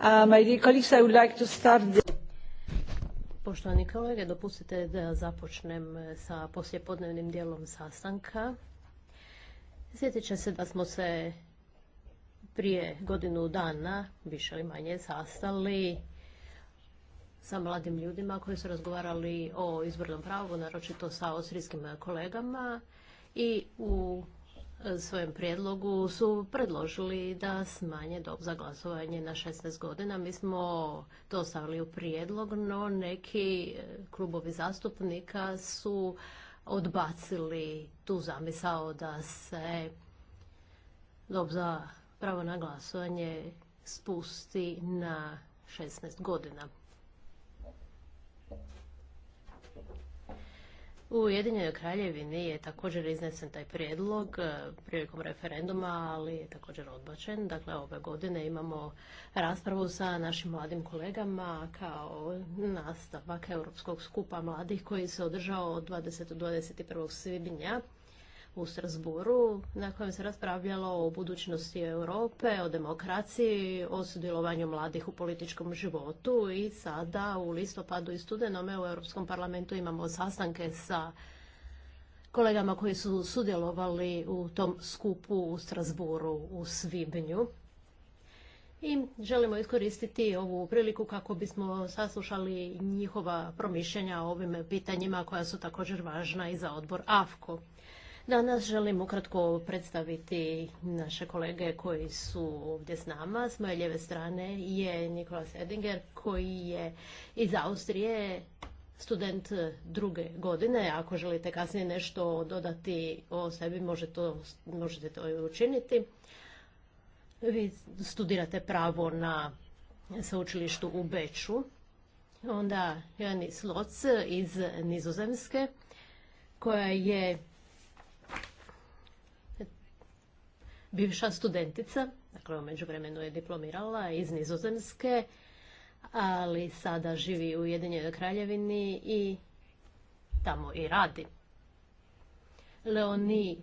Uh, Poštovani kolege, dopustite da započnem sa poslijepodnevnim dijelom sastanka. Sjetit će se da smo se prije godinu dana, više ili manje, sastali sa mladim ljudima koji su razgovarali o izbornom pravu, naročito sa austrijskim kolegama i u svojem prijedlogu su predložili da smanje dob za glasovanje na 16 godina. Mi smo to stavili u prijedlog, no neki e, klubovi zastupnika su odbacili tu zamisao da se dob za pravo na glasovanje spusti na 16 godina. U Ujedinjenoj kraljevini je također iznesen taj prijedlog e, prilikom referenduma, ali je također odbačen. Dakle, ove godine imamo raspravu sa našim mladim kolegama kao nastavak Europskog skupa mladih koji se održao od 20. do 21. svibnja u Strasburu na kojem se raspravljalo o budućnosti Europe, o demokraciji, o sudjelovanju mladih u političkom životu i sada u listopadu i studenome u Europskom parlamentu imamo sastanke sa kolegama koji su sudjelovali u tom skupu u Strasburu u Svibnju. I želimo iskoristiti ovu priliku kako bismo saslušali njihova promišljenja o ovim pitanjima koja su također važna i za odbor AFKO. Danas želim ukratko predstaviti naše kolege koji su ovdje s nama. S moje lijeve strane je Nikolas Edinger koji je iz Austrije student druge godine. Ako želite kasnije nešto dodati o sebi, možete to i učiniti. Vi studirate pravo na sveučilištu u Beču. Onda Janis Loc iz Nizozemske koja je bivša studentica, dakle u međuvremenu je diplomirala iz Nizozemske, ali sada živi u Ujedinjenoj Kraljevini i tamo i radi. Leoni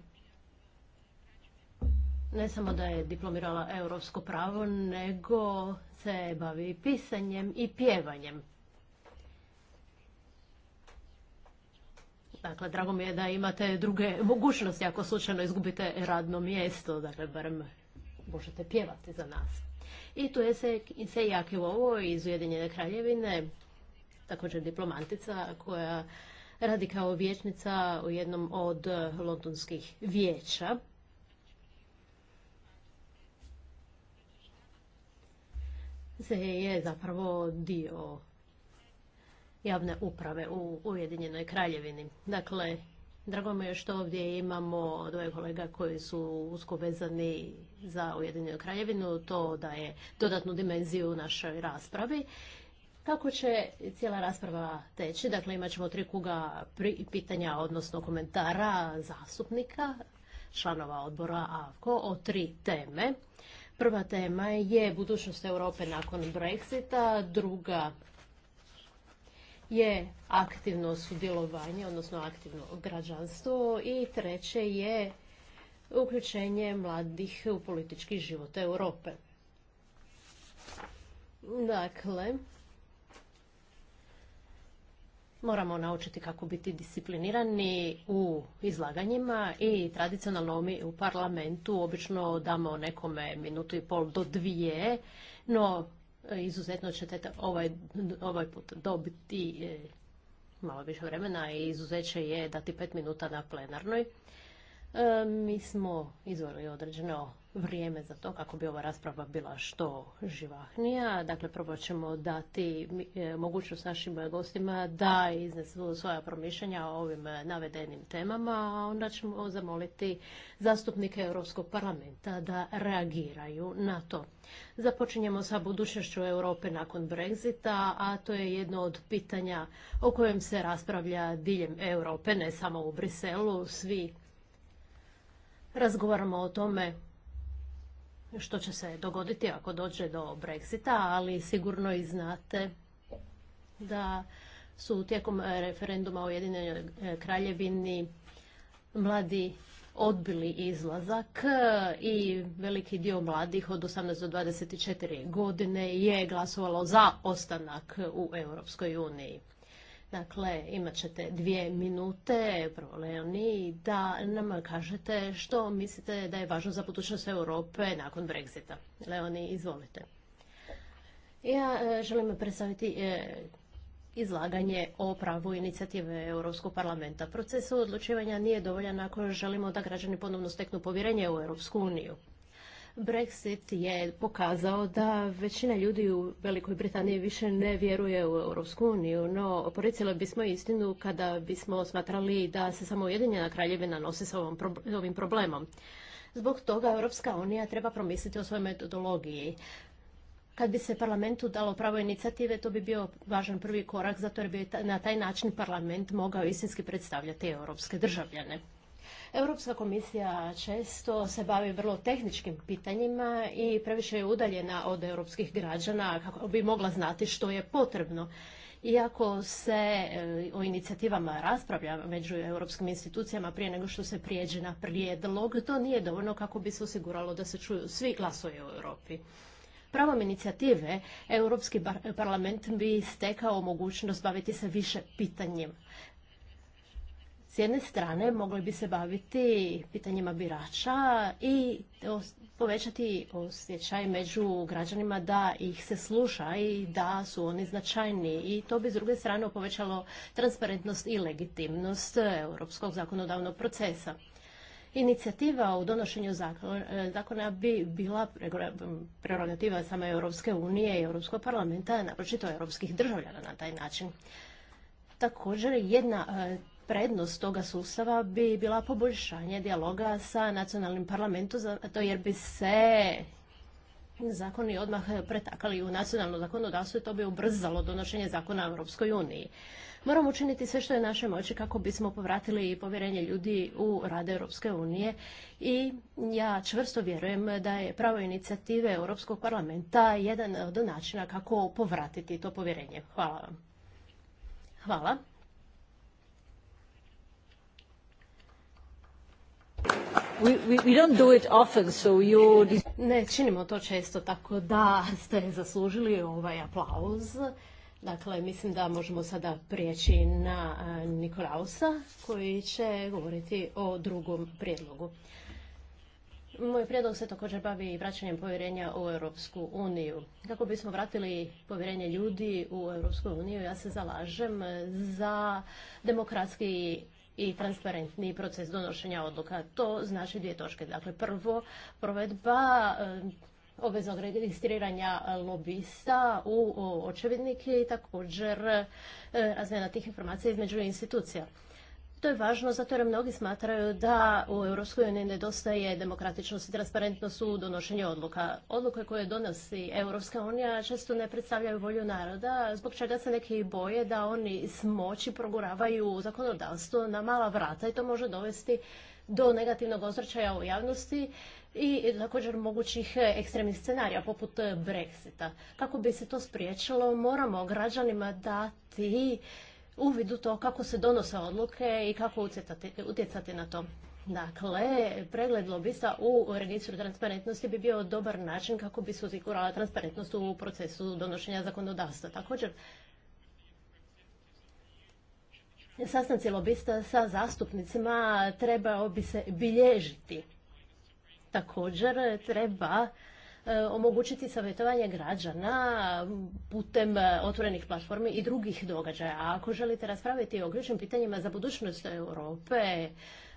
ne samo da je diplomirala europsko pravo, nego se bavi pisanjem i pjevanjem. Dakle, drago mi je da imate druge mogućnosti ako slučajno izgubite radno mjesto, dakle, barem možete pjevati za nas. I tu je se ovo iz Ujedinjene kraljevine, također diplomantica koja radi kao vječnica u jednom od londonskih vijeća. Se je zapravo dio javne uprave u Ujedinjenoj kraljevini. Dakle, drago mi je što ovdje imamo dvoje kolega koji su usko vezani za Ujedinjenu kraljevinu. To daje dodatnu dimenziju našoj raspravi. Kako će cijela rasprava teći? Dakle, imat ćemo tri kuga pitanja, odnosno komentara zastupnika, članova odbora ako o tri teme. Prva tema je budućnost Europe nakon Brexita, druga je aktivno sudjelovanje, odnosno aktivno građanstvo i treće je uključenje mladih u politički život Europe. Dakle, moramo naučiti kako biti disciplinirani u izlaganjima i tradicionalno mi u parlamentu obično damo nekome minutu i pol do dvije, no izuzetno ćete ovaj, ovaj put dobiti e, malo više vremena i izuzeće je dati pet minuta na plenarnoj. E, mi smo izvorili određeno vrijeme za to kako bi ova rasprava bila što živahnija. Dakle, probat ćemo dati e, mogućnost našim gostima da iznesu svoja promišljanja o ovim navedenim temama, a onda ćemo zamoliti zastupnike Europskog parlamenta da reagiraju na to. Započinjemo sa budućnošću Europe nakon Brexita, a to je jedno od pitanja o kojem se raspravlja diljem Europe, ne samo u Briselu. Svi razgovaramo o tome što će se dogoditi ako dođe do Brexita, ali sigurno i znate da su tijekom referenduma o Jedinoj kraljevini mladi odbili izlazak i veliki dio mladih od 18 do 24 godine je glasovalo za ostanak u Europskoj uniji. Dakle, imat ćete dvije minute, prvo Leoni, da nam kažete što mislite da je važno za budućnost Europe nakon Brexita. Leoni, izvolite. Ja e, želim predstaviti e, izlaganje o pravu inicijative Europskog parlamenta. Proces odlučivanja nije dovoljan ako želimo da građani ponovno steknu povjerenje u Europsku uniju. Brexit je pokazao da većina ljudi u Velikoj Britaniji više ne vjeruje u Europsku uniju, no poricili bismo istinu kada bismo smatrali da se samo Ujedinjena kraljevina nosi s ovim problemom. Zbog toga Europska unija treba promisliti o svojoj metodologiji. Kad bi se parlamentu dalo pravo inicijative, to bi bio važan prvi korak, zato jer bi na taj način parlament mogao istinski predstavljati europske državljane. Europska komisija često se bavi vrlo tehničkim pitanjima i previše je udaljena od europskih građana kako bi mogla znati što je potrebno. Iako se e, o inicijativama raspravlja među europskim institucijama prije nego što se prijeđe na prijedlog, to nije dovoljno kako bi se osiguralo da se čuju svi glasovi u Europi. Pravom inicijative Europski parlament bi stekao mogućnost baviti se više pitanjima. S jedne strane mogli bi se baviti pitanjima birača i povećati osjećaj među građanima da ih se sluša i da su oni značajni. I to bi s druge strane povećalo transparentnost i legitimnost europskog zakonodavnog procesa. Inicijativa u donošenju e, zakona bi bila prerogativa same Europske unije i Europskog parlamenta, naročito europskih državljana na taj način. Također, jedna e, prednost toga sustava bi bila poboljšanje dijaloga sa nacionalnim parlamentom, zato jer bi se zakoni odmah pretakali u nacionalno zakonodavstvo i to bi ubrzalo donošenje zakona u Europskoj uniji. Moramo učiniti sve što je naše moći kako bismo povratili povjerenje ljudi u rade Europske unije i ja čvrsto vjerujem da je pravo inicijative Europskog parlamenta jedan od načina kako povratiti to povjerenje. Hvala vam. Hvala. We, don't do it often, so Ne činimo to često, tako da ste zaslužili ovaj aplauz. Dakle, mislim da možemo sada prijeći na e, Nikolausa koji će govoriti o drugom prijedlogu. Moj prijedlog se također bavi vraćanjem povjerenja u Europsku uniju. Kako bismo vratili povjerenje ljudi u Europsku uniju, ja se zalažem za demokratski i transparentni proces donošenja odluka. To znači dvije točke. Dakle, prvo, provedba eh, obveznog registriranja eh, lobista u očevidnike i također eh, razmjena tih informacija između institucija. To je važno zato jer mnogi smatraju da u EU nedostaje demokratičnost i transparentnost u donošenju odluka. Odluke koje donosi Europska unija često ne predstavljaju volju naroda, zbog čega se neki boje da oni moći proguravaju zakonodavstvo na mala vrata i to može dovesti do negativnog ozračaja u javnosti i također mogućih ekstremnih scenarija poput Brexita. Kako bi se to spriječilo, moramo građanima dati u to kako se donose odluke i kako utjecati na to. Dakle, pregled lobista u registru transparentnosti bi bio dobar način kako bi se osigurala transparentnost u procesu donošenja zakonodavstva. Također, sastanci lobista sa zastupnicima trebao bi se bilježiti. Također, treba E, omogućiti savjetovanje građana putem e, otvorenih platformi i drugih događaja. A ako želite raspraviti o ključnim pitanjima za budućnost Europe,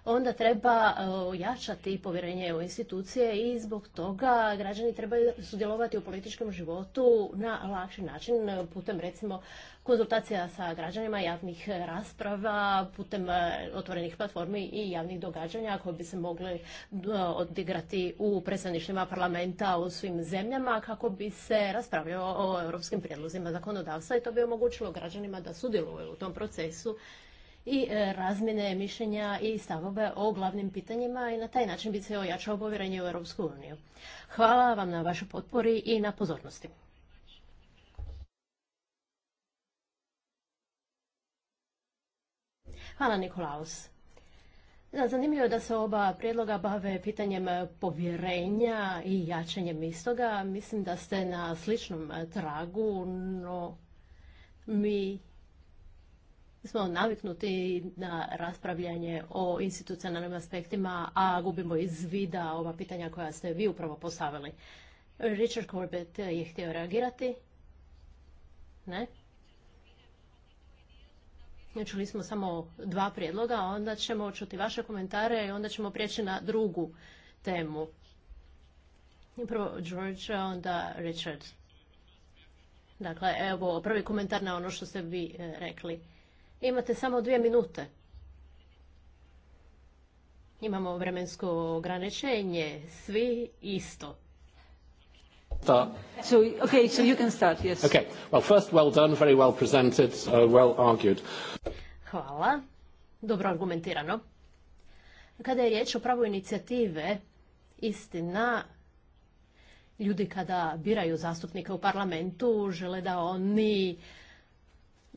onda treba e, ojačati povjerenje u institucije i zbog toga građani trebaju sudjelovati u političkom životu na lakši način e, putem recimo konzultacija sa građanima, javnih rasprava, putem e, otvorenih platformi i javnih događanja koje bi se mogli odigrati u predstavništvima parlamenta u svim zemljama kako bi se raspravljalo o europskim prijedlozima zakonodavstva i to bi omogućilo građanima da sudjeluju u tom procesu i e, razmjene mišljenja i stavove o glavnim pitanjima i na taj način bi se ojačao povjerenje u Europsku uniju. Hvala vam na vašoj potpori i na pozornosti. Hvala Nikolaus. zanimljivo je da se oba prijedloga bave pitanjem povjerenja i jačanjem istoga. Mislim da ste na sličnom tragu, no mi smo naviknuti na raspravljanje o institucionalnim aspektima, a gubimo iz vida ova pitanja koja ste vi upravo postavili. Richard Corbett je htio reagirati? Ne? Čuli smo samo dva prijedloga, onda ćemo čuti vaše komentare i onda ćemo prijeći na drugu temu. Prvo George, onda Richard. Dakle, evo prvi komentar na ono što ste vi e, rekli. Imate samo dvije minute. Imamo vremensko ograničenje, svi isto. So, okay, so you can start, yes. Okay. Well, first, well done, very well presented, uh, well argued. Hvala. Dobro argumentirano. Kada je riječ o pravu inicijative, istina, ljudi kada biraju zastupnika u parlamentu žele da oni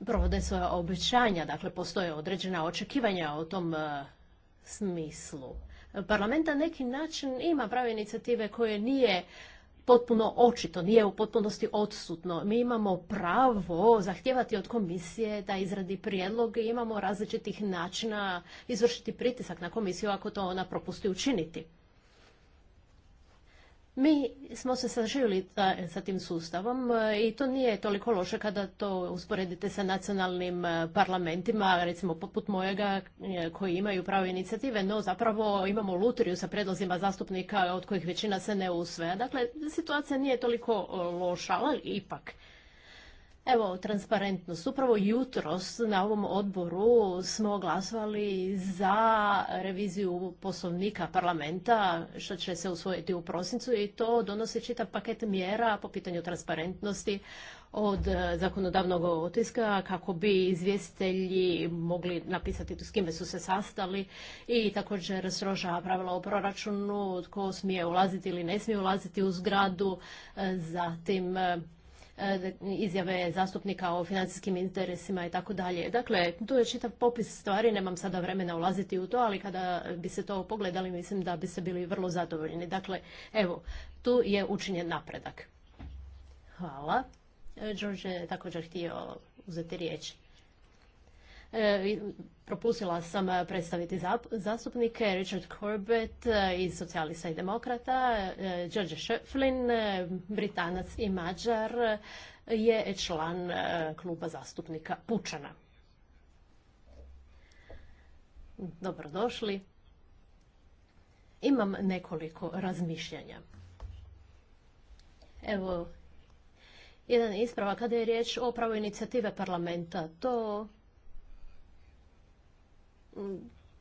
provode svoja obećanja, dakle postoje određena očekivanja o tom e, smislu. Parlament na neki način ima prave inicijative koje nije potpuno očito, nije u potpunosti odsutno. Mi imamo pravo zahtijevati od komisije da izradi prijedlog i imamo različitih načina izvršiti pritisak na komisiju ako to ona propusti učiniti. Mi smo se saživili sa tim sustavom e, i to nije toliko loše kada to usporedite sa nacionalnim e, parlamentima, recimo poput mojega e, koji imaju pravo inicijative, no zapravo imamo lutriju sa predlozima zastupnika od kojih većina se ne usvaja. Dakle, situacija nije toliko loša, ali ipak. Evo, transparentnost. Upravo jutros na ovom odboru smo glasovali za reviziju poslovnika parlamenta, što će se usvojiti u prosincu i to donosi čitav paket mjera po pitanju transparentnosti od zakonodavnog otiska kako bi izvjestitelji mogli napisati s kime su se sastali i također sroža pravila o proračunu, tko smije ulaziti ili ne smije ulaziti u zgradu, zatim E, izjave zastupnika o financijskim interesima i tako dalje. Dakle, tu je čitav popis stvari, nemam sada vremena ulaziti u to, ali kada bi se to pogledali, mislim da bi se bili vrlo zadovoljni. Dakle, evo, tu je učinjen napredak. Hvala. E, Đorđe je također htio uzeti riječ propusila e, propustila sam e, predstaviti zastupnike Richard Corbett e, iz Socijalista i Demokrata, George Shefflin, Britanac i Mađar je član kluba zastupnika Pučana. Dobrodošli. Imam nekoliko razmišljanja. Evo, jedan ispravak kada je riječ o pravo inicijative parlamenta. To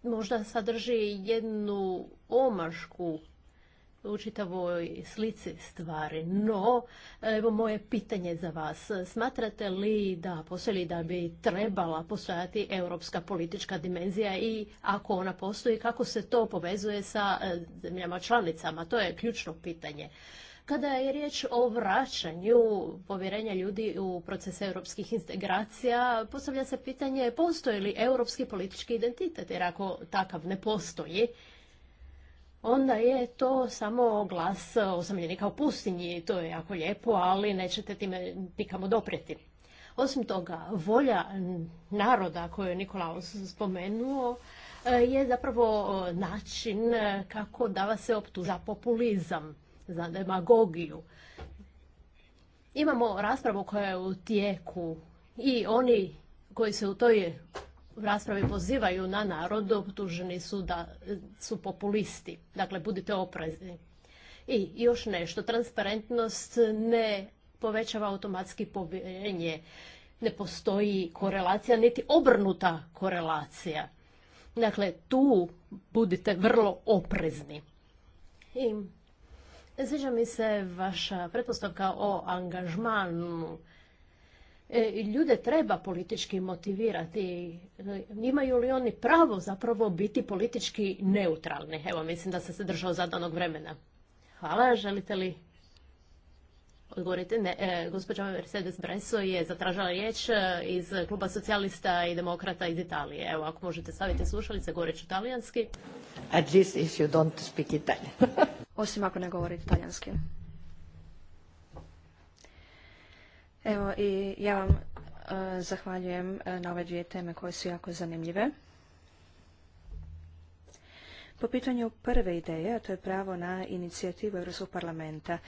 možda sadrži jednu omašku u čitavoj slici stvari. No, evo moje pitanje za vas. Smatrate li da postoji da bi trebala postojati europska politička dimenzija i ako ona postoji, kako se to povezuje sa e, zemljama članicama? To je ključno pitanje. Kada je riječ o vraćanju povjerenja ljudi u procese europskih integracija, postavlja se pitanje postoji li europski politički identitet, jer ako takav ne postoji, onda je to samo glas osamljenika u pustinji. To je jako lijepo, ali nećete time nikamo doprijeti. Osim toga, volja naroda koju je Nikolaus spomenuo e, je zapravo način kako da vas se optuža populizam za demagogiju. Imamo raspravu koja je u tijeku i oni koji se u toj raspravi pozivaju na narod optuženi su da su populisti. Dakle, budite oprezni. I još nešto, transparentnost ne povećava automatski povjerenje. Ne postoji korelacija, niti obrnuta korelacija. Dakle, tu budite vrlo oprezni. I Sviđa mi se vaša pretpostavka o angažmanu. E, ljude treba politički motivirati. E, imaju li oni pravo zapravo biti politički neutralni? Evo, mislim da sam se držao zadanog vremena. Hvala, želite li odgovorite Ne, e, gospođa Mercedes Bresso je zatražala riječ e, iz kluba socijalista i demokrata iz Italije. Evo, ako možete staviti slušalice, govorit ću talijanski. At least if you don't speak Italian. Osim ako ne govori talijanski. Evo i ja vam e, zahvaljujem na ove dvije teme koje su jako zanimljive. Po pitanju prve ideje, a to je pravo na inicijativu Europskog parlamenta,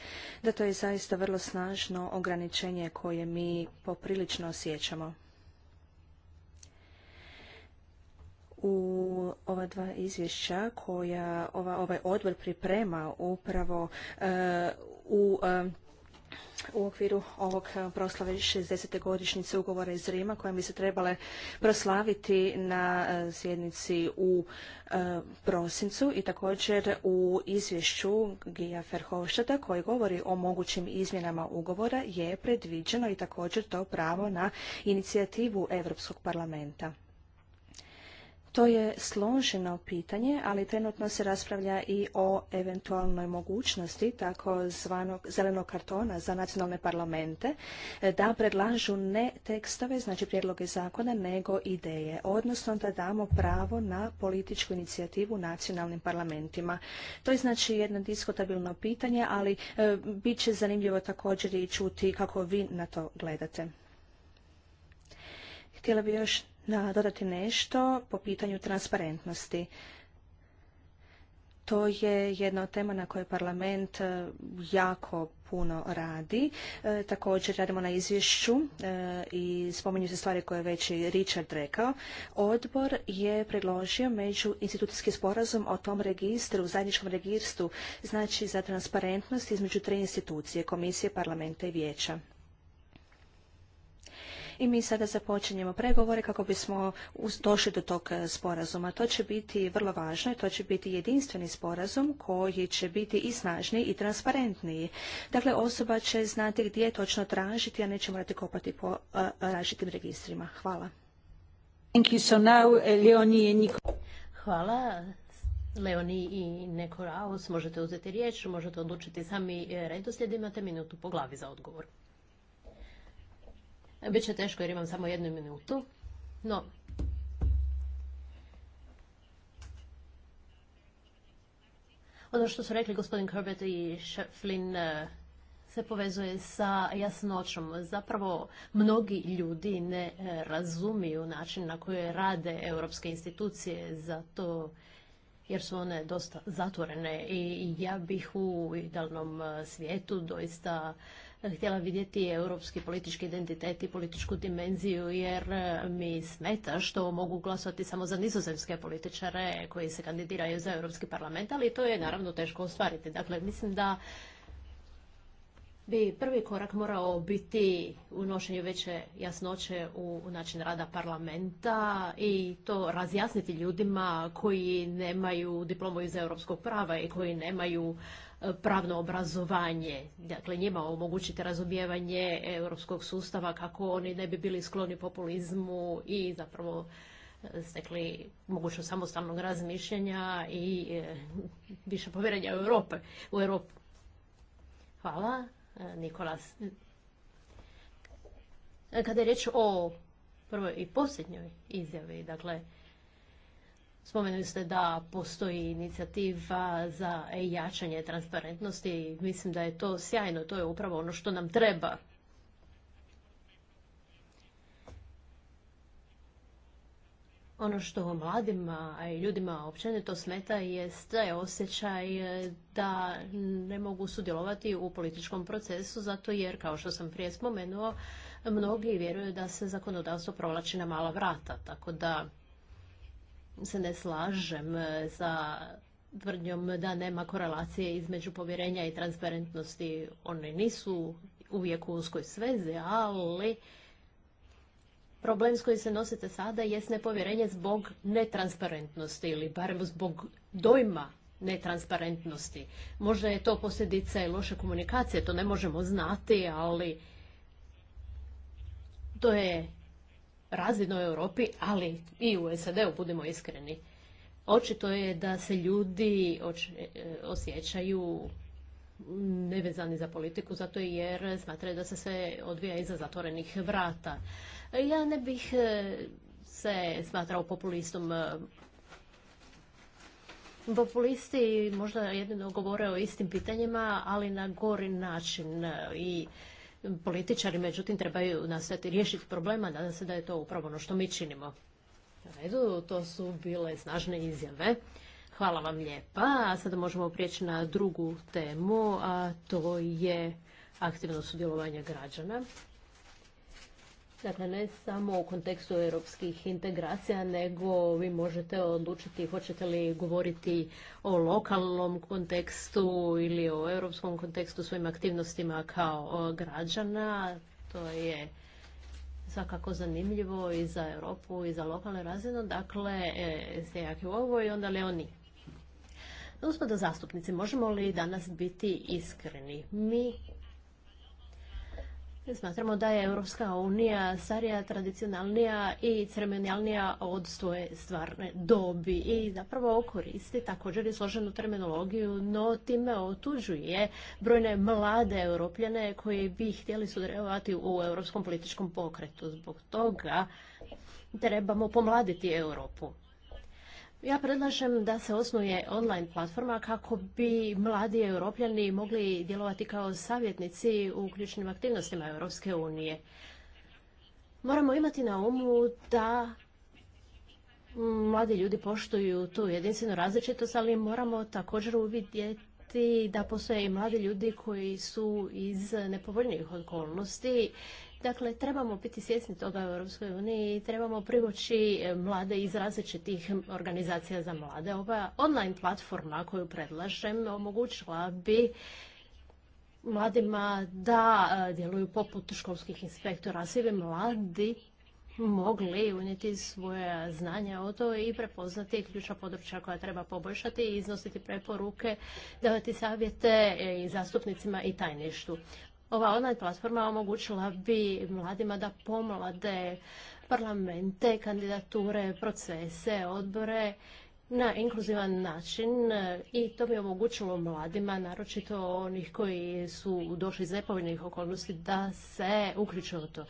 da to je zaista vrlo snažno ograničenje koje mi poprilično osjećamo. u ova dva izvješća koja ovaj odbor priprema upravo e, u e, u okviru ovog e, proslave 60. godišnjice ugovora iz Rima koje bi se trebale proslaviti na e, sjednici u e, prosincu i također u izvješću Gija Ferhovštata koji govori o mogućim izmjenama ugovora je predviđeno i također to pravo na inicijativu Europskog parlamenta. To je složeno pitanje, ali trenutno se raspravlja i o eventualnoj mogućnosti zvanog zelenog kartona za nacionalne parlamente e, da predlažu ne tekstove, znači prijedloge zakona, nego ideje, odnosno da damo pravo na političku inicijativu nacionalnim parlamentima. To je znači jedno diskutabilno pitanje, ali e, bit će zanimljivo također i čuti kako vi na to gledate. Htjela bi još dodati nešto po pitanju transparentnosti. To je jedna od tema na kojoj parlament e, jako puno radi. E, također radimo na izvješću e, i spominju se stvari koje je već i Richard rekao. Odbor je predložio među institucijski sporazum o tom registru, zajedničkom registru, znači za transparentnost između tri institucije, komisije, parlamenta i vijeća i mi sada započinjemo pregovore kako bismo došli do tog e, sporazuma. To će biti vrlo važno i to će biti jedinstveni sporazum koji će biti i snažniji i transparentniji. Dakle, osoba će znati gdje je točno tražiti, a neće morati kopati po e, različitim registrima. Hvala. Uh, Hvala. Leoni i Nekoraus, možete uzeti riječ, možete odlučiti sami e, redoslijed, imate minutu po glavi za odgovor. Biće teško jer imam samo jednu minutu. No, ono što su rekli gospodin Corbett i Flynn eh, se povezuje sa jasnoćom. Zapravo, mnogi ljudi ne eh, razumiju način na koji rade europske institucije, zato jer su one dosta zatvorene i ja bih u idealnom eh, svijetu doista htjela vidjeti europski politički identitet i političku dimenziju jer e, mi smeta što mogu glasovati samo za nizozemske političare koji se kandidiraju za Europski parlament, ali to je naravno teško ostvariti. Dakle, mislim da bi prvi korak morao biti unošenje veće jasnoće u način rada parlamenta i to razjasniti ljudima koji nemaju diplomu iz europskog prava i koji nemaju e, pravno obrazovanje. Dakle, njima omogućiti razumijevanje europskog sustava kako oni ne bi bili skloni populizmu i zapravo e, stekli mogućnost samostalnog razmišljanja i e, više povjerenja u Europe, u Europu. Hvala. E, Nikolas. E, kada je riječ o prvoj i posljednjoj izjavi, dakle, spomenuli ste da postoji inicijativa za jačanje transparentnosti. Mislim da je to sjajno, to je upravo ono što nam treba. Ono što mladima i ljudima to smeta je osjećaj e, da ne mogu sudjelovati u političkom procesu zato jer, kao što sam prije spomenuo, mnogi vjeruju da se zakonodavstvo provlači na mala vrata. Tako da se ne slažem sa e, tvrdnjom da nema korelacije između povjerenja i transparentnosti. One nisu uvijek u uskoj svezi, ali problem s kojim se nosite sada jest nepovjerenje zbog netransparentnosti ili barem zbog dojma netransparentnosti. Možda je to posljedica i loše komunikacije, to ne možemo znati, ali to je razvidno u Europi, ali i u SAD-u, budimo iskreni. Očito je da se ljudi e, osjećaju nevezani za politiku, zato jer smatraju da se sve odvija iza zatvorenih vrata. Ja ne bih e, se smatrao populistom. E, populisti možda jedino govore o istim pitanjima, ali na gori način e, i političari, međutim, trebaju nastaviti riješiti problema. Nadam se da je to upravo ono što mi činimo. redu, to su bile snažne izjave. Hvala vam lijepa. A sada možemo prijeći na drugu temu, a to je aktivno sudjelovanje građana. Dakle, ne samo u kontekstu europskih integracija, nego vi možete odlučiti hoćete li govoriti o lokalnom kontekstu ili o europskom kontekstu svojim aktivnostima kao građana. To je svakako zanimljivo i za Europu i za lokalne razine. Dakle, ste jaki u ovo i onda oni. Gospodo zastupnici, možemo li danas biti iskreni? Mi Smatramo da je Europska unija starija, tradicionalnija i ceremonijalnija od svoje stvarne dobi i zapravo koristi također i složenu terminologiju, no time otužuje brojne mlade europljane koji bi htjeli sudjelovati u europskom političkom pokretu. Zbog toga trebamo pomladiti Europu. Ja predlažem da se osnuje online platforma kako bi mladi europljani mogli djelovati kao savjetnici u ključnim aktivnostima Europske unije. Moramo imati na umu da mladi ljudi poštuju tu jedinstvenu različitost, ali moramo također uvidjeti da postoje i mladi ljudi koji su iz nepovoljnijih okolnosti Dakle, trebamo biti svjesni toga u Europskoj uniji i trebamo privući e, mlade iz različitih organizacija za mlade. Ova online platforma koju predlažem omogućila bi mladima da e, djeluju poput školskih inspektora. Svi bi mladi mogli unijeti svoje znanja o to i prepoznati ključna područja koja treba poboljšati i iznositi preporuke, davati savjete e, i zastupnicima i tajništu. Ova online platforma omogućila bi mladima da pomlade parlamente, kandidature, procese, odbore na inkluzivan način i to bi omogućilo mladima, naročito onih koji su došli iz nepovoljnih okolnosti, da se uključe u to.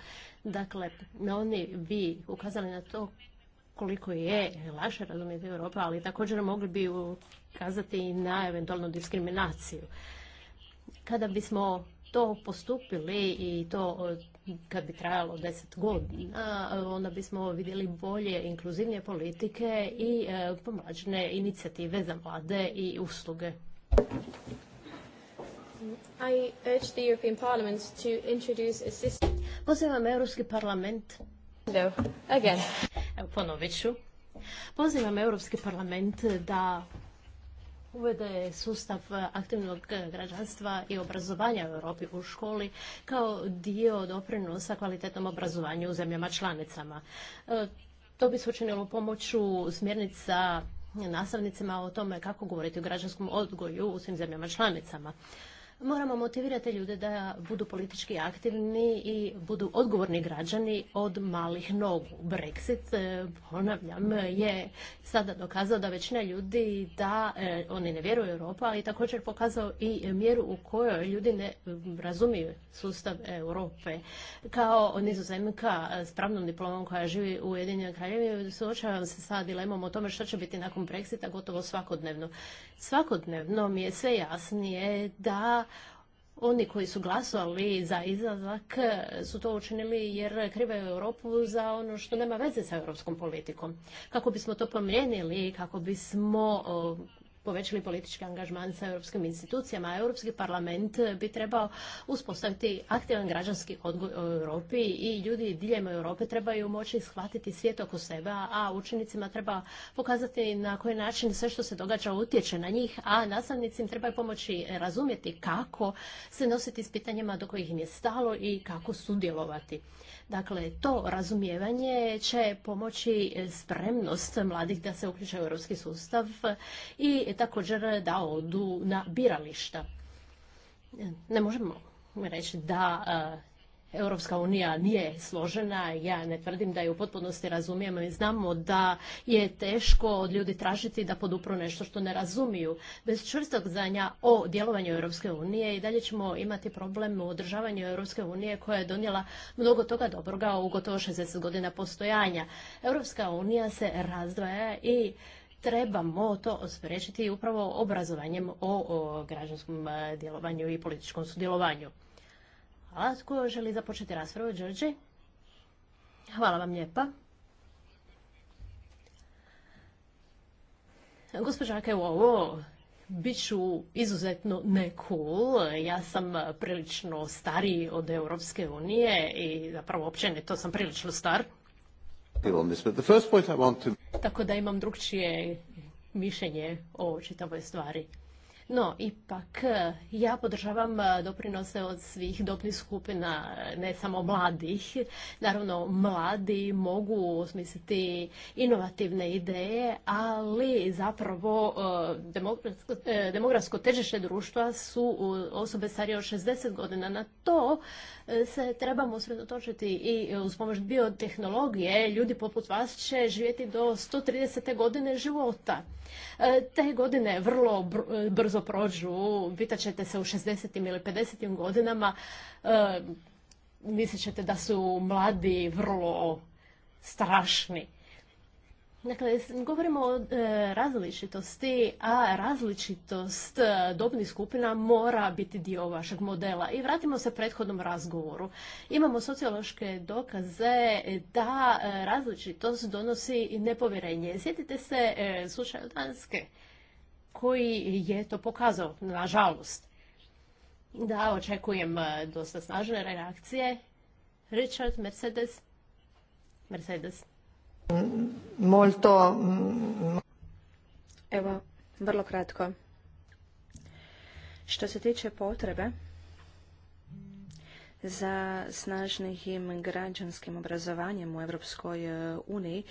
Dakle, oni bi ukazali na to koliko je lakše razumjeti Europa, ali također mogli bi ukazati i na eventualnu diskriminaciju. Kada bismo to postupili i to eh, kad bi trajalo deset godina, eh, onda bismo vidjeli bolje inkluzivnije politike i eh, pomlađene inicijative za vlade i usluge. Pozivam Europski parlament. ponovit ću. Pozivam Europski parlament da uvede sustav e, aktivnog građanstva i obrazovanja u Europi u školi kao dio doprinosa kvalitetnom obrazovanju u zemljama članicama. E, to bi se učinilo pomoću smjernica nastavnicima o tome kako govoriti o građanskom odgoju u svim zemljama članicama. Moramo motivirati ljude da budu politički aktivni i budu odgovorni građani od malih nogu. Brexit, e, ponavljam, je sada dokazao da većina ljudi da e, oni ne vjeruju Europa, ali također pokazao i mjeru u kojoj ljudi ne razumiju sustav Europe. Kao nizozemka s pravnom diplomom koja živi u Ujedinjenoj Kraljevini suočavam se sa dilemom o tome što će biti nakon Brexita gotovo svakodnevno. Svakodnevno mi je sve jasnije da oni koji su glasovali za izlazak e, su to učinili jer krivaju Europu za ono što nema veze sa europskom politikom. Kako bismo to promijenili, kako bismo povećali politički angažman sa europskim institucijama, a Europski parlament eh, bi trebao uspostaviti aktivan građanski odgoj u Europi i ljudi diljem Europe trebaju moći shvatiti svijet oko sebe, a učenicima treba pokazati na koji način sve što se događa utječe na njih, a nastavnicim trebaju pomoći razumjeti kako se nositi s pitanjima do kojih im je stalo i kako sudjelovati. Dakle, to razumijevanje će pomoći eh, spremnost mladih da se uključe u europski sustav i također da odu na birališta. Ne možemo reći da e, Europska unija nije složena, ja ne tvrdim da je u potpunosti razumijemo i znamo da je teško od ljudi tražiti da podupru nešto što ne razumiju. Bez čvrstog znanja o djelovanju Europske unije i dalje ćemo imati problem u održavanju Europske unije koja je donijela mnogo toga dobroga u gotovo 60 godina postojanja. Europska unija se razdvaja i trebamo to spriječiti upravo obrazovanjem o, građanskom e, djelovanju i političkom sudjelovanju. Hvala. Tko želi započeti raspravu? Đorđe? Hvala vam lijepa. Gospođa ovo bit ću izuzetno ne cool. Ja sam prilično stariji od Europske unije i zapravo općenito sam prilično star. Tako da imam drukčije mišljenje o čitavoj stvari. No, ipak, e, ja podržavam e, doprinose od svih dobnih skupina, ne samo mladih. Naravno, mladi mogu osmisliti inovativne ideje, ali zapravo e, demografsko, težište društva su osobe starije od 60 godina. Na to se trebamo usredotočiti i uz pomoć biotehnologije ljudi poput vas će živjeti do 130. godine života. Te godine vrlo brzo brzo prođu, pitat ćete se u 60. ili 50. godinama, e, mislit ćete da su mladi vrlo strašni. Dakle, govorimo o e, različitosti, a različitost e, dobnih skupina mora biti dio vašeg modela. I vratimo se prethodnom razgovoru. Imamo sociološke dokaze da e, različitost donosi nepovjerenje. Sjetite se e, Danske koji je to pokazao, nažalost. Da, očekujem e, dosta snažne reakcije. Richard, Mercedes. Mercedes. Molto... Mm, Evo, vrlo kratko. Što se tiče potrebe za snažnim građanskim obrazovanjem u Europskoj e, uniji,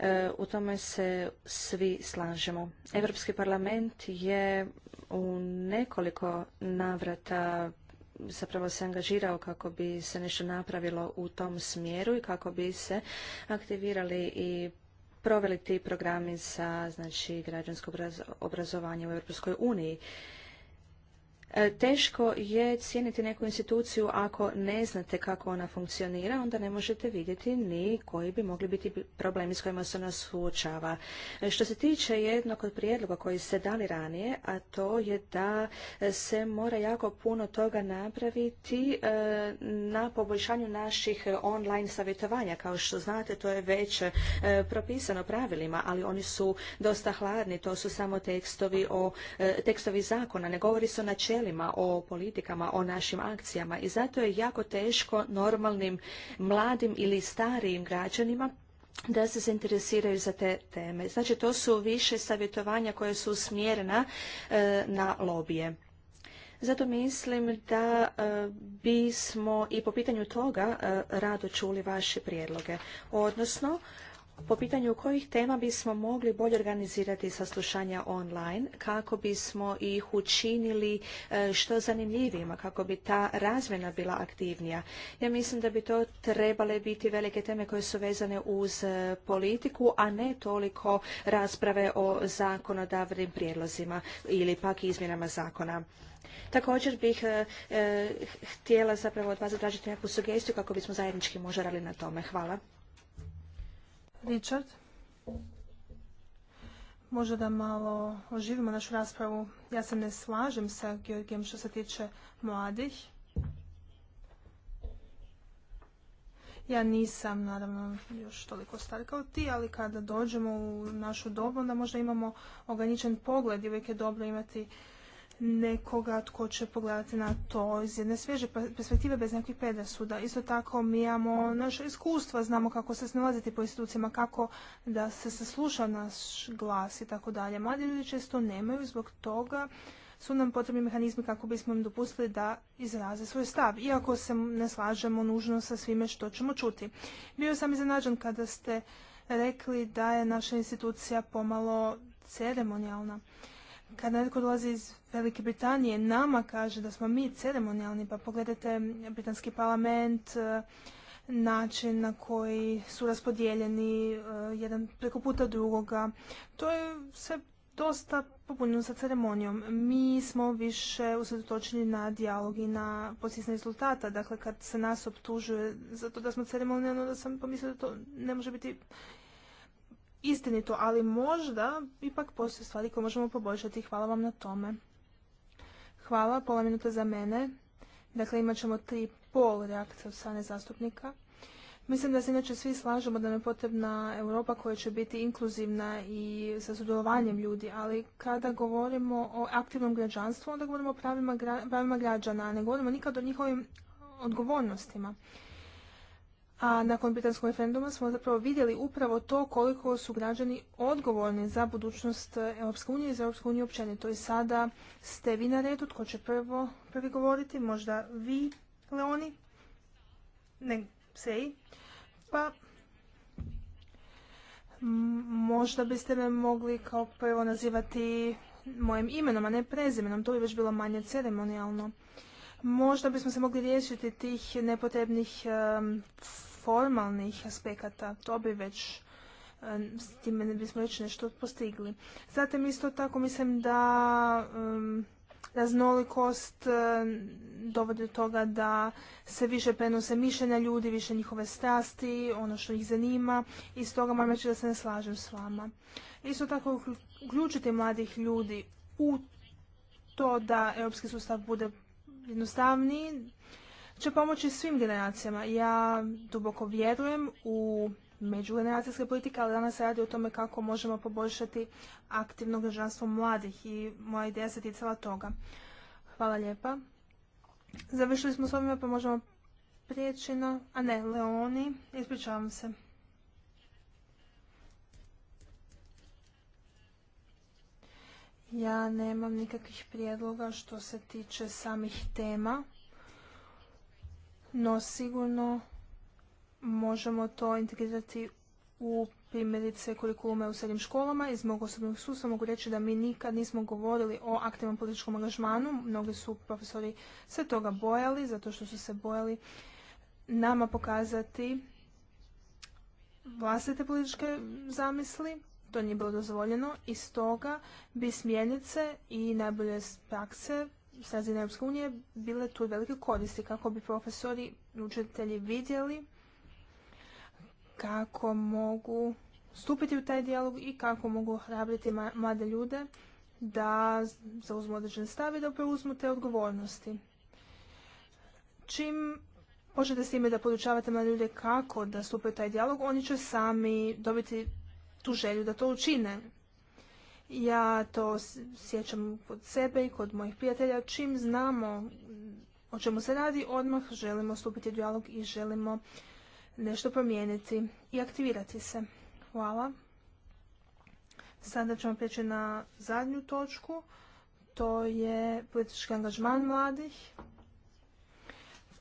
E, u tome se svi slažemo. Europski parlament je u nekoliko navrata zapravo se angažirao kako bi se nešto napravilo u tom smjeru i kako bi se aktivirali i proveli ti programi za znači, građansko obrazovanje u Europskoj uniji. E, teško je cijeniti neku instituciju ako ne znate kako ona funkcionira, onda ne možete vidjeti ni koji bi mogli biti problemi s kojima se ona suočava. E, što se tiče jednog od prijedloga koji se dali ranije, a to je da se mora jako puno toga napraviti e, na poboljšanju naših online savjetovanja. Kao što znate, to je već propisano pravilima, ali oni su dosta hladni, to su samo tekstovi, o, tekstovi zakona, ne govori se o načelu o politikama, o našim akcijama i zato je jako teško normalnim mladim ili starijim građanima da se zainteresiraju za te teme. Znači to su više savjetovanja koje su usmjerena e, na lobije. Zato mislim da e, bismo i po pitanju toga e, rado čuli vaše prijedloge. Odnosno, po pitanju kojih tema bismo mogli bolje organizirati saslušanja online kako bismo ih učinili e, što zanimljivijima, kako bi ta razmjena bila aktivnija. Ja mislim da bi to trebale biti velike teme koje su vezane uz e, politiku, a ne toliko rasprave o zakonodavnim prijedlozima ili pak izmjenama zakona. Također bih e, htjela zapravo od vas zatražiti neku sugestiju kako bismo zajednički možda na tome. Hvala. Richard, možda da malo oživimo našu raspravu. Ja se ne slažem sa Georgijem što se tiče mladih. Ja nisam, naravno, još toliko star kao ti, ali kada dođemo u našu dobu, onda možda imamo ograničen pogled i uvijek je dobro imati nekoga tko će pogledati na to iz jedne svježe perspektive bez nekih predrasuda. Isto tako mi imamo naše iskustva, znamo kako se snalaziti po institucijama, kako da se sasluša naš glas i tako dalje. Mladi ljudi često nemaju, zbog toga su nam potrebni mehanizmi kako bismo im dopustili da izraze svoj stav, iako se ne slažemo nužno sa svime što ćemo čuti. Bio sam iznenađen kada ste rekli da je naša institucija pomalo ceremonijalna kada netko dolazi iz Velike Britanije, nama kaže da smo mi ceremonijalni, pa pogledajte Britanski parlament, e, način na koji su raspodijeljeni e, jedan preko puta drugoga. To je sve dosta popunjeno sa ceremonijom. Mi smo više usredotočeni na dijalog i na posjesne rezultata. Dakle, kad se nas optužuje zato da smo ceremonijalni, da sam pomislila da to ne može biti istinito, ali možda ipak postoje stvari koje možemo poboljšati. Hvala vam na tome. Hvala, pola minuta za mene. Dakle, imat ćemo tri pol reakcije od strane zastupnika. Mislim da se inače svi slažemo da nam je potrebna Europa koja će biti inkluzivna i sa sudjelovanjem ljudi, ali kada govorimo o aktivnom građanstvu, onda govorimo o pravima, pravima građana, a ne govorimo nikad o njihovim odgovornostima a nakon britanskog referenduma smo zapravo vidjeli upravo to koliko su građani odgovorni za budućnost e, Europske unije i za unije uniju općenito. I sada ste vi na redu, tko će prvo, prvi govoriti, možda vi, Leoni, ne, Seji. Pa, možda biste me mogli kao prvo nazivati mojim imenom, a ne prezimenom, to bi već bilo manje ceremonijalno. Možda bismo se mogli riješiti tih nepotrebnih formalnih aspekata. To bi već s time ne bismo već nešto postigli. Zatim isto tako mislim da raznolikost dovodi do toga da se više prenose mišljenja ljudi, više njihove strasti, ono što ih zanima i stoga moram reći da se ne slažem s vama. Isto tako uključiti mladih ljudi u to da europski sustav bude jednostavniji će pomoći svim generacijama. Ja duboko vjerujem u međugeneracijske politike, ali danas radi o tome kako možemo poboljšati aktivno građanstvo mladih i moja ideja se ticala toga. Hvala lijepa. Završili smo s ovima pa možemo prijeći na... A ne, Leoni, ispričavam se. Ja nemam nikakvih prijedloga što se tiče samih tema, no sigurno možemo to integrirati u primjerice kurikulume u srednjim školama. Iz mog osobnog sustva mogu reći da mi nikad nismo govorili o aktivnom političkom angažmanu. Mnogi su profesori se toga bojali, zato što su se bojali nama pokazati vlastite političke zamisli to nije bilo dozvoljeno i stoga bi smjernice i najbolje prakse s razine Europske unije bile tu velike koristi kako bi profesori i učitelji vidjeli kako mogu stupiti u taj dijalog i kako mogu hrabriti mlade ljude da zauzmu određene stave i da preuzmu te odgovornosti. Čim počnete s time da podučavate mlade ljude kako da stupaju u taj dijalog, oni će sami dobiti tu želju da to učine. Ja to sjećam kod sebe i kod mojih prijatelja. Čim znamo o čemu se radi, odmah želimo stupiti u dijalog i želimo nešto promijeniti i aktivirati se. Hvala. Sada ćemo prijeći na zadnju točku. To je politički angažman mladih.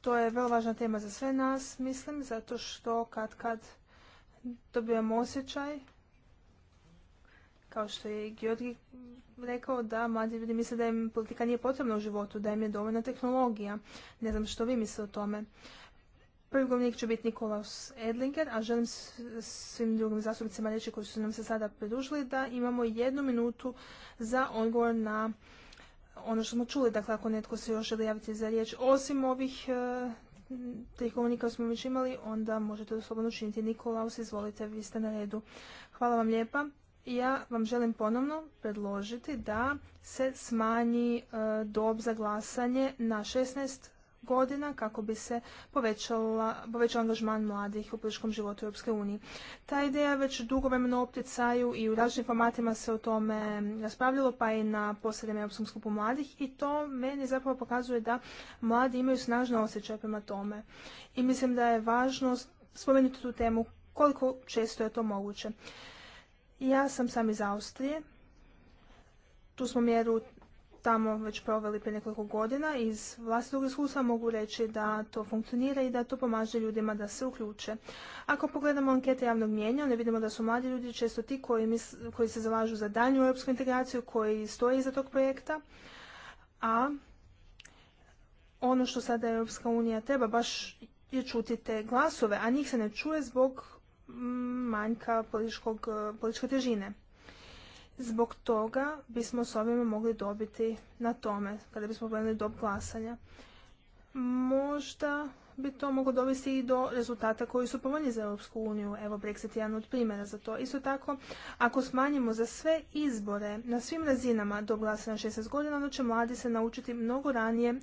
To je vrlo važna tema za sve nas, mislim, zato što kad kad dobijemo osjećaj kao što je Georgi rekao, da mladi ljudi misle da im politika nije potrebna u životu, da im je dovoljna tehnologija. Ne znam što vi mislite o tome. Prvi govornik će biti Nikolaus Edlinger, a želim svim drugim zastupnicima reći koji su nam se sada pridružili da imamo jednu minutu za odgovor na ono što smo čuli. Dakle, ako netko se još želi javiti za riječ, osim ovih tehnologija tih smo već imali, onda možete slobodno učiniti. Nikolaus, izvolite, vi ste na redu. Hvala vam lijepa ja vam želim ponovno predložiti da se smanji e, dob za glasanje na 16 godina kako bi se povećao angažman mladih u političkom životu Europske unije. Ta ideja već dugo vremena opticaju i u različitim formatima se o tome raspravljalo, pa i na posljednjem Europskom skupu mladih i to meni zapravo pokazuje da mladi imaju snažne osjećaje prema tome. I mislim da je važno spomenuti tu temu koliko često je to moguće. Ja sam sam iz Austrije. Tu smo mjeru tamo već proveli prije nekoliko godina. Iz vlastitog iskustva mogu reći da to funkcionira i da to pomaže ljudima da se uključe. Ako pogledamo ankete javnog mijenja, onda vidimo da su mladi ljudi često ti koji, se zalažu za daljnju europsku integraciju, koji stoje iza tog projekta, a ono što sada Europska unija treba baš je čuti te glasove, a njih se ne čuje zbog manjka e, političke težine. Zbog toga bismo s ovime mogli dobiti na tome, kada bismo gledali do glasanja. Možda bi to moglo dovesti i do rezultata koji su povoljni za Europsku uniju. Evo, Brexit je jedan od primjera za to. Isto tako, ako smanjimo za sve izbore na svim razinama do glasanja 16 godina, onda će mladi se naučiti mnogo ranije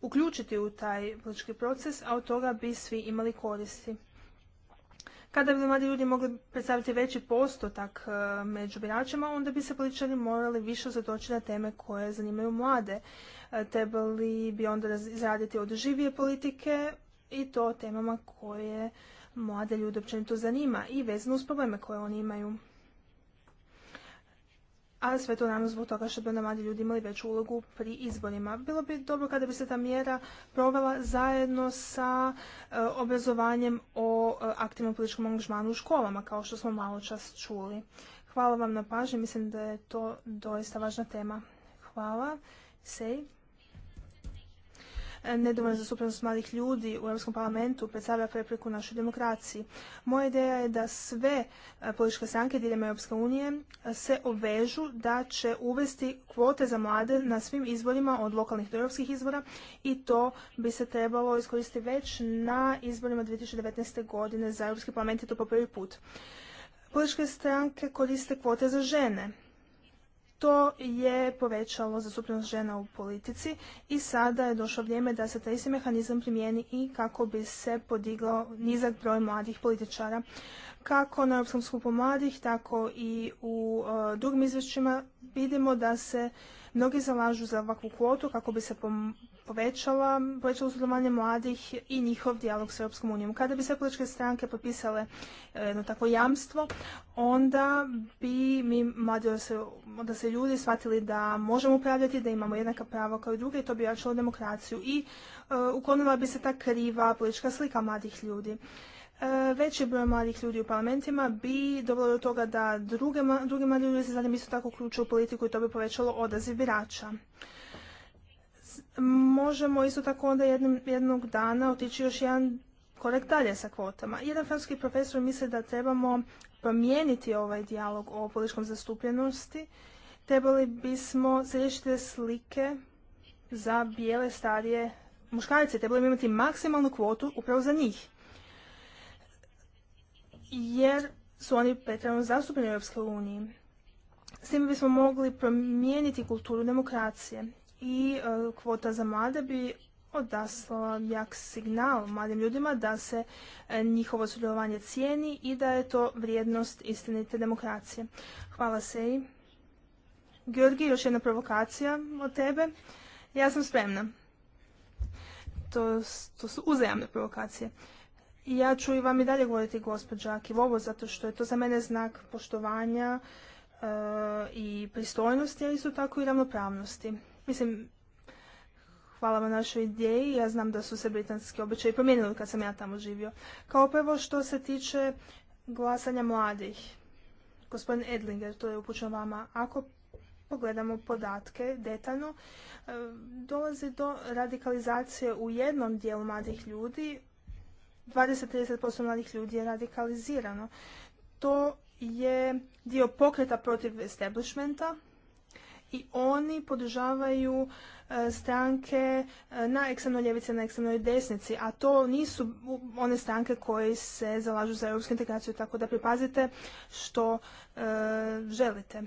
uključiti u taj politički proces, a od toga bi svi imali koristi. Kada bi mladi ljudi mogli predstaviti veći postotak e, među biračima, onda bi se političari morali više zatočiti na teme koje zanimaju mlade. E, trebali bi onda izraditi održivije politike i to temama koje mlade ljude općenito zanima i vezano uz probleme koje oni imaju ali sve to naravno zbog toga što bi onda mladi ljudi imali veću ulogu pri izborima. Bilo bi dobro kada bi se ta mjera provela zajedno sa e, obrazovanjem o e, aktivnom političkom angažmanu u školama, kao što smo malo čas čuli. Hvala vam na pažnji, mislim da je to doista važna tema. Hvala. Sej za zastupljenost malih ljudi u Europskom parlamentu predstavlja prepreku našoj demokraciji. Moja ideja je da sve e, političke stranke diljem Europske unije e, se obvežu da će uvesti kvote za mlade na svim izborima od lokalnih do europskih izbora i to bi se trebalo iskoristiti već na izborima 2019. godine za Europski parlament i to po prvi put. Političke stranke koriste kvote za žene to je povećalo zastupljenost žena u politici i sada je došlo vrijeme da se taj isti mehanizam primijeni i kako bi se podigao nizak broj mladih političara. Kako na Europskom skupu mladih, tako i u e, drugim izvješćima vidimo da se mnogi zalažu za ovakvu kvotu kako bi se pom povećala, povećalo sudjelovanje mladih i njihov dijalog s Europskom unijom. Kada bi sve političke stranke potpisale e, jedno takvo jamstvo, onda bi mi mladi, onda se ljudi shvatili da možemo upravljati, da imamo jednaka prava kao i druge i to bi jačalo demokraciju i e, uklonila bi se ta kriva politička slika mladih ljudi. E, veći broj mladih ljudi u parlamentima bi dovelo do toga da druge, drugi mladi ljudi se zatim isto tako uključuju u politiku i to bi povećalo odaziv birača možemo isto tako onda jednog dana otići još jedan korak dalje sa kvotama. Jedan francuski profesor misli da trebamo promijeniti ovaj dijalog o političkom zastupljenosti. Trebali bismo se slike za bijele starije muškarice. Trebali bi imati maksimalnu kvotu upravo za njih. Jer su oni pretravno zastupljeni u Europskoj uniji. S tim bismo mogli promijeniti kulturu demokracije i e, kvota za mlade bi odaslala jak signal mladim ljudima da se e, njihovo sudjelovanje cijeni i da je to vrijednost istinite demokracije. Hvala se i. Georgi, još jedna provokacija od tebe. Ja sam spremna. To, to su uzajamne provokacije. Ja ću i vam i dalje govoriti gospođa Kivovo, zato što je to za mene znak poštovanja e, i pristojnosti, a isto tako i ravnopravnosti. Mislim, hvala vam našoj ideji. Ja znam da su se britanski običaji promijenili kad sam ja tamo živio. Kao prvo što se tiče glasanja mladih. Gospodin Edlinger, to je upućeno vama. Ako pogledamo podatke detaljno, e, dolazi do radikalizacije u jednom dijelu mladih ljudi. 20-30% mladih ljudi je radikalizirano. To je dio pokreta protiv establishmenta, i oni podržavaju e, stranke e, na ekstremnoj ljevici, na ekstremnoj desnici, a to nisu one stranke koje se zalažu za europsku integraciju, tako da pripazite što e, želite.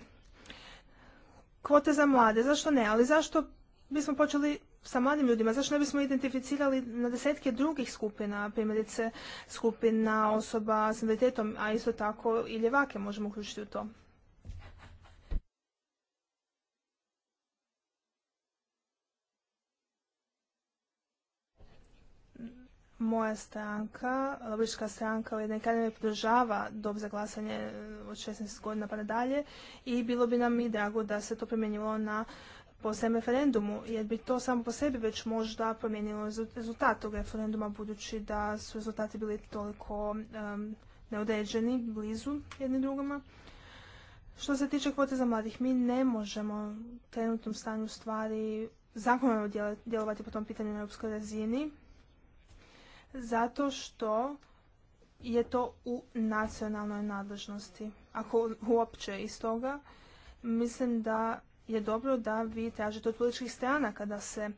Kvote za mlade, zašto ne? Ali zašto bismo počeli sa mladim ljudima, zašto ne bismo identificirali na desetke drugih skupina, primjerice skupina osoba s invaliditetom, a isto tako i ljevake možemo uključiti u to. moja stranka, Lovička stranka jednoj Kraljevine podržava dob za glasanje e, od 16 godina pa dalje i bilo bi nam i drago da se to promijenilo na posebnom referendumu, jer bi to samo po sebi već možda promijenilo rezultat tog referenduma, budući da su rezultati bili toliko neodređeni, blizu jedni drugima. Što se tiče kvote za mladih, mi ne možemo u trenutnom stanju stvari zakonom djelovati po tom pitanju na europskoj razini, zato što je to u nacionalnoj nadležnosti. Ako uopće iz toga, mislim da je dobro da vi tražite od političkih strana kada se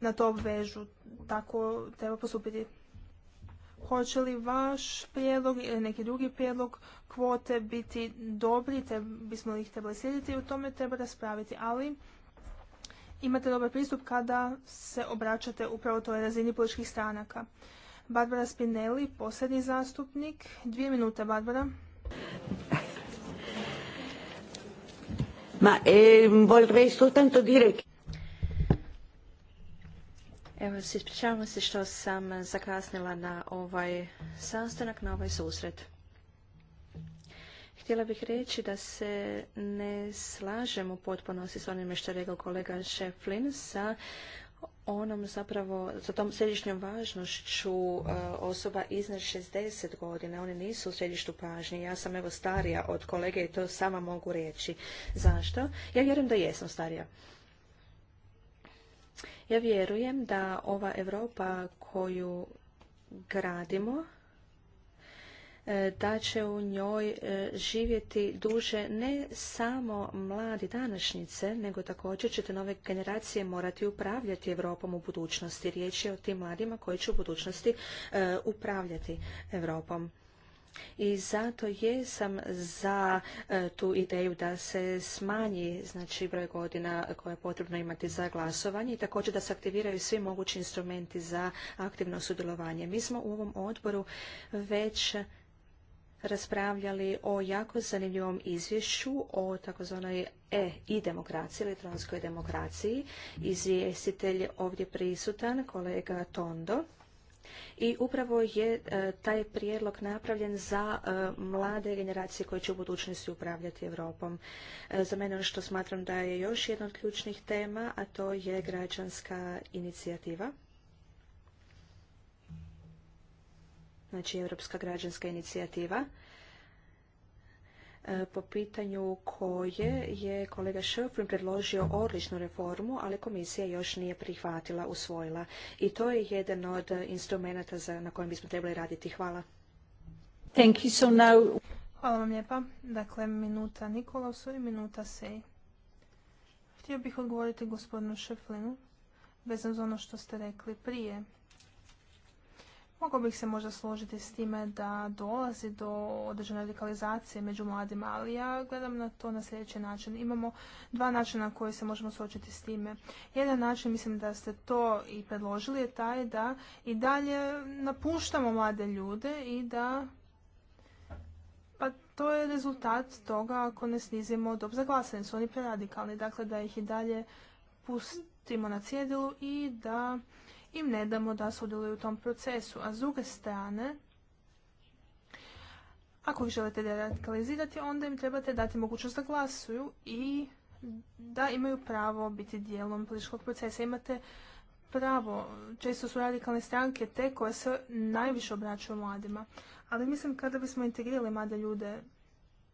na to obvežu. Tako treba postupiti. Hoće li vaš prijedlog ili neki drugi prijedlog kvote biti dobri, te bismo li ih trebali slijediti i o tome treba raspraviti, ali imate dobar pristup kada se obraćate upravo toj razini političkih stranaka. Barbara Spinelli, posljednji zastupnik. Dvije minute, Barbara. Ma, e, ehm, volrei soltanto dire Evo, ispričavam se što sam zakasnila na ovaj sastanak, na ovaj susret. Htjela bih reći da se ne slažem u potpunosti s onime što je rekao kolega Šeflin sa onom zapravo, za tom središnjom važnošću e, osoba iznad 60 godina. Oni nisu u središtu pažnje. Ja sam evo starija od kolege i to sama mogu reći. Zašto? Ja vjerujem da jesam starija. Ja vjerujem da ova Europa koju gradimo E, da će u njoj e, živjeti duže ne samo mladi današnjice, nego također ćete nove generacije morati upravljati Europom u budućnosti. Riječ je o tim mladima koji će u budućnosti e, upravljati Europom. I zato jesam za tu ideju da se smanji znači, broj godina koje je potrebno imati za glasovanje i također da se aktiviraju svi mogući instrumenti za aktivno sudjelovanje. Mi smo u ovom odboru već raspravljali o jako zanimljivom izvješću o takozvanoj E i demokraciji, elektronskoj demokraciji. Izvjestitelj je ovdje prisutan, kolega Tondo. I upravo je e, taj prijedlog napravljen za e, mlade generacije koje će u budućnosti upravljati Europom. E, za mene ono što smatram da je još jedna od ključnih tema, a to je građanska inicijativa znači Europska građanska inicijativa, e, po pitanju koje je kolega Šeflin predložio odličnu reformu, ali komisija još nije prihvatila, usvojila. I to je jedan od instrumenta za, na kojem bismo trebali raditi. Hvala. Thank you so now... Hvala vam lijepa. Dakle, minuta nikola i minuta Sej. Htio bih odgovoriti gospodinu Šeflinu vezano za ono što ste rekli prije Mogao bih se možda složiti s time da dolazi do određene radikalizacije među mladima, ali ja gledam na to na sljedeći način. Imamo dva načina na koji se možemo suočiti s time. Jedan način, mislim da ste to i predložili, je taj da i dalje napuštamo mlade ljude i da pa to je rezultat toga ako ne snizimo dob za glasanje, su oni preradikalni, dakle da ih i dalje pustimo na cjedilu i da im ne damo da sudjeluju u tom procesu. A s druge strane, ako ih želite radikalizirati, onda im trebate dati mogućnost da glasuju i da imaju pravo biti dijelom političkog procesa. Imate pravo, često su radikalne stranke te koje se najviše obraćaju mladima. Ali mislim kada bismo integrirali mlade ljude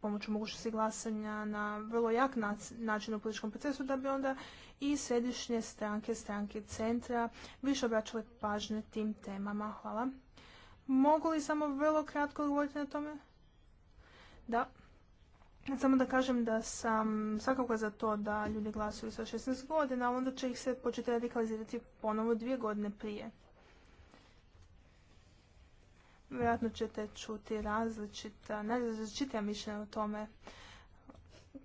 pomoću mogućnosti glasanja na vrlo jak način u političkom procesu, da bi onda i središnje stranke, stranke centra više obraćale pažnje tim temama. Hvala. Mogu li samo vrlo kratko govoriti na tome? Da. Samo da kažem da sam svakako za to da ljudi glasuju sa 16 godina, ali onda će ih se početi radikalizirati ponovo dvije godine prije. Vjerojatno ćete čuti različita, najrazličitija mišljenja o tome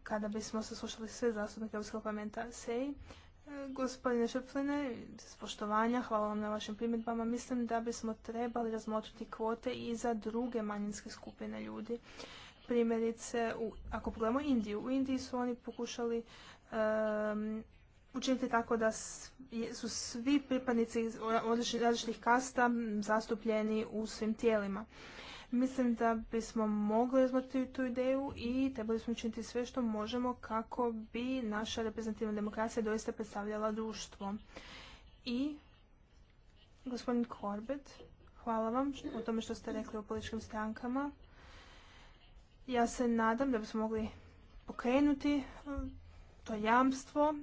kada bismo slušali sve zastupnike Europskog parlamenta SEI. E, gospodine Šrpline, s poštovanja, hvala vam na vašim primjedbama. Mislim da bismo trebali razmotriti kvote i za druge manjinske skupine ljudi. Primjerice, u, ako pogledamo Indiju, u Indiji su oni pokušali učiniti tako da su svi pripadnici različitih kasta zastupljeni u svim tijelima. Mislim da bismo mogli razmotriti tu ideju i trebali smo učiniti sve što možemo kako bi naša reprezentativna demokracija doista predstavljala društvo. I gospodin Korbet, hvala vam o tome što ste rekli o političkim strankama. Ja se nadam da bismo mogli pokrenuti e, to jamstvo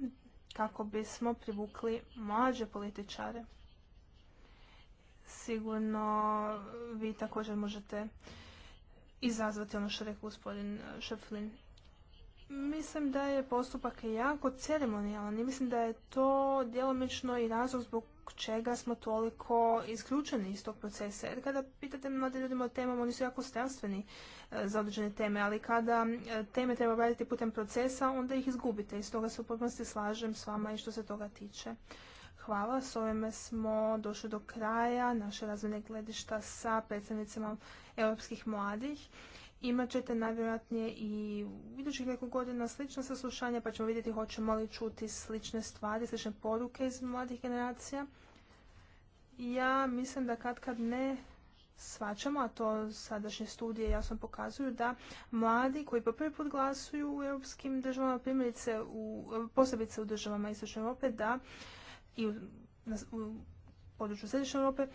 kako bismo privukli mlađe političare. Sigurno vi također možete izazvati ono što je rekao gospodin e, Šeflin. Mislim da je postupak jako ceremonijalan i mislim da je to djelomično i razlog zbog čega smo toliko isključeni iz tog procesa. Jer kada pitate mlade ljudima o temama, oni su jako stranstveni e, za određene teme, ali kada e, teme treba obraditi putem procesa, onda ih izgubite. Iz toga se u potpunosti slažem s vama i što se toga tiče. Hvala. S ovime smo došli do kraja naše razvojne gledišta sa predstavnicima europskih mladih. Imat ćete najvjerojatnije i u idućih nekog godina slična saslušanja pa ćemo vidjeti hoćemo li čuti slične stvari, slične poruke iz mladih generacija. Ja mislim da kad kad ne svačamo, a to sadašnje studije jasno pokazuju, da mladi koji po prvi put glasuju u europskim državama, primjerice u, posebice u državama Istočne Europe, da i u području Središnje Europe,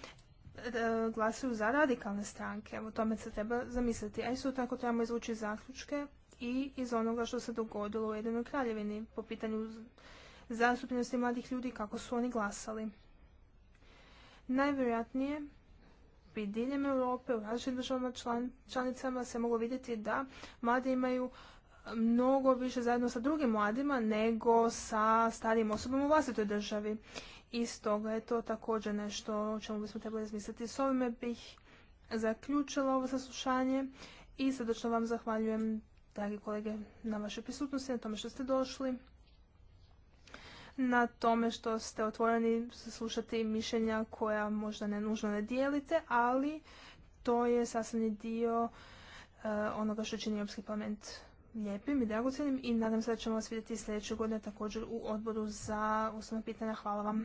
E, glasuju za radikalne stranke. O tome se treba zamisliti. A isto tako trebamo izvući zaključke i iz onoga što se dogodilo u Jedinoj kraljevini po pitanju zastupljenosti mladih ljudi kako su oni glasali. Najvjerojatnije bi diljem Europe u različitim državama članicama se moglo vidjeti da mladi imaju mnogo više zajedno sa drugim mladima nego sa starijim osobama u vlastitoj državi i stoga je to također nešto o čemu bismo trebali razmisliti. S ovime bih zaključila ovo saslušanje i srdečno vam zahvaljujem, dragi kolege, na vašoj prisutnosti, na tome što ste došli, na tome što ste otvoreni slušati mišljenja koja možda ne nužno ne dijelite, ali to je sastavni dio eh, onoga što čini Europski parlament lijepim i dragocjenim i nadam se da ćemo vas vidjeti sljedeće godine također u odboru za osnovne pitanja. Hvala vam.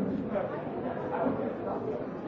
I don't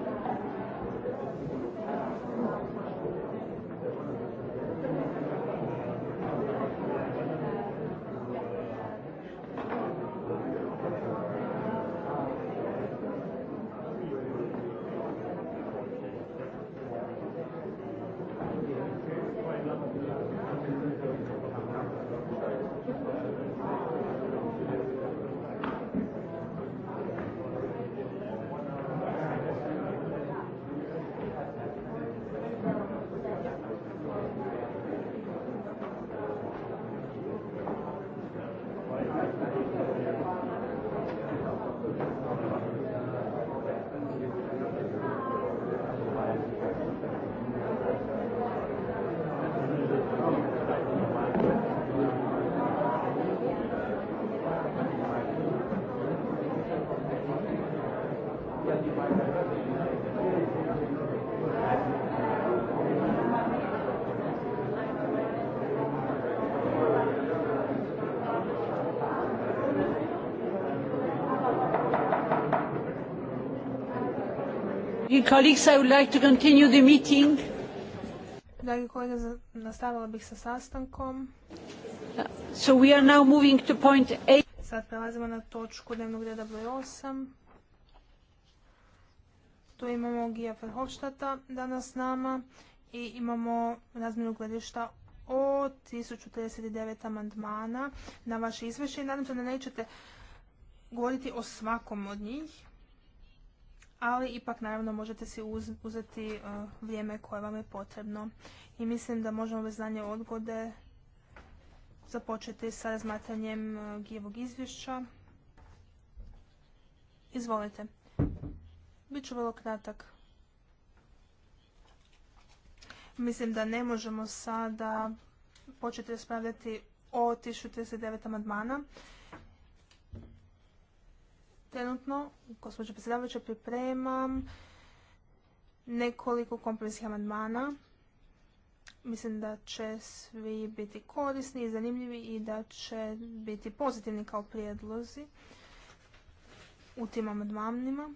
Dragi kolega, nastavila bih sa sastankom. So we are Sad prelazimo na točku dnevnog reda broj 8. Tu imamo Gija Verhofstadta danas s nama i imamo razmjenu gledišta o 1039 amandmana na vaše izvješće i nadam se da nećete govoriti o svakom od njih ali ipak naravno možete si uzeti uh, vrijeme koje vam je potrebno. I mislim da možemo bez znanje odgode započeti sa razmatranjem uh, Gijevog izvješća. Izvolite. Biću vrlo kratak. Mislim da ne možemo sada početi raspravljati o 1039 amandmana. Trenutno, gospođo predsjedavajuća, pripremam nekoliko kompromisnih amandmana. Mislim da će svi biti korisni i zanimljivi i da će biti pozitivni kao prijedlozi u tim amandmanima.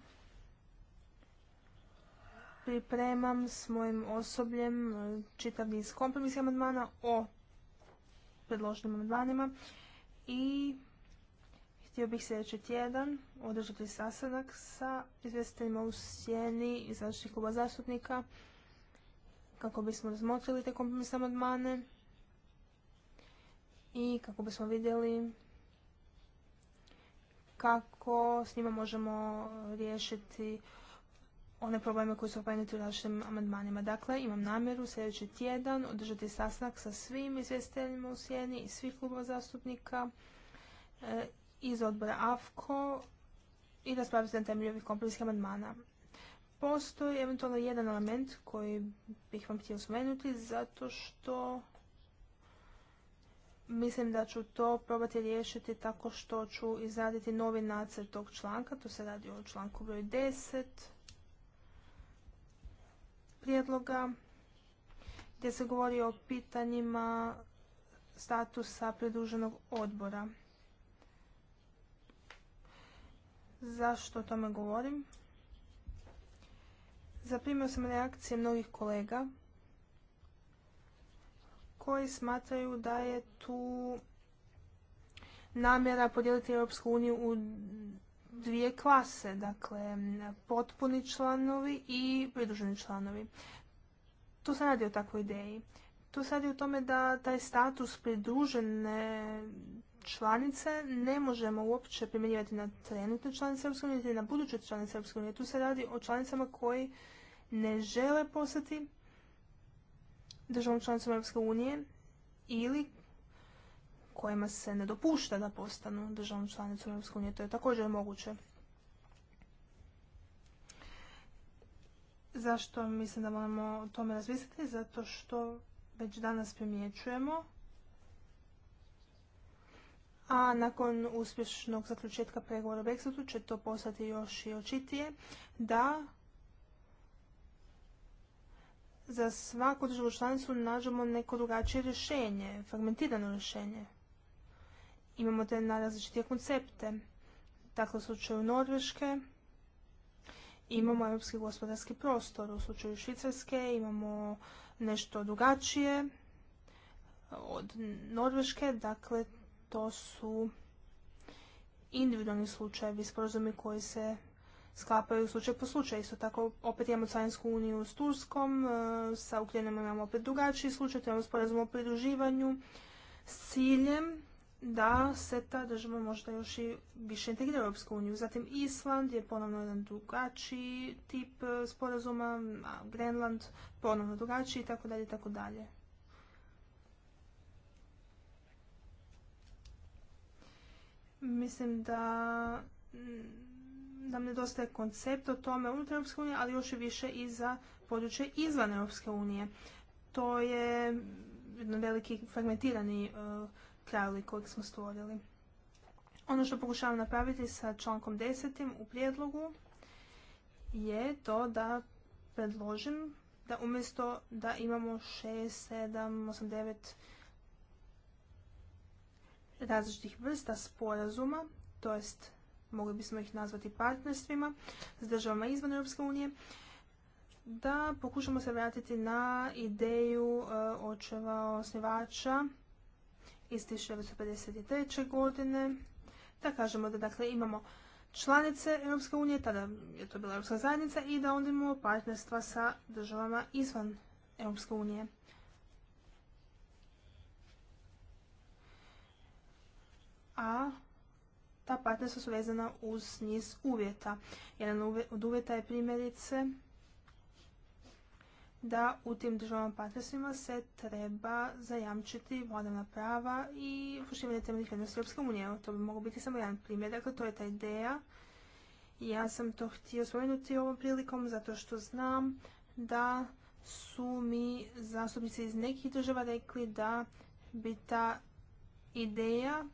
Pripremam s mojim osobljem e, čitav niz kompromisnih amandmana o predloženim amandmanima i Htio bih sljedeći tjedan održati sastanak sa izvjestiteljima u sjeni iz različitih kluba zastupnika kako bismo razmotrili te kompromisne amandmane i kako bismo vidjeli kako s njima možemo riješiti one probleme koji su opomenuti u različitim amandmanima. Dakle, imam namjeru sljedeći tjedan održati sastanak sa svim izvjestiteljima u sjeni i svih klubova zastupnika e, iz odbora AFKO i raspraviti na temelju ovih kompleksnih amandmana. Postoji eventualno jedan element koji bih vam htio spomenuti zato što mislim da ću to probati riješiti tako što ću izraditi novi nacrt tog članka. To se radi o članku broj 10 prijedloga gdje se govori o pitanjima statusa pridruženog odbora. Zašto o tome govorim? Zaprimio sam reakcije mnogih kolega koji smatraju da je tu namjera podijeliti Europsku uniju u dvije klase, dakle potpuni članovi i pridruženi članovi. Tu se radi o takvoj ideji. Tu se radi o tome da taj status pridružene članice ne možemo uopće primjenjivati na trenutne članice eu unije, na buduće članice EU. Tu se radi o članicama koji ne žele postati državom članicom EU unije ili kojima se ne dopušta da postanu državom članicom EU, unije. To je također moguće. Zašto mislim da moramo o tome razmisliti? Zato što već danas primjećujemo a nakon uspješnog zaključetka pregovora o Brexitu će to postati još i očitije da za svaku državu članicu nađemo neko drugačije rješenje, fragmentirano rješenje. Imamo te najrazličitije koncepte. Dakle, u slučaju Norveške imamo europski gospodarski prostor, u slučaju Švicarske imamo nešto drugačije od Norveške, dakle to su individualni slučajevi, sporazumi koji se sklapaju slučaj po slučaju. Isto tako opet imamo Carinsku uniju s Turskom, e, sa Ukrajinom imamo opet drugačiji slučaj, tu imamo sporazum o pridruživanju s ciljem da se ta država možda još i više integrira u Europsku uniju. Zatim Island je ponovno jedan drugačiji tip e, sporazuma, a Grenland ponovno drugačiji i tako dalje i tako dalje. Mislim da nam mm, nedostaje koncept o tome unutar Europske unije, ali još i više i za područje izvan Europske unije. To je jedan veliki fragmentirani e, krajolik koji smo stvorili. Ono što pokušavam napraviti sa člankom 10. u prijedlogu je to da predložim da umjesto da imamo šest, sedam, 8, 9 različitih vrsta sporazuma, to jest mogli bismo ih nazvati partnerstvima s državama izvan Europske unije, da pokušamo se vratiti na ideju eh, očeva osnivača iz 1953. godine. Da kažemo da dakle imamo članice Europske unije, tada je to bila Europska zajednica, i da onda imamo partnerstva sa državama izvan Europske unije. a ta partnerstva su vezana uz niz uvjeta. Jedan od uvjeta je primjerice da u tim državama partnerstvima se treba zajamčiti vladavna prava i poštivanje temeljnih vrednosti Europske unije. To bi mogao biti samo jedan primjer. Dakle, to je ta ideja. Ja sam to htio spomenuti ovom prilikom zato što znam da su mi zastupnici iz nekih država rekli da bi ta ideja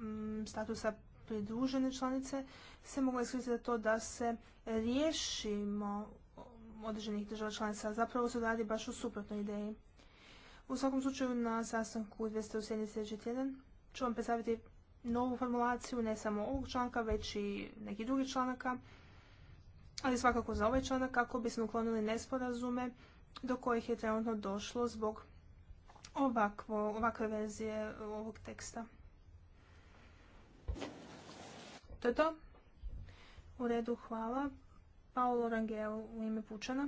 Mm, statusa pridružene članice se mogu iskoristiti za to da se riješimo određenih država članica. Zapravo se radi baš u suprotnoj ideji. U svakom slučaju na sastanku 271. tjedan ću vam predstaviti novu formulaciju, ne samo ovog članka, već i nekih drugih članaka, ali svakako za ovaj članak kako bismo uklonili nesporazume do kojih je trenutno došlo zbog ovakve verzije ovog teksta. To je to? U redu, hvala. Paolo Rangel u ime Pučana.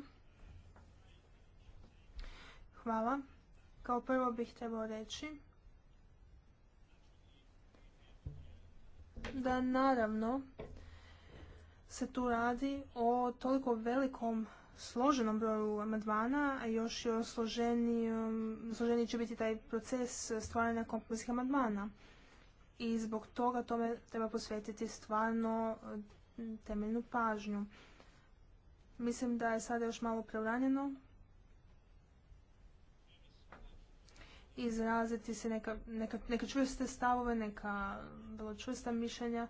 Hvala. Kao prvo bih trebao reći da naravno se tu radi o toliko velikom složenom broju amandmana, a još i složeniji će biti taj proces stvaranja kompromisnih amandmana i zbog toga tome treba posvetiti stvarno e, temeljnu pažnju. Mislim da je sada još malo preuranjeno izraziti se neka, neka, neka čvrste stavove, neka vrlo čvrsta mišljenja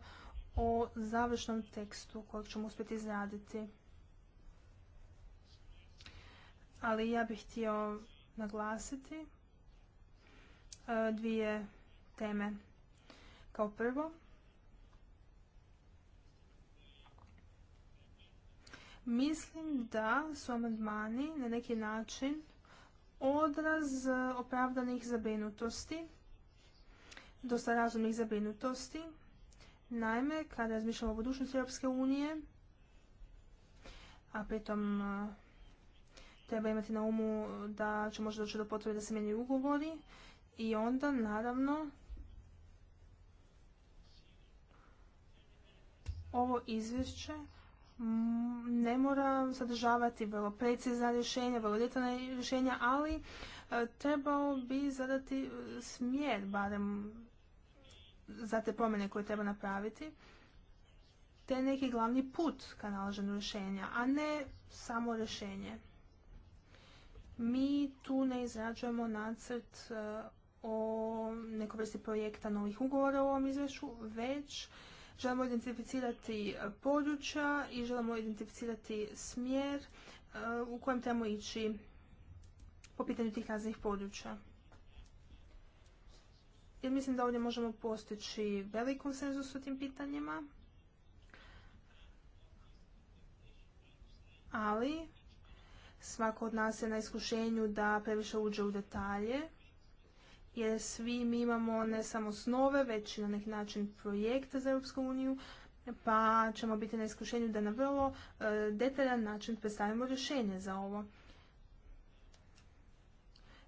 o završnom tekstu kojeg ćemo uspjeti izraditi. Ali ja bih htio naglasiti e, dvije teme. Kao prvo, mislim da su amandmani na neki način odraz opravdanih zabrinutosti, dosta razumnih zabrinutosti. Naime, kada razmišljamo o budućnosti Europske unije, a pritom e, treba imati na umu da će možda doći do potrebe da se mijenjaju ugovori i onda naravno ovo izvješće ne mora sadržavati vrlo precizna rješenja, vrlo detaljna rješenja, ali e, trebao bi zadati e, smjer barem za te promjene koje treba napraviti, te neki glavni put ka nalaženju rješenja, a ne samo rješenje. Mi tu ne izrađujemo nacrt e, o nekoj vrsti projekta novih ugovora u ovom izvješću, već Želimo identificirati e, područja i želimo identificirati smjer e, u kojem trebamo ići po pitanju tih raznih područja. Jer mislim da ovdje možemo postići velik konsenzus u tim pitanjima. Ali, svako od nas je na iskušenju da previše uđe u detalje jer svi mi imamo ne samo snove, već i na neki način projekte za Europsku uniju, pa ćemo biti na iskušenju da na vrlo e, detaljan način predstavimo rješenje za ovo.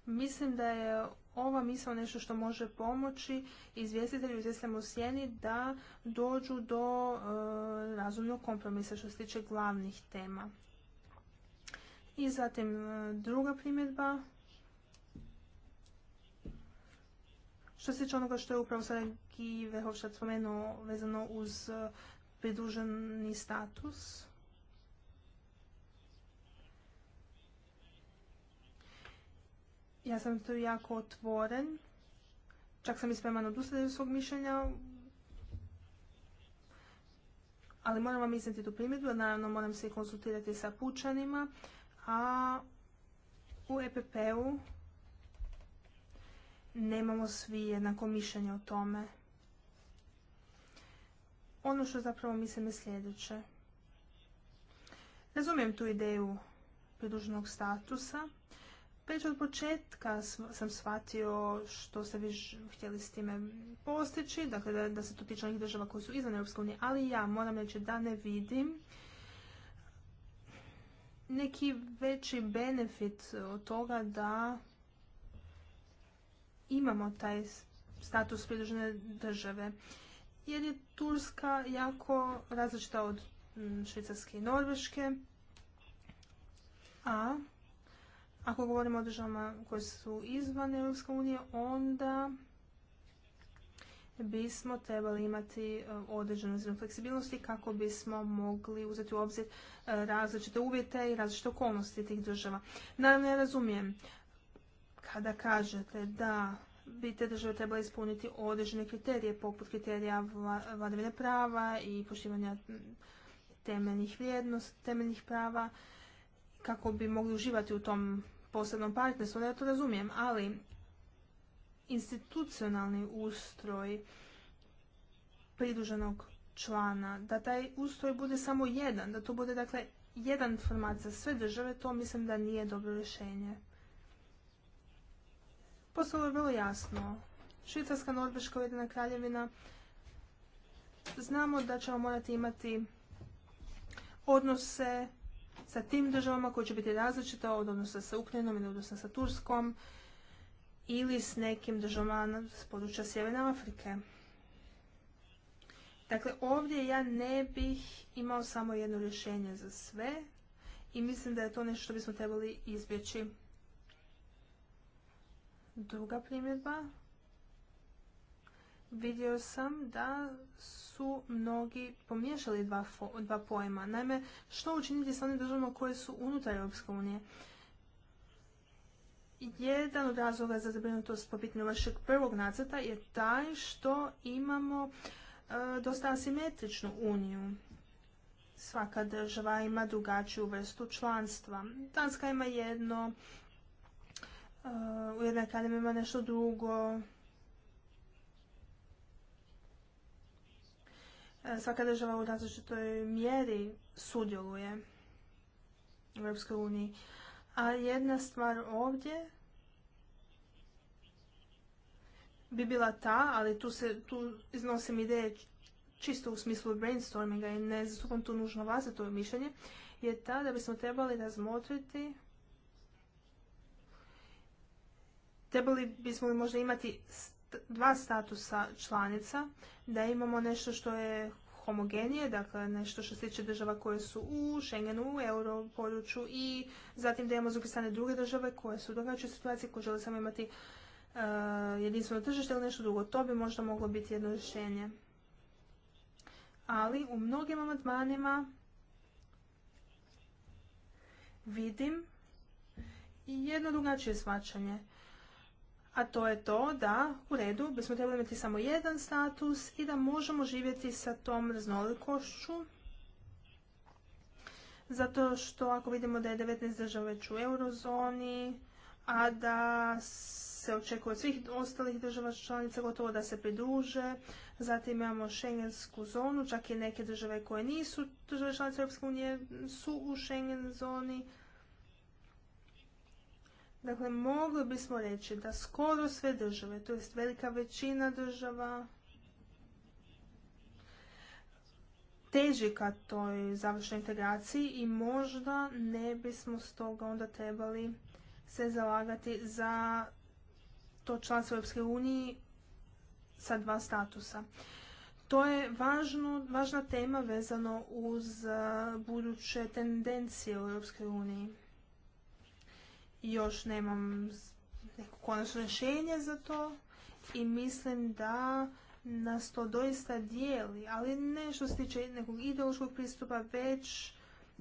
Mislim da je ova misla nešto što može pomoći izvjestitelju izvjestitelju u sjeni da dođu do e, razumnog kompromisa što se tiče glavnih tema. I zatim e, druga primjedba Što se tiče onoga što je upravo sada Ki Vehovšat spomenuo vezano uz e, pridruženi status, ja sam tu jako otvoren. Čak sam i spreman odustati od svog mišljenja. Ali moram vam izneti tu primjedbu, naravno moram se i konsultirati sa pučanima, a u EPP-u nemamo svi jednako mišljenje o tome. Ono što zapravo mislim je sljedeće. Razumijem tu ideju pridruženog statusa. Već od početka sam shvatio što ste vi htjeli s time postići, dakle da, se to tiče onih država koje su izvan Europske unije, ali ja moram reći da ne vidim neki veći benefit od toga da imamo taj status pridružene države. Jer je Turska jako različita od mm, Švicarske i Norveške. A ako govorimo o državama koje su izvan Europske unije, onda bismo trebali imati e, određenu razinu fleksibilnosti kako bismo mogli uzeti u obzir e, različite uvjete i različite okolnosti tih država. Naravno, ja razumijem kada kažete da bi te države trebale ispuniti određene kriterije, poput kriterija vladavine prava i poštivanja temeljnih vrijednosti, temeljnih prava, kako bi mogli uživati u tom posebnom partnerstvu, ja to razumijem, ali institucionalni ustroj pridruženog člana, da taj ustroj bude samo jedan, da to bude dakle jedan format za sve države, to mislim da nije dobro rješenje postalo je vrlo jasno. Švicarska, Norveška, Ujedina kraljevina, znamo da ćemo morati imati odnose sa tim državama koje će biti različite od odnosa sa Ukrajinom ili odnosa sa Turskom ili s nekim državama s područja Sjeverne Afrike. Dakle, ovdje ja ne bih imao samo jedno rješenje za sve i mislim da je to nešto što bismo trebali izbjeći. Druga primjedba. Vidio sam da su mnogi pomiješali dva, pojma. Naime, što učiniti sa onim državama koje su unutar Europske unije? Jedan od razloga za zabrinutost po pitanju vašeg prvog nacrta je taj što imamo e, dosta asimetričnu uniju. Svaka država ima drugačiju vrstu članstva. Danska ima jedno, Eh, u jednoj akademiji ima nešto drugo. Eh, svaka država u različitoj mjeri sudjeluje u Europskoj uniji. A jedna stvar ovdje bi bila ta, ali tu, se, tu iznosim ideje čisto u smislu brainstorminga i ne zastupam tu nužno to mišljenje, je ta da bismo trebali razmotriti Trebali bismo možda imati dva statusa članica, da imamo nešto što je homogenije, dakle nešto što se tiče država koje su u Schengenu, u euro području i zatim da imamo s druge strane druge države koje su u drugačoj situaciji, koje žele samo imati e, jedinstveno tržište ili nešto drugo. To bi možda moglo biti jedno rješenje. Ali u mnogim amandmanima vidim jedno drugačije svačanje a to je to da u redu bismo trebali imati samo jedan status i da možemo živjeti sa tom raznolikošću zato što ako vidimo da je 19 država već u eurozoni, a da se očekuje od svih ostalih država članica gotovo da se pridruže. Zatim imamo šengensku zonu, čak i neke države koje nisu države članice Europske unije su u šengen zoni. Dakle, mogli bismo reći da skoro sve države, to jest velika većina država, teži ka toj završnoj integraciji i možda ne bismo stoga onda trebali se zalagati za to članstvo Europske unije sa dva statusa. To je važno, važna tema vezano uz eh, buduće tendencije u Europskoj uniji još nemam neko konačno rješenje za to i mislim da nas to doista dijeli, ali ne što se tiče nekog ideološkog pristupa, već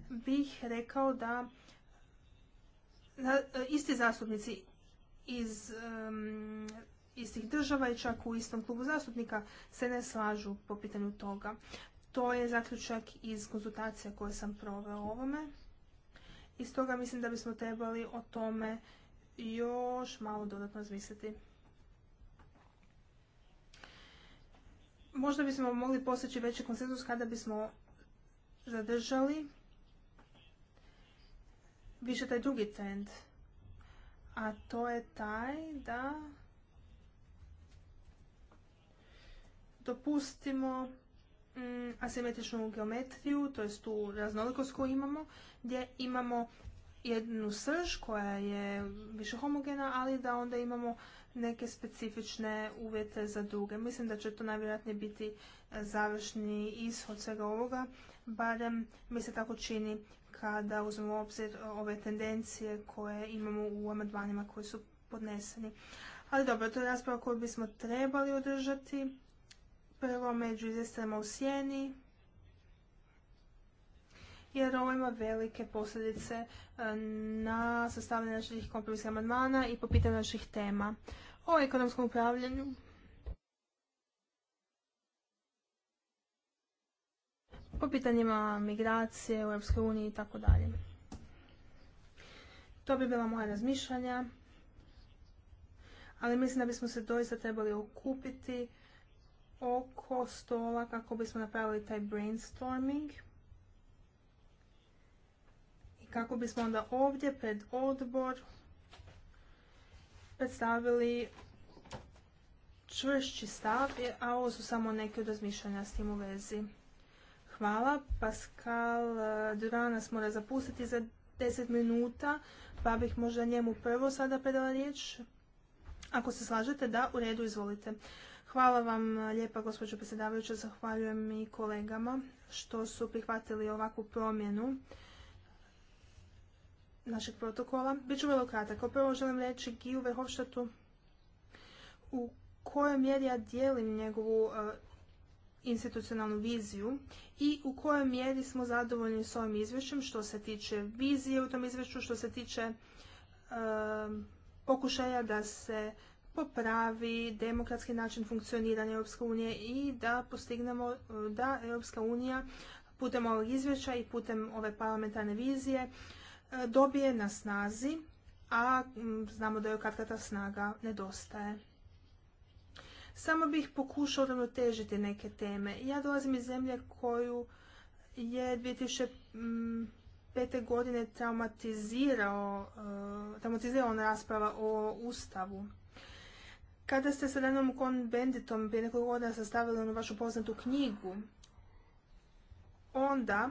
bih rekao da e, isti zastupnici iz istih država i čak u istom klubu zastupnika se ne slažu po pitanju toga. To je zaključak iz konzultacija koje sam proveo ovome. I stoga mislim da bismo trebali o tome još malo dodatno razmisliti. Možda bismo mogli postići veći konsenzus kada bismo zadržali više taj drugi trend. A to je taj da dopustimo Mm, asimetričnu geometriju, to jest tu raznolikost koju imamo, gdje imamo jednu srž koja je više homogena, ali da onda imamo neke specifične uvjete za druge. Mislim da će to najvjerojatnije biti e, završni ishod svega ovoga, barem mi se tako čini kada uzmemo u obzir ove tendencije koje imamo u amandmanima koji su podneseni. Ali dobro, to je rasprava koju bismo trebali održati prvo među Izvjestama u sjeni, jer ovo ima velike posljedice e, na sastavljanje naših kompromisnih amandmana i po pitanju naših tema. O ekonomskom upravljanju po pitanjima migracije u EU i tako dalje. To bi bila moja razmišljanja, ali mislim da bismo se doista trebali okupiti oko stola kako bismo napravili taj brainstorming i kako bismo onda ovdje pred odbor predstavili čvršći stav, a ovo su samo neke od razmišljanja s tim u vezi. Hvala. Pascal eh, Durana nas mora zapustiti za 10 minuta, pa bih možda njemu prvo sada predala riječ. Ako se slažete, da, u redu, izvolite. Hvala vam lijepa gospođo predsjedavajuća, zahvaljujem i kolegama što su prihvatili ovakvu promjenu našeg protokola. Biću vrlo kratak. Prvo želim reći Giju Verhofštatu u kojoj mjeri ja dijelim njegovu e, institucionalnu viziju i u kojoj mjeri smo zadovoljni s ovim izvješćem što se tiče vizije u tom izvješću, što se tiče e, pokušaja da se popravi demokratski način funkcioniranja Europske unije i da postignemo e, da Europska unija putem ovog izvješća i putem ove parlamentarne vizije e, dobije na snazi, a znamo da joj kad ta snaga nedostaje. Samo bih pokušao ravnotežiti neke teme. Ja dolazim iz zemlje koju je 2005. godine traumatizirao, e, traumatizirao rasprava o Ustavu. Kada ste sa Renom Kon Benditom prije nekog godina sastavili onu vašu poznatu knjigu, onda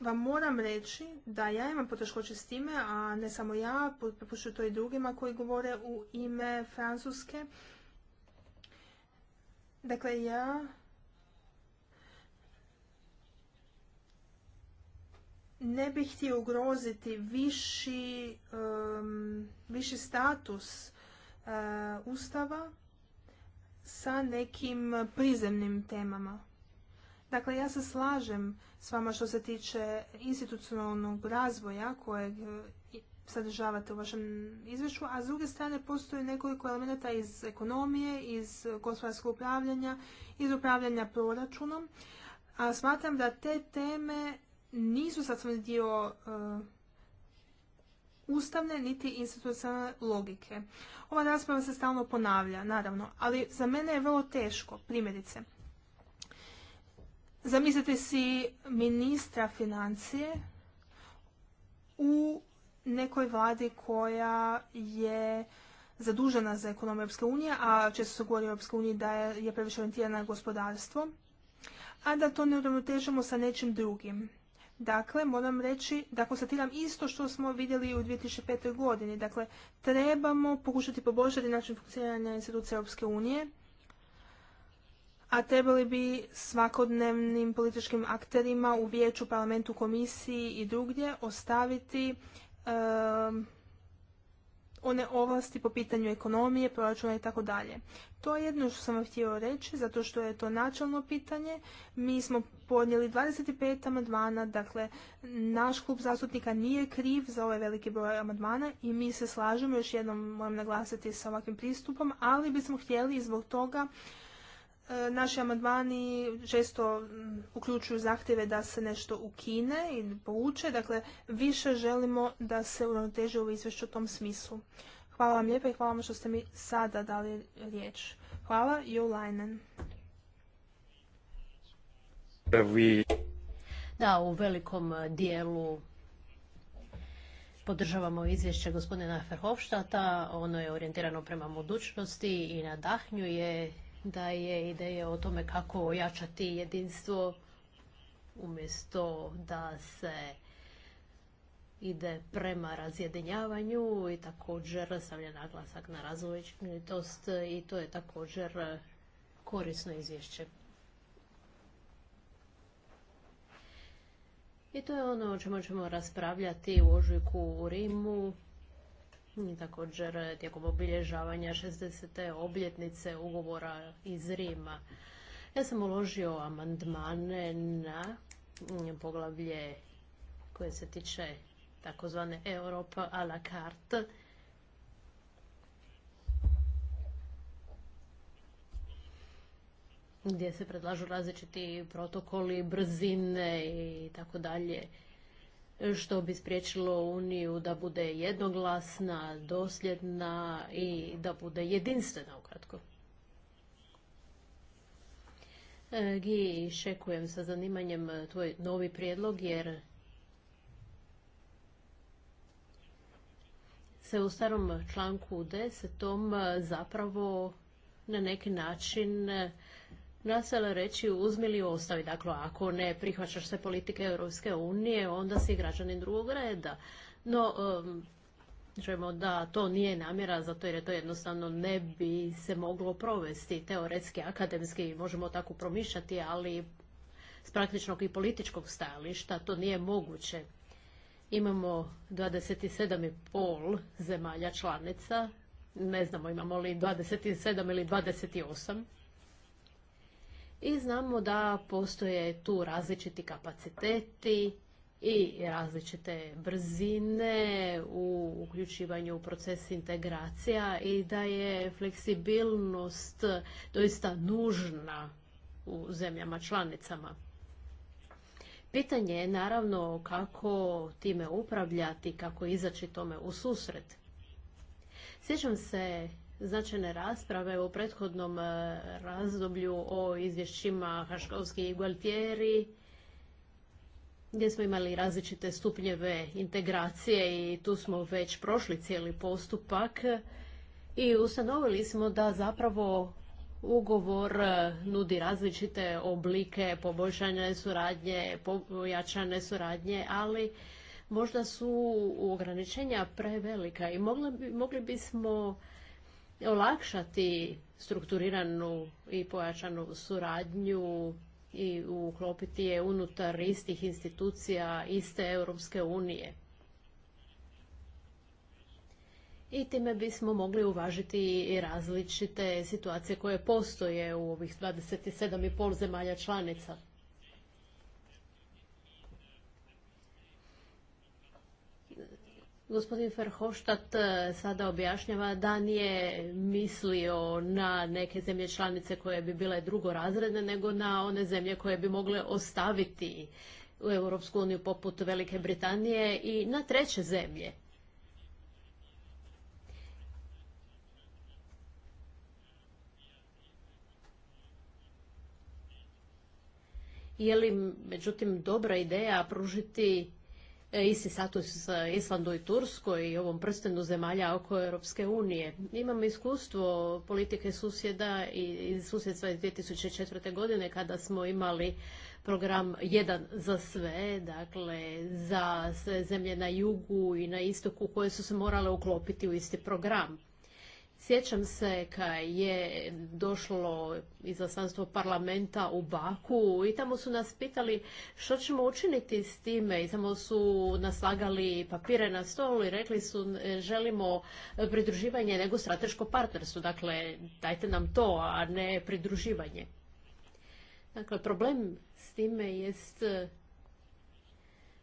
vam moram reći da ja imam poteškoće s time, a ne samo ja, prepušću to i drugima koji govore u ime Francuske. Dakle, ja ne bih htio ugroziti viši, um, viši status E, ustava sa nekim prizemnim temama. Dakle, ja se slažem s vama što se tiče institucionalnog razvoja kojeg e, sadržavate u vašem izvješću, a s druge strane postoji nekoliko elemenata iz ekonomije, iz gospodarskog upravljanja, iz upravljanja proračunom, a smatram da te teme nisu sasvim dio e, ustavne niti institucionalne logike. Ova rasprava se stalno ponavlja, naravno, ali za mene je vrlo teško, primjerice. Zamislite si ministra financije u nekoj vladi koja je zadužena za ekonomiju Europske unije, a često se govori o Europske uniji da je previše orientirana na gospodarstvo, a da to ne uravnotežemo sa nečim drugim. Dakle, moram reći da konstatiram isto što smo vidjeli u 2005. godini. Dakle, trebamo pokušati poboljšati način funkcioniranja institucije Europske unije, a trebali bi svakodnevnim političkim akterima u vijeću, parlamentu, komisiji i drugdje ostaviti ehm, one ovlasti po pitanju ekonomije, proračuna i tako dalje. To je jedno što sam vam htio reći, zato što je to načelno pitanje. Mi smo podnijeli 25 amandmana, dakle naš klub zastupnika nije kriv za ovaj veliki broj amandmana i mi se slažemo, još jednom moram naglasiti sa ovakvim pristupom, ali bismo htjeli zbog toga E, naši amandmani često uključuju zahtjeve da se nešto ukine i povuče, dakle više želimo da se uravnoteže u izvješću u tom smislu. Hvala vam lijepa i hvala vam što ste mi sada dali riječ. Hvala, Jo Leinen. Da, u velikom e, dijelu podržavamo izvješće gospodina Ferhofštata. Ono je orijentirano prema budućnosti i nadahnjuje da je ideja o tome kako ojačati jedinstvo umjesto da se ide prema razjedinjavanju i također stavlja naglasak na razvojčnitost i to je također korisno izvješće. I to je ono o čemu ćemo raspravljati u ožujku u Rimu također e, tijekom obilježavanja 60. obljetnice ugovora iz Rima. Ja sam uložio amandmane na mm, poglavlje koje se tiče takozvane Europa a la carte. gdje se predlažu različiti protokoli, brzine i tako dalje što bi spriječilo Uniju da bude jednoglasna, dosljedna i da bude jedinstvena ukratko. E, Gi, šekujem sa zanimanjem tvoj novi prijedlog jer se u starom članku 10. zapravo na neki način nasele reći uzmi ili ostavi. Dakle, ako ne prihvaćaš sve politike Europske unije, onda si građanin drugog reda. No, um, da to nije namjera, zato jer je to jednostavno ne bi se moglo provesti teoretski, akademski, možemo tako promišljati, ali s praktičnog i političkog stajališta to nije moguće. Imamo 27,5 zemalja članica, ne znamo imamo li 27 ili 28, i znamo da postoje tu različiti kapaciteti i različite brzine u uključivanju u proces integracija i da je fleksibilnost doista nužna u zemljama članicama. Pitanje je naravno kako time upravljati, kako izaći tome u susret. Sjećam se značajne rasprave u prethodnom e, razdoblju o izvješćima Haškovski i Gualtieri, gdje smo imali različite stupnjeve integracije i tu smo već prošli cijeli postupak i ustanovili smo da zapravo ugovor e, nudi različite oblike poboljšane suradnje, pojačane suradnje, ali možda su ograničenja prevelika i mogli bismo olakšati strukturiranu i pojačanu suradnju i uklopiti je unutar istih institucija iste Europske unije. I time bismo mogli uvažiti i različite situacije koje postoje u ovih 27,5 zemalja članica. Gospodin Verhoštat e, sada objašnjava da nije mislio na neke zemlje članice koje bi bile drugorazredne, nego na one zemlje koje bi mogle ostaviti u Europsku uniju poput Velike Britanije i na treće zemlje. Je li međutim dobra ideja pružiti E, isti status e, Islandu i Turskoj i ovom prstenu zemalja oko Europske unije. Imamo iskustvo politike susjeda i susjedstva iz 2004. godine kada smo imali program jedan za sve, dakle za sve zemlje na jugu i na istoku koje su se morale uklopiti u isti program. Sjećam se kad je došlo izaslanstvo parlamenta u Baku i tamo su nas pitali što ćemo učiniti s time i tamo su naslagali papire na stolu i rekli su želimo pridruživanje nego strateško partnerstvo. Dakle, dajte nam to, a ne pridruživanje. Dakle, problem s time jest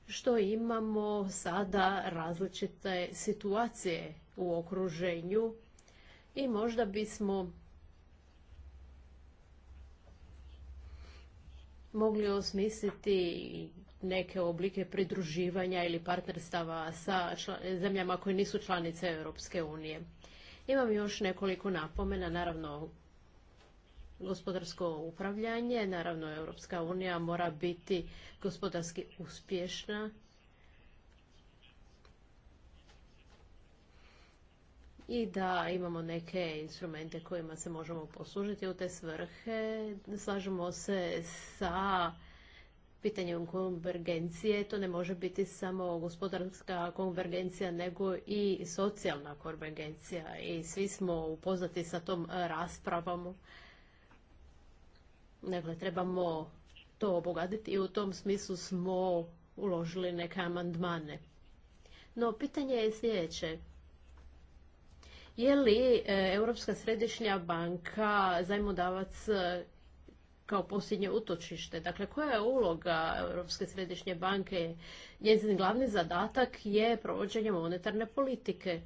što imamo sada različite situacije u okruženju i možda bismo mogli osmisliti neke oblike pridruživanja ili partnerstava sa zemljama koje nisu članice Europske unije. Imam još nekoliko napomena, naravno gospodarsko upravljanje, naravno Europska unija mora biti gospodarski uspješna i da imamo neke instrumente kojima se možemo poslužiti u te svrhe. Slažemo se sa pitanjem konvergencije. To ne može biti samo gospodarska konvergencija, nego i socijalna konvergencija. I svi smo upoznati sa tom raspravom. Dakle, trebamo to obogatiti i u tom smislu smo uložili neke amandmane. No, pitanje je sljedeće. Je li e, Europska središnja banka zajmodavac e, kao posljednje utočište? Dakle, koja je uloga Europske središnje banke? Njezin glavni zadatak je provođenje monetarne politike.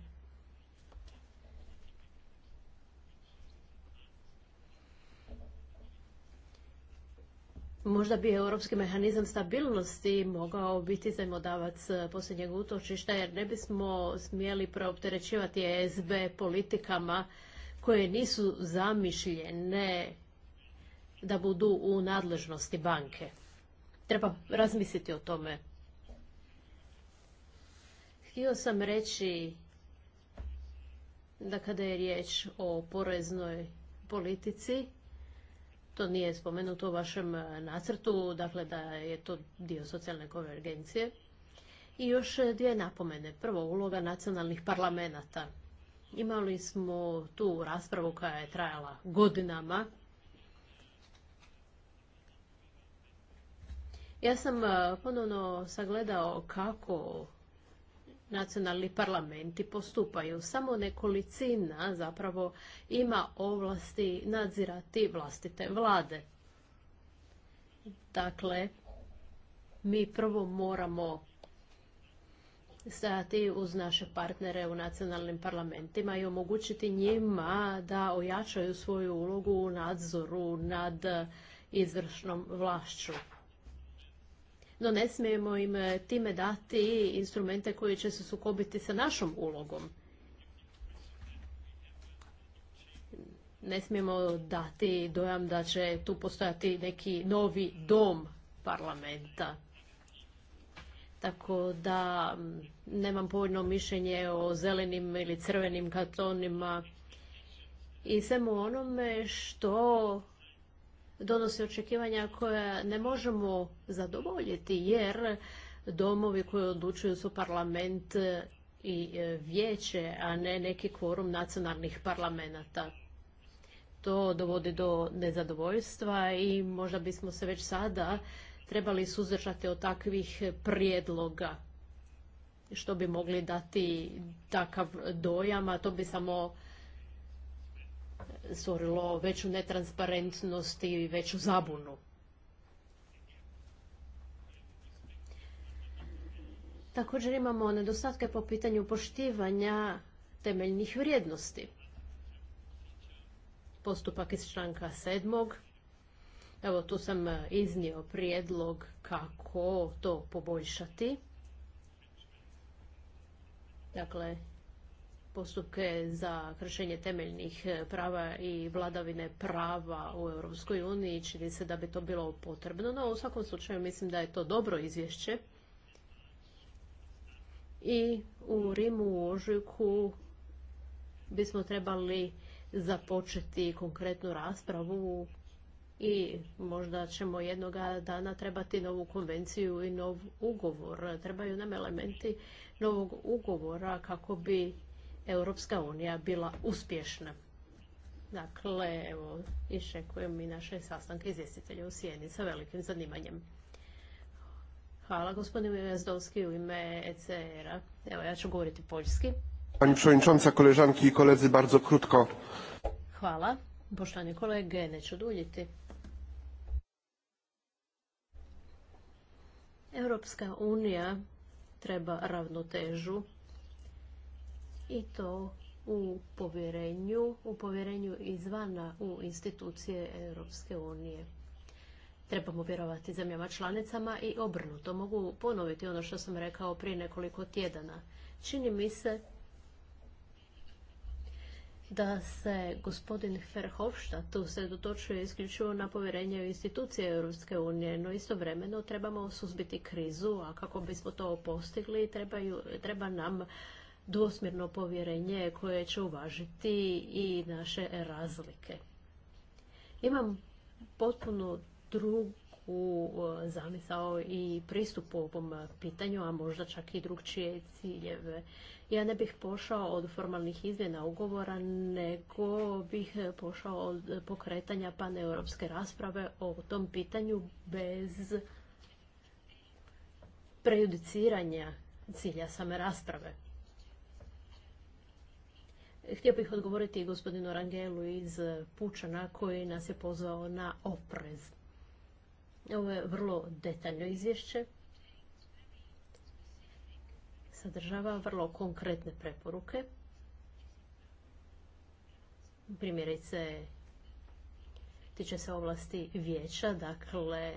Možda bi europski mehanizam stabilnosti mogao biti zajmodavac eh, posljednjeg utočišta jer ne bismo smjeli preopterećivati ESB politikama koje nisu zamišljene da budu u nadležnosti banke. Treba razmisliti o tome. Htio sam reći da kada je riječ o poreznoj politici, to nije spomenuto u vašem e, nacrtu, dakle da je to dio socijalne konvergencije. I još e, dvije napomene. Prvo, uloga nacionalnih parlamenta. Imali smo tu raspravu koja je trajala godinama. Ja sam e, ponovno sagledao kako nacionalni parlamenti postupaju. Samo nekolicina zapravo ima ovlasti nadzirati vlastite vlade. Dakle, mi prvo moramo stajati uz naše partnere u nacionalnim parlamentima i omogućiti njima da ojačaju svoju ulogu u nadzoru nad izvršnom vlašću no ne smijemo im e, time dati instrumente koji će se sukobiti sa našom ulogom. Ne smijemo dati dojam da će tu postojati neki novi dom parlamenta. Tako da nemam povoljno mišljenje o zelenim ili crvenim kartonima i svemu onome što donosi očekivanja koja ne možemo zadovoljiti jer domovi koji odlučuju su parlament i e, vijeće, a ne neki kvorum nacionalnih parlamenta. To dovodi do nezadovoljstva i možda bismo se već sada trebali suzdržati od takvih prijedloga što bi mogli dati takav dojam, a to bi samo stvorilo veću netransparentnost i veću zabunu. Također imamo nedostatke po pitanju poštivanja temeljnih vrijednosti. Postupak iz članka sedmog. Evo tu sam iznio prijedlog kako to poboljšati. Dakle, postupke za kršenje temeljnih prava i vladavine prava u Europskoj uniji. Čini se da bi to bilo potrebno, no u svakom slučaju mislim da je to dobro izvješće. I u Rimu u Ožujku bismo trebali započeti konkretnu raspravu i možda ćemo jednoga dana trebati novu konvenciju i nov ugovor. Trebaju nam elementi novog ugovora kako bi Europska unija bila uspješna. Dakle, evo, iščekujem i naše sastanke izvjestitelja u Sijeni sa velikim zanimanjem. Hvala gospodin Jazdowski u ime ECR-a. Evo, ja ću govoriti poljski. Pani przewodnicząca, koleżanki i koledzy, bardzo krótko. Hvala. Poštovani kolege, neću duljiti. Europska unija treba ravnotežu i to u povjerenju, u povjerenju izvana u institucije Europske unije. Trebamo vjerovati zemljama članicama i obrnuto. Mogu ponoviti ono što sam rekao prije nekoliko tjedana. Čini mi se da se gospodin se dotočuje isključivo na povjerenje u institucije Europske unije, no istovremeno trebamo suzbiti krizu, a kako bismo to postigli treba nam dvosmjerno povjerenje koje će uvažiti i naše razlike. Imam potpuno drugu e, zamisao i pristup ovom pitanju, a možda čak i drugčije ciljeve. Ja ne bih pošao od formalnih izmjena ugovora, nego bih pošao od pokretanja paneuropske rasprave o tom pitanju bez prejudiciranja cilja same rasprave. Htio bih odgovoriti gospodinu Rangelu iz Pučana koji nas je pozvao na oprez. Ovo je vrlo detaljno izvješće. Sadržava vrlo konkretne preporuke. Primjerice, tiče se oblasti vijeća, dakle,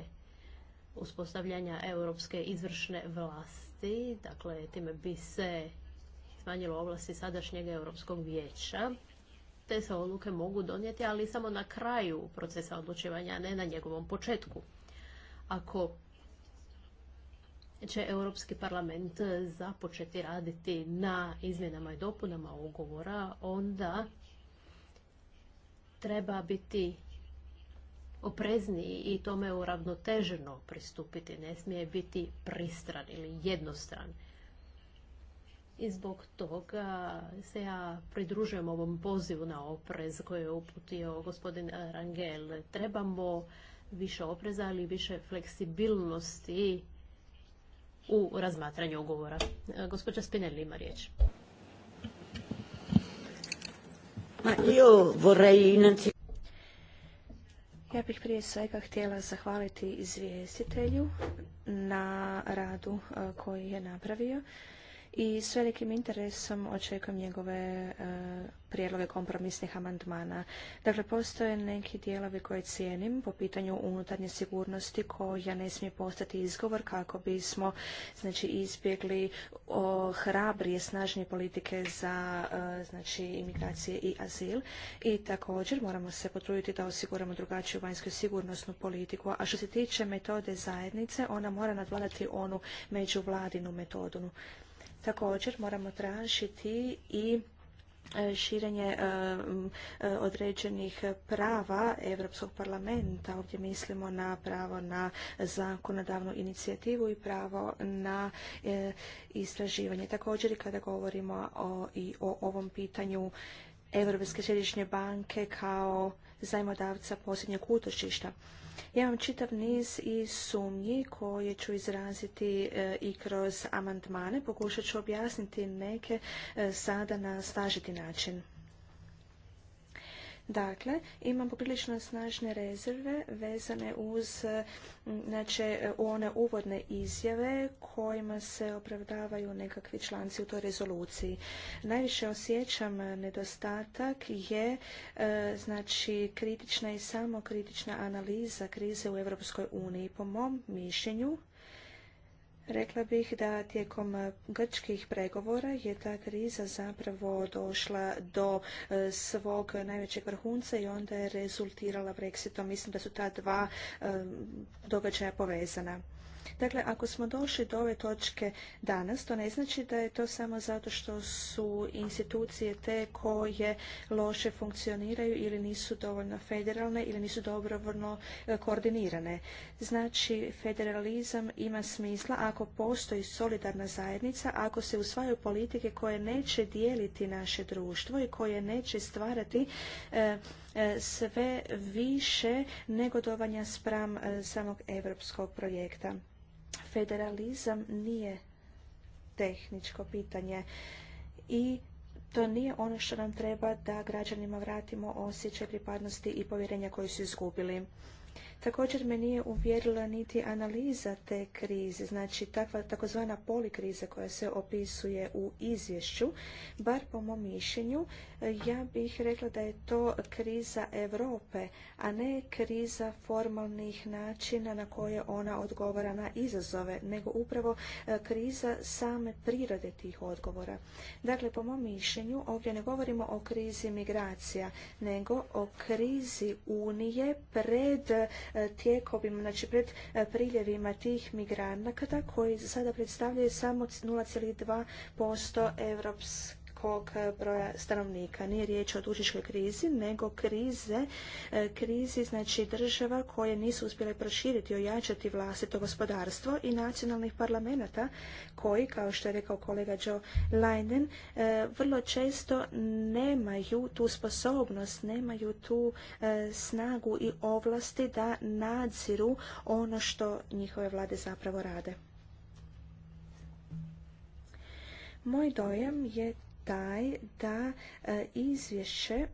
uspostavljanja europske izvršne vlasti. Dakle, time bi se smanjilo ovlasti sadašnjeg Europskog vijeća. Te se odluke mogu donijeti, ali samo na kraju procesa odlučivanja, a ne na njegovom početku. Ako će Europski parlament započeti raditi na izmjenama i dopunama ugovora, onda treba biti oprezniji i tome uravnoteženo pristupiti. Ne smije biti pristran ili jednostran. I zbog toga se ja pridružujem ovom pozivu na oprez koje je uputio gospodin Rangel. Trebamo više opreza, ali više fleksibilnosti u razmatranju ugovora. Gospođa Spinelli ima riječ. Ja bih prije svega htjela zahvaliti izvjestitelju na radu koji je napravio i s velikim interesom očekujem njegove e, prijedloge kompromisnih amandmana. Dakle, postoje neki dijelovi koje cijenim po pitanju unutarnje sigurnosti koja ne smije postati izgovor kako bismo znači, izbjegli o, hrabrije, snažnije politike za e, znači, imigracije i azil. I također moramo se potruditi da osiguramo drugačiju vanjsku sigurnosnu politiku. A što se tiče metode zajednice, ona mora nadvladati onu međuvladinu metodu Također moramo tražiti i e, širenje e, e, određenih prava Europskog parlamenta. Ovdje mislimo na pravo na zakonodavnu inicijativu i pravo na istraživanje. Također i kada govorimo o, i o ovom pitanju Europske središnje banke kao zajmodavca posljednjeg utočišta. Ja imam čitav niz i sumnji koje ću izraziti e, i kroz amandmane. Pokušat ću objasniti neke e, sada na stažiti način. Dakle, imam poprilično snažne rezerve vezane uz znači, one uvodne izjave kojima se opravdavaju nekakvi članci u toj rezoluciji. Najviše osjećam nedostatak je e, znači kritična i samokritična analiza krize u Europskoj uniji. Po mom mišljenju Rekla bih da tijekom e, grčkih pregovora je ta kriza zapravo došla do e, svog najvećeg vrhunca i onda je rezultirala Brexitom. Mislim da su ta dva e, događaja povezana. Dakle, ako smo došli do ove točke danas, to ne znači da je to samo zato što su institucije te koje loše funkcioniraju ili nisu dovoljno federalne ili nisu dobrovoljno e, koordinirane. Znači, federalizam ima smisla ako postoji solidarna zajednica, ako se usvajaju politike koje neće dijeliti naše društvo i koje neće stvarati e, e, sve više negodovanja spram samog europskog projekta. Federalizam nije tehničko pitanje i to nije ono što nam treba da građanima vratimo osjećaj pripadnosti i povjerenja koji su izgubili. Također me nije uvjerila niti analiza te krize, znači takva takozvana polikriza koja se opisuje u izvješću, bar po mom mišljenju, ja bih rekla da je to kriza Europe, a ne kriza formalnih načina na koje ona odgovara na izazove, nego upravo e, kriza same prirode tih odgovora. Dakle, po mom mišljenju ovdje ne govorimo o krizi migracija, nego o krizi Unije pred E, tijekovima, znači pred e, priljevima tih migranata koji za sada predstavljaju samo 0,2% europs velikog eh, broja stanovnika. Nije riječ o dužičkoj krizi, nego krize, eh, krizi znači država koje nisu uspjele proširiti i ojačati vlastito gospodarstvo i nacionalnih parlamenta koji, kao što je rekao kolega Joe Leinen, eh, vrlo često nemaju tu sposobnost, nemaju tu snagu i ovlasti da nadziru ono što njihove vlade zapravo rade. Moj dojam je taj da e, izvješće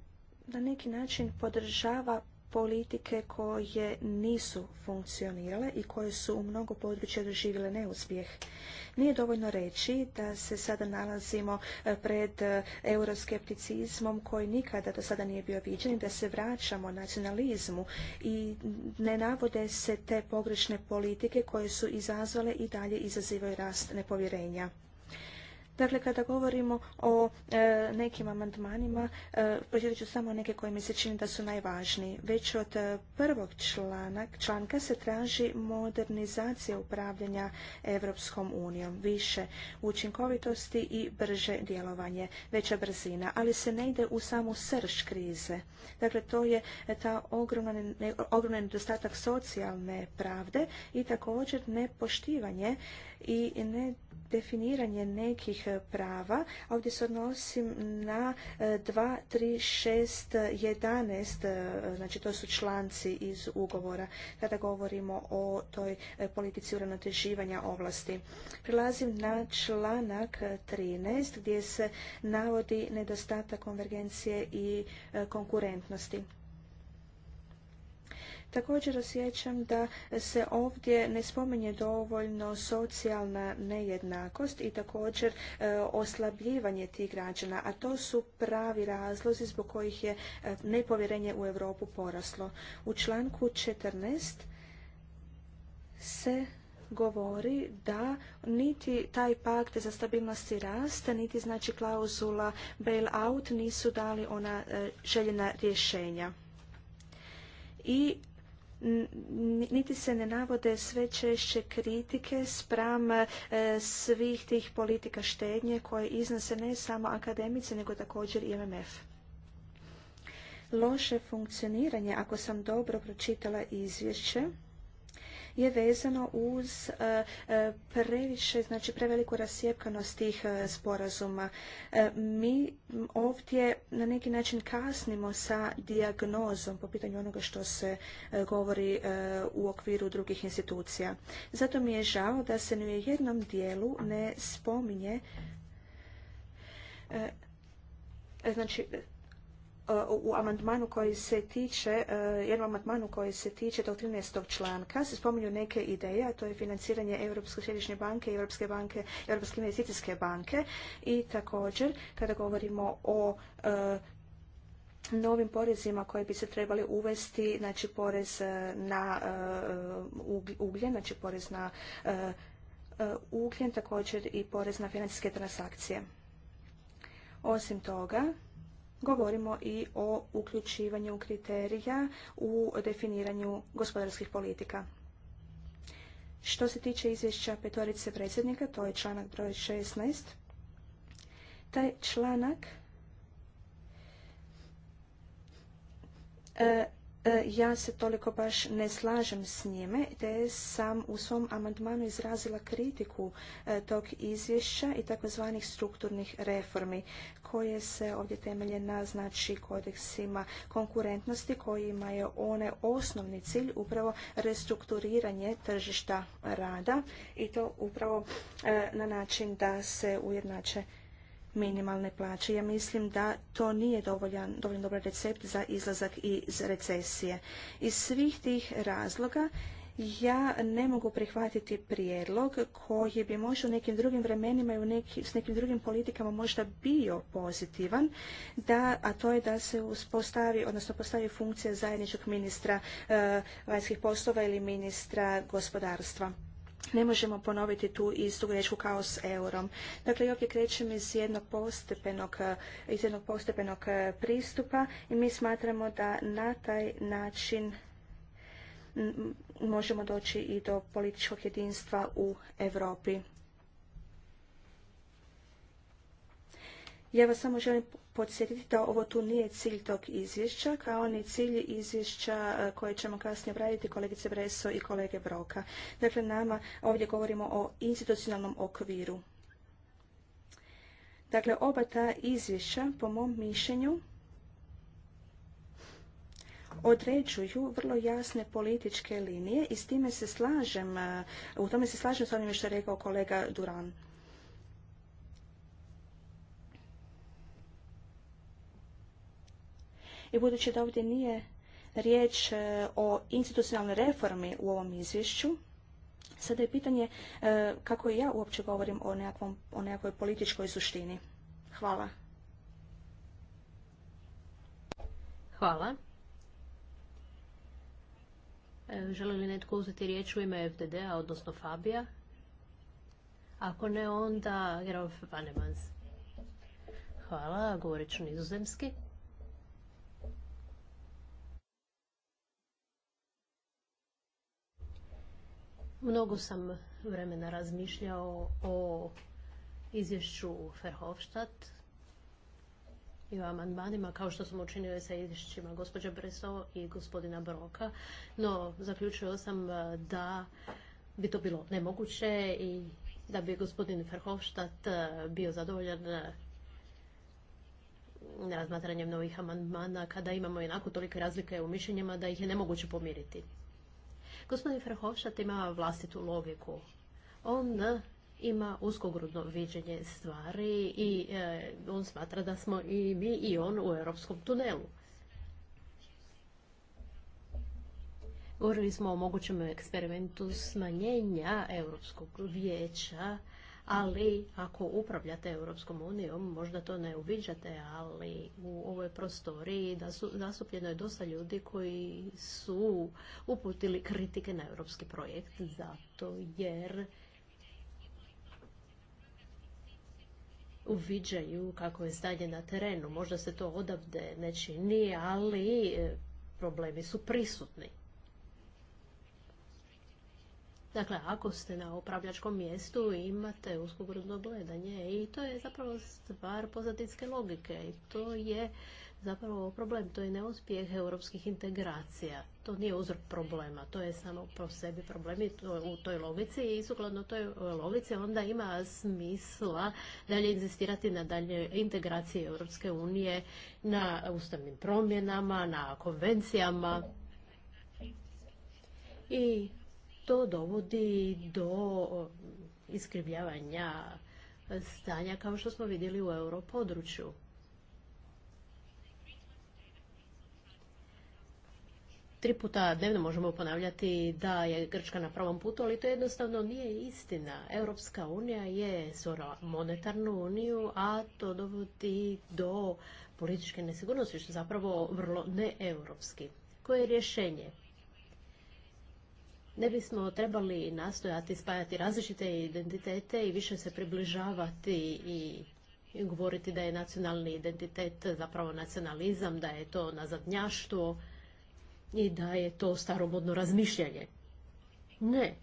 na neki način podržava politike koje nisu funkcionirale i koje su u mnogo područja doživjele neuspjeh. Nije dovoljno reći da se sada nalazimo e, pred e, euroskepticizmom koji nikada do sada nije bio viđen i da se vraćamo nacionalizmu i ne navode se te pogrešne politike koje su izazvale i dalje izazivaju rast nepovjerenja. Dakle, kada govorimo o e, nekim amandmanima, e, ću samo neke koje mi se čini da su najvažniji. Već od e, prvog članka se traži modernizacija upravljanja Evropskom unijom, više učinkovitosti i brže djelovanje, veća brzina, ali se ne ide u samu srž krize. Dakle, to je e, ta ogromna, ogromna nedostatak socijalne pravde i također nepoštivanje i ne definiranje nekih prava. Ovdje se odnosim na 2, 3, 6, 11, znači to su članci iz ugovora kada govorimo o toj e, politici uravnoteživanja ovlasti. Prilazim na članak 13 gdje se navodi nedostatak konvergencije i e, konkurentnosti. Također osjećam da se ovdje ne spominje dovoljno socijalna nejednakost i također e, oslabljivanje tih građana, a to su pravi razlozi zbog kojih je e, nepovjerenje u Europu poraslo. U članku 14 se govori da niti taj pakt za stabilnost i rast, niti znači klauzula bail-out nisu dali ona e, željena rješenja. I niti se ne navode sve češće kritike spram e, svih tih politika štednje koje iznose ne samo akademice nego također i MMF. Loše funkcioniranje, ako sam dobro pročitala izvješće, je vezano uz e, e, previše, znači preveliku rasjepkanost tih e, sporazuma. Mi ovdje na neki način kasnimo sa dijagnozom po pitanju onoga što se govori u okviru drugih institucija. Zato mi je žao da se ni u jednom dijelu ne spominje znači E, u amandmanu koji se tiče, e, jednom amandmanu koji se tiče tog 13. članka se spominju neke ideje, a to je financiranje Europske središnje banke, Europske banke, Europske investicijske banke i također kada govorimo o e, novim porezima koji bi se trebali uvesti, znači porez na ugljen, znači porez na ugljen, također i porez na financijske transakcije. Osim toga, govorimo i o uključivanju kriterija u definiranju gospodarskih politika. Što se tiče izvješća petorice predsjednika, to je članak broj 16. Taj članak e, E, ja se toliko baš ne slažem s njime, te sam u svom amandmanu izrazila kritiku e, tog izvješća i takozvanih strukturnih reformi koje se ovdje temelje na znači kodeksima konkurentnosti kojima je one osnovni cilj upravo restrukturiranje tržišta rada i to upravo e, na način da se ujednače minimalne plaće. Ja mislim da to nije dovoljan, dovoljno dobar recept za izlazak iz recesije. Iz svih tih razloga ja ne mogu prihvatiti prijedlog koji bi možda u nekim drugim vremenima i u s nekim drugim politikama možda bio pozitivan, da, a to je da se uspostavi, odnosno postavi funkcija zajedničkog ministra e, vanjskih poslova ili ministra gospodarstva ne možemo ponoviti tu istu grešku kao s eurom. Dakle, i ovdje krećem iz jednog postepenog, iz jednog postepenog e, pristupa i mi smatramo da na taj način možemo doći i do političkog jedinstva u Europi. Ja vas samo želim podsjetiti da ovo tu nije cilj tog izvješća, kao ni cilj izvješća e, koje ćemo kasnije obraditi kolegice Breso i kolege Broka. Dakle, nama ovdje govorimo o institucionalnom okviru. Dakle, oba ta izvješća, po mom mišljenju, određuju vrlo jasne političke linije i s time se slažem, e, u tome se slažem s onim što je rekao kolega Duran. I budući da ovdje nije riječ e, o institucionalnoj reformi u ovom izvješću, sada je pitanje e, kako ja uopće govorim o, o nekakvoj političkoj suštini. Hvala. Hvala. E, želi li netko uzeti riječ u ime FDD-a, odnosno Fabija? Ako ne, onda Panemans. Hvala, govorit ću nizozemski. Mnogo sam vremena razmišljao o izvješću Ferhofstadt i o amandmanima, kao što smo učinili sa izvješćima gospođa Breso i gospodina Broka, no zaključio sam e, da bi to bilo nemoguće i da bi gospodin Ferhofstadt e, bio zadovoljan e, razmatranjem novih amandmana kada imamo jednako tolike razlike u mišljenjima da ih je nemoguće pomiriti. Gospodin Verhofstadt ima vlastitu logiku. On ima uskogrudno viđenje stvari i e, on smatra da smo i mi i on u europskom tunelu. Govorili smo o mogućem eksperimentu smanjenja Europskog vijeća ali ako upravljate Europskom unijom, možda to ne uviđate, ali u ovoj prostoriji nastupljeno je dosta ljudi koji su uputili kritike na europski projekt, zato jer uviđaju kako je stanje na terenu. Možda se to odavde ne čini, ali e, problemi su prisutni. Dakle, ako ste na upravljačkom mjestu imate uskogrudno gledanje i to je zapravo stvar pozadinske logike i to je zapravo problem, to je neuspjeh europskih integracija. To nije uzrok problema, to je samo po sebi problem i to, u toj logici i sukladno toj logici onda ima smisla dalje inzistirati na dalje integraciji Europske unije na ustavnim promjenama, na konvencijama i to dovodi do iskrivljavanja stanja kao što smo vidjeli u europodručju. Tri puta dnevno možemo ponavljati da je Grčka na pravom putu, ali to jednostavno nije istina. Europska unija je svora monetarnu uniju, a to dovodi do političke nesigurnosti, što je zapravo vrlo neeuropski. Koje je rješenje? ne bismo trebali nastojati spajati različite identitete i više se približavati i govoriti da je nacionalni identitet zapravo nacionalizam, da je to nazadnjaštvo i da je to staromodno razmišljanje. Ne.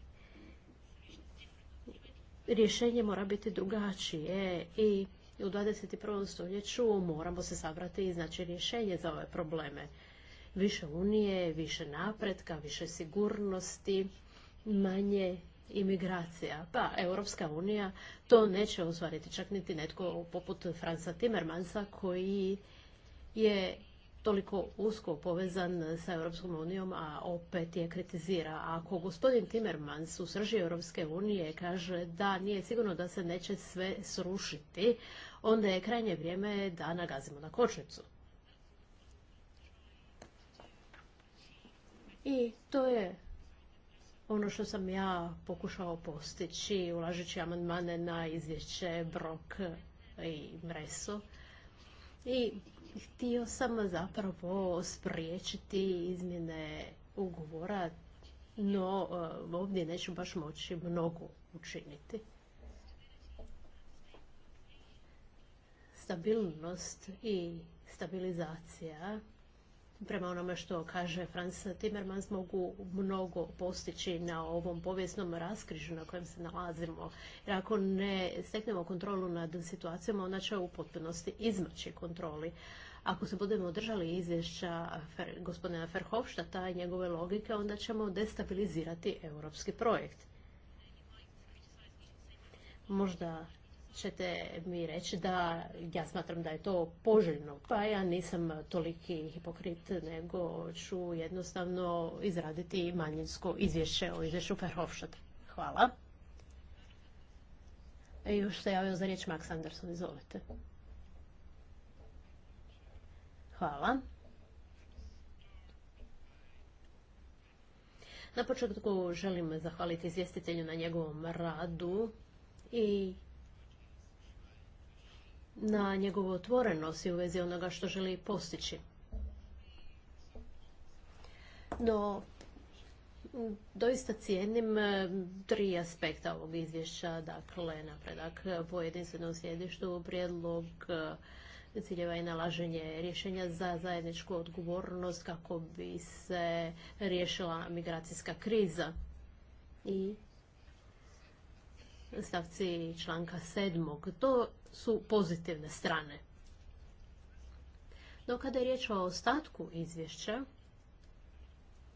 Rješenje mora biti drugačije i u 21. stoljeću moramo se sabrati i znači rješenje za ove probleme više unije, više napretka, više sigurnosti, manje imigracija. Pa, Europska unija to neće ostvariti, čak niti netko poput Franca Timmermansa koji je toliko usko povezan sa Europskom unijom, a opet je kritizira. Ako gospodin Timmermans u srži Europske unije kaže da nije sigurno da se neće sve srušiti, onda je krajnje vrijeme da nagazimo na kočnicu. I to je ono što sam ja pokušao postići ulažeći amandmane na izvješće Brok i Mreso. I htio sam zapravo spriječiti izmjene ugovora, no eh, ovdje neću baš moći mnogo učiniti. Stabilnost i stabilizacija prema onome što kaže Franz Timmermans, mogu mnogo postići na ovom povijesnom raskrižu na kojem se nalazimo. Jer ako ne steknemo kontrolu nad situacijama, ona će u potpunosti izmaći kontroli. Ako se budemo držali izvješća gospodina Verhofštata i njegove logike, onda ćemo destabilizirati europski projekt. Možda ćete mi reći da ja smatram da je to poželjno, pa ja nisam toliki hipokrit, nego ću jednostavno izraditi manjinsko izvješće o izvješću Ferhofštata. Hvala. I e, još se javio za riječ Max Anderson, izvolite. Hvala. Na početku želim zahvaliti izvjestitelju na njegovom radu i na njegovu otvorenost i u vezi onoga što želi postići. No, doista cijenim e, tri aspekta ovog izvješća, dakle napredak po jedinstvenom sjedištu, prijedlog e, ciljeva i nalaženje rješenja za zajedničku odgovornost kako bi se riješila migracijska kriza i stavci članka sedmog. To su pozitivne strane. No kada je riječ o ostatku izvješća,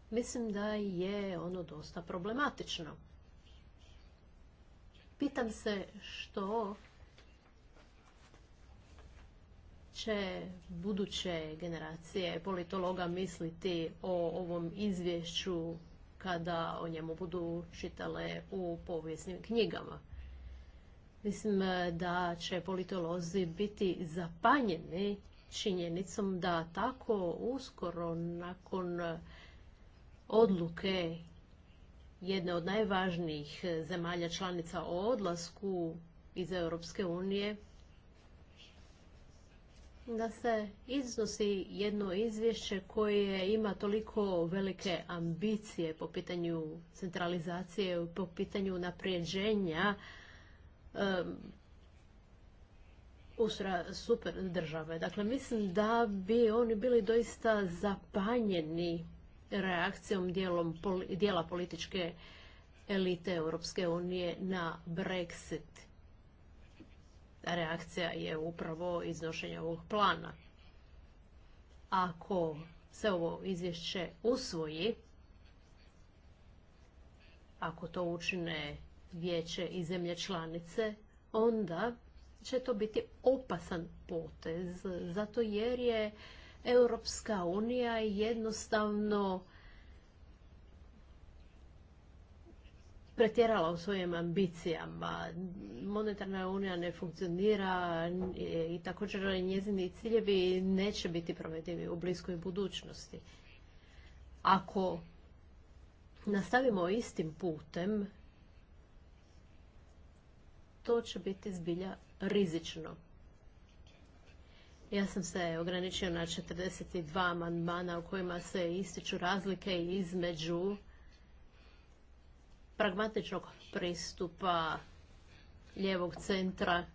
mislim da je ono dosta problematično. Pitam se što će buduće generacije politologa misliti o ovom izvješću kada o njemu budu čitale u povijesnim knjigama. Mislim e, da će politolozi biti zapanjeni činjenicom da tako uskoro nakon e, odluke jedne od najvažnijih zemalja članica o odlasku iz Europske unije, da se iznosi jedno izvješće koje ima toliko velike ambicije po pitanju centralizacije, po pitanju naprijeđenja super države. Dakle, mislim da bi oni bili doista zapanjeni reakcijom dijela političke elite Europske unije na Brexit. Reakcija je upravo iznošenje ovog plana. Ako se ovo izvješće usvoji, ako to učine vijeće i zemlje članice, onda će to biti opasan potez, zato jer je Europska unija jednostavno pretjerala u svojim ambicijama. Monetarna unija ne funkcionira i također njezini ciljevi neće biti provedivi u bliskoj budućnosti. Ako nastavimo istim putem, to će biti zbilja rizično. Ja sam se ograničio na 42 amandmana u kojima se ističu razlike između pragmatičnog pristupa ljevog centra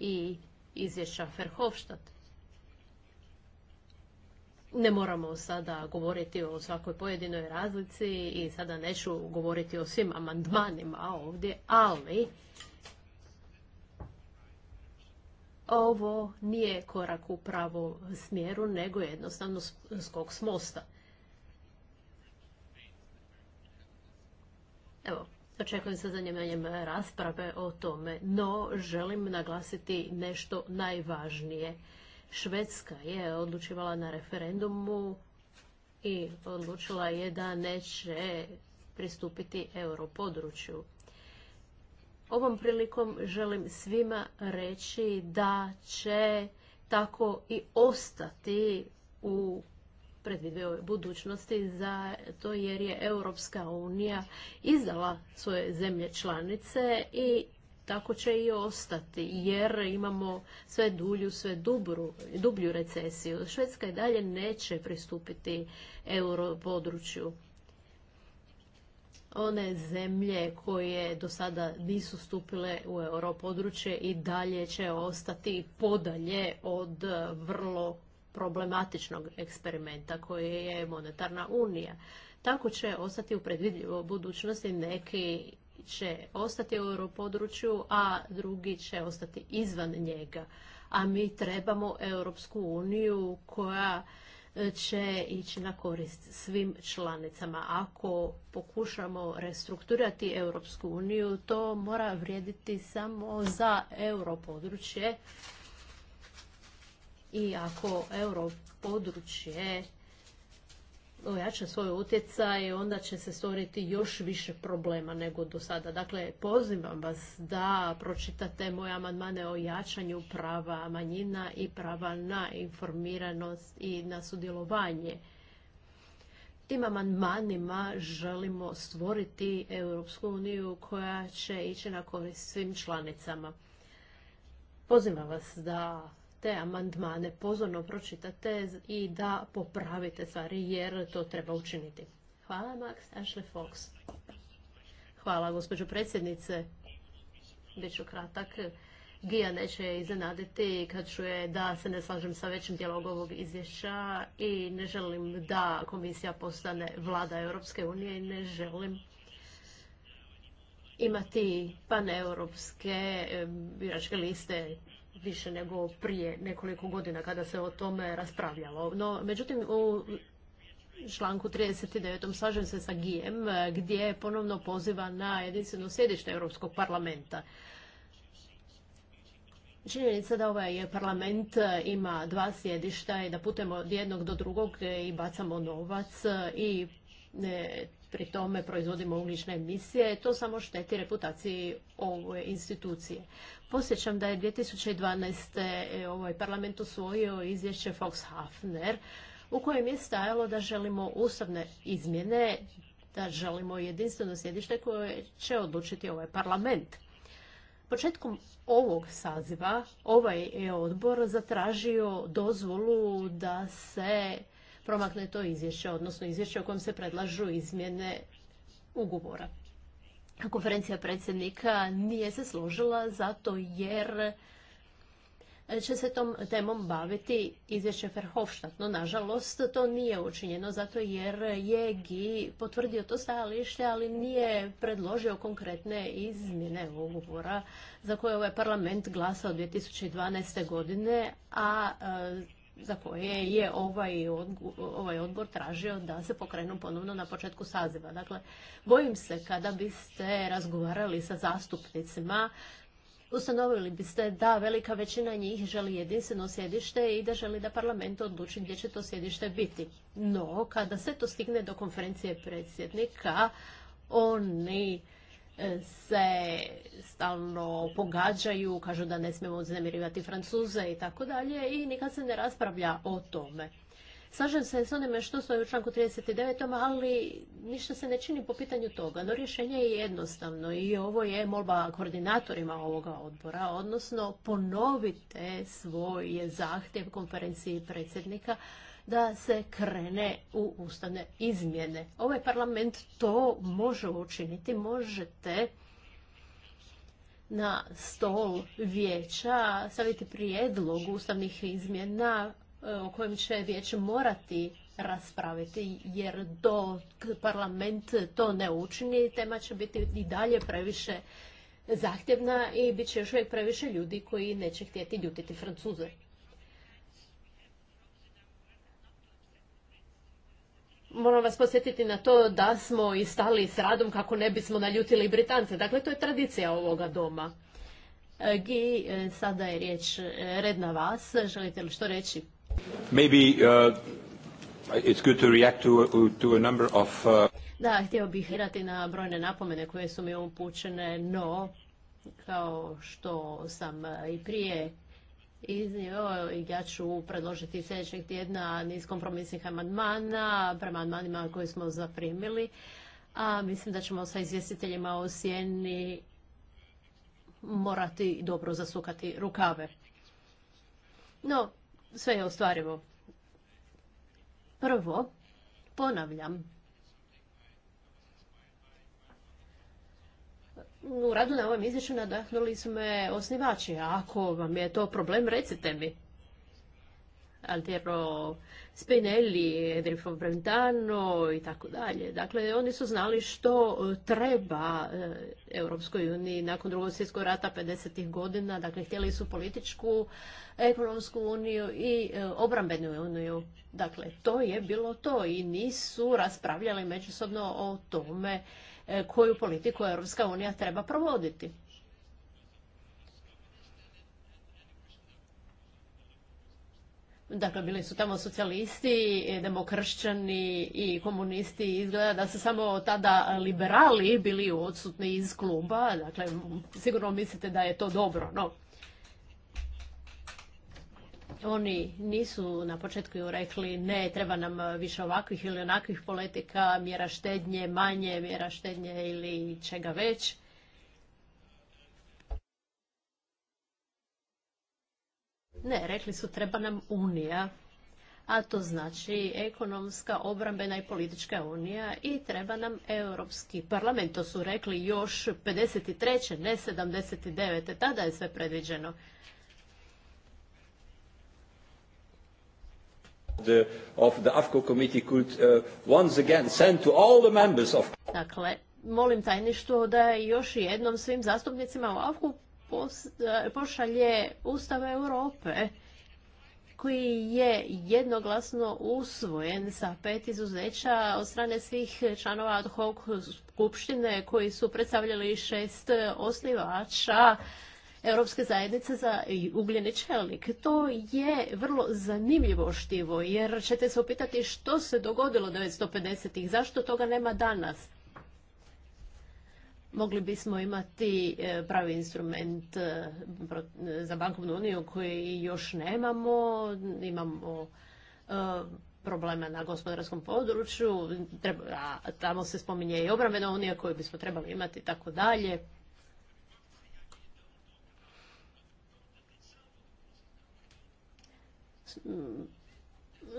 i izvješća Verhofstadt. Ne moramo sada govoriti o svakoj pojedinoj razlici i sada neću govoriti o svim amandmanima ovdje, ali ovo nije korak u pravom smjeru, nego jednostavno skok s mosta. Evo, očekujem sa zanimanjem rasprave o tome, no želim naglasiti nešto najvažnije. Švedska je odlučivala na referendumu i odlučila je da neće pristupiti europodručju. Ovom prilikom želim svima reći da će tako i ostati u predvidljivoj budućnosti za to jer je Europska unija izdala svoje zemlje članice i tako će i ostati jer imamo sve dulju, sve dubru, dublju recesiju. Švedska i dalje neće pristupiti europodručju one zemlje koje do sada nisu stupile u europodručje i dalje će ostati podalje od e, vrlo problematičnog eksperimenta koji je monetarna unija. Tako će ostati u predvidljivoj budućnosti neki će ostati u europodručju, a drugi će ostati izvan njega. A mi trebamo Europsku uniju koja će ići na korist svim članicama. Ako pokušamo restrukturirati Europsku uniju, to mora vrijediti samo za europodručje. I ako europodručje ojača svoj utjecaj, onda će se stvoriti još više problema nego do sada. Dakle, pozivam vas da pročitate moje amandmane o jačanju prava manjina i prava na informiranost i na sudjelovanje. Tim amandmanima želimo stvoriti Europsku uniju koja će ići na korist svim članicama. Pozivam vas da te amandmane pozorno pročitate i da popravite stvari jer to treba učiniti. Hvala Max Ashley Fox. Hvala gospođo predsjednice. Biću kratak. Gija neće iznenaditi kad čuje da se ne slažem sa većim dijelom ovog izvješća i ne želim da komisija postane vlada Europske unije i ne želim imati paneuropske biračke liste više nego prije nekoliko godina kada se o tome raspravljalo. No, međutim, u članku 39. slažem se sa Gijem gdje ponovno poziva na jedinstveno sjedište Europskog parlamenta. Činjenica da ovaj parlament ima dva sjedišta i da putemo od jednog do drugog i bacamo novac i e, pri tome proizvodimo ugljične emisije, to samo šteti reputaciji ove institucije. Posjećam da je 2012. E, ovaj parlament usvojio izvješće Fox Hafner u kojem je stajalo da želimo ustavne izmjene, da želimo jedinstveno sjedište koje će odlučiti ovaj parlament. Početkom ovog saziva ovaj je odbor zatražio dozvolu da se promakne to izvješće, odnosno izvješće u kojem se predlažu izmjene ugovora. Konferencija predsjednika nije se složila zato jer će se tom temom baviti izvješće Verhofstadt. No, nažalost, to nije učinjeno zato jer je GI potvrdio to stajalište, ali nije predložio konkretne izmjene ugovora za koje ovaj parlament glasao 2012. godine, a za koje je ovaj, ovaj odbor tražio da se pokrenu ponovno na početku saziva. Dakle, bojim se kada biste razgovarali sa zastupnicima, ustanovili biste da velika većina njih želi jedinstveno sjedište i da želi da parlament odluči gdje će to sjedište biti. No, kada se to stigne do konferencije predsjednika, oni se stalno pogađaju, kažu da ne smijemo uznemirivati Francuze i tako dalje i nikad se ne raspravlja o tome. Slažem se s onime što stoji u članku 39. ali ništa se ne čini po pitanju toga. No rješenje je jednostavno i ovo je molba koordinatorima ovoga odbora, odnosno ponovite svoj zahtjev konferenciji predsjednika da se krene u ustavne izmjene. Ovaj parlament to može učiniti, možete na stol vijeća staviti prijedlog ustavnih izmjena e, o kojem će vijeće morati raspraviti, jer do parlament to ne učini, tema će biti i dalje previše zahtjevna i bit će još uvijek previše ljudi koji neće htjeti ljutiti Francuze. Moram vas posjetiti na to da smo i stali s radom kako ne bismo naljutili Britance. Dakle, to je tradicija ovoga doma. E, Gi, e, sada je riječ e, red na vas. Želite li što reći? to Da, htio bih irati na brojne napomene koje su mi upućene, no kao što sam i prije iznio i ja ću predložiti sljedećeg tjedna niz kompromisnih amandmana prema amandmanima koje smo zaprimili. A mislim da ćemo sa izvjestiteljima o sjeni morati dobro zasukati rukave. No, sve je ostvarivo. Prvo, ponavljam, u radu na ovom izvješću nadahnuli su me osnivači. ako vam je to problem, recite mi. Altero Spinelli, Edrifo Brentano i tako dalje. Dakle, oni su znali što e, treba e, Europskoj uniji nakon drugog svjetskog rata 50. godina. Dakle, htjeli su političku, ekonomsku uniju i e, obrambenu uniju. Dakle, to je bilo to i nisu raspravljali međusobno o tome E, koju politiku Europska unija treba provoditi. Dakle, bili su tamo socijalisti, e, demokršćani i komunisti. Izgleda da su samo tada liberali bili odsutni iz kluba. Dakle, sigurno mislite da je to dobro, no oni nisu na početku rekli ne, treba nam više ovakvih ili onakvih politika, mjera štednje, manje mjera štednje ili čega već. Ne, rekli su treba nam unija, a to znači ekonomska, obrambena i politička unija i treba nam Europski parlament. To su rekli još 53. ne 79. Tada je sve predviđeno. the, of the AFCO committee could uh, once again send to all the members of... Dakle, molim tajništvo da još jednom svim zastupnicima u AFCO e, pošalje Ustav Europe koji je jednoglasno usvojen sa pet izuzeća od strane svih članova ad hoc skupštine koji su predstavljali šest osnivača Europske zajednice za ugljeni čelnik. To je vrlo zanimljivo štivo, jer ćete se upitati što se dogodilo 1950 ih zašto toga nema danas. Mogli bismo imati e, pravi instrument e, e, za bankovnu uniju koji još nemamo, imamo problema na gospodarskom području, a tamo se spominje i obrambena unija koju bismo trebali imati i tako dalje.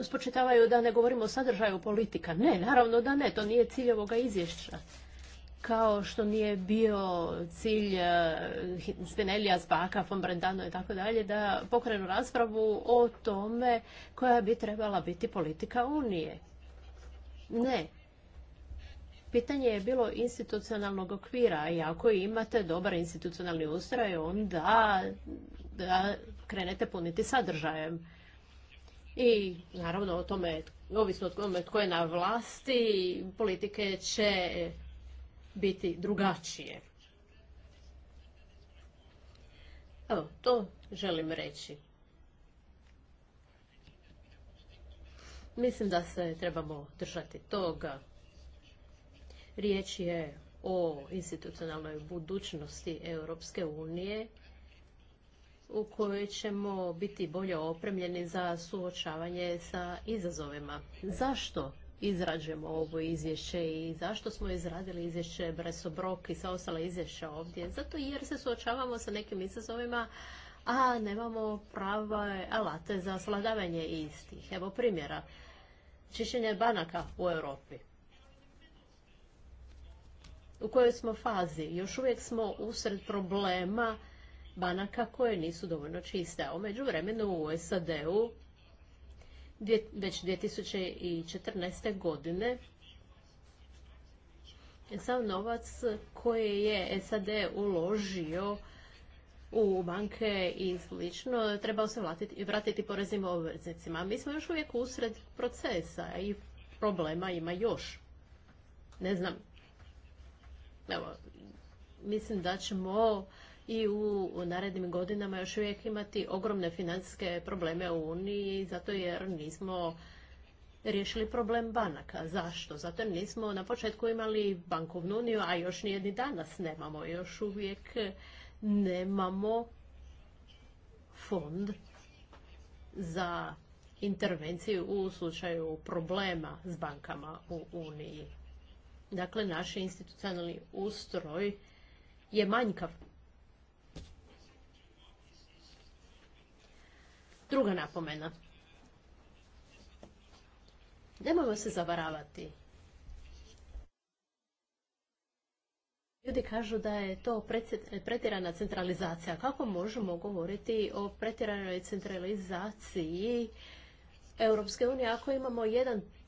spočitavaju da ne govorimo o sadržaju politika. Ne, naravno da ne, to nije cilj ovoga izvješća. Kao što nije bio cilj eh, Spinelija, Spaka, von Brendano i tako dalje, da pokrenu raspravu o tome koja bi trebala biti politika Unije. Ne. Pitanje je bilo institucionalnog okvira i ako imate dobar institucionalni ustroj, onda da krenete puniti sadržajem. I naravno o tome, ovisno o tome tko je na vlasti, politike će biti drugačije. Evo, to želim reći. Mislim da se trebamo držati toga. Riječ je o institucionalnoj budućnosti Europske unije u kojoj ćemo biti bolje opremljeni za suočavanje sa izazovima. Zašto izrađujemo ovo izvješće i zašto smo izradili izvješće Brok i sa ostala izvješća ovdje? Zato jer se suočavamo sa nekim izazovima a nemamo prave alate za sladavanje istih. Evo primjera. Čišćenje banaka u Europi. U kojoj smo fazi? Još uvijek smo usred problema banaka koje nisu dovoljno čiste. A umeđu vremenu u SAD-u već 2014. godine sam novac koji je SAD uložio u banke i slično trebao se vratiti, vratiti poreznim obveznicima. Mi smo još uvijek usred procesa i problema ima još. Ne znam. Evo, mislim da ćemo i u narednim godinama još uvijek imati ogromne financijske probleme u Uniji zato jer nismo riješili problem banaka. Zašto? Zato jer nismo na početku imali bankovnu uniju, a još nije ni danas nemamo. Još uvijek nemamo fond za intervenciju u slučaju problema s bankama u Uniji. Dakle, naš institucionalni ustroj je manjkav Druga napomena. Nemojmo se zavaravati. Ljudi kažu da je to pretjerana centralizacija. Kako možemo govoriti o pretjeranoj centralizaciji Europske unije ako imamo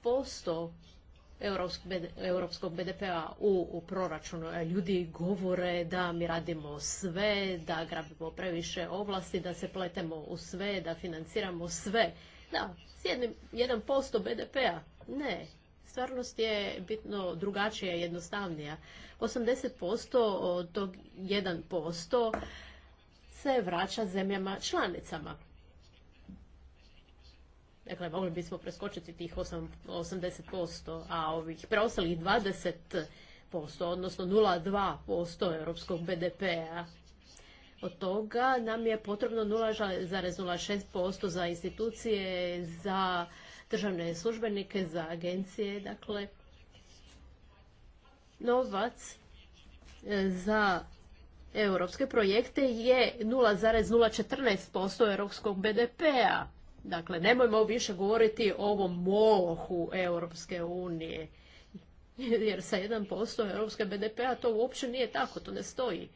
1% europskog BDP-a u proračunu. E, ljudi govore da mi radimo sve, da grabimo previše ovlasti, da se pletemo u sve, da financiramo sve. Da, s jednim, 1% BDP-a. Ne, stvarnost je bitno drugačija i jednostavnija. 80% od tog 1% se vraća zemljama članicama. Dakle, mogli bismo preskočiti tih 80%, a ovih preostalih 20%, odnosno 0,2% europskog BDP-a, od toga nam je potrebno 0,06% za institucije, za državne službenike, za agencije, dakle, novac e, za europske projekte je 0,014% europskog BDP-a. Dakle, nemojmo više govoriti o ovom molohu Europske unije. Jer sa 1% Europske BDP-a to uopće nije tako, to ne stoji.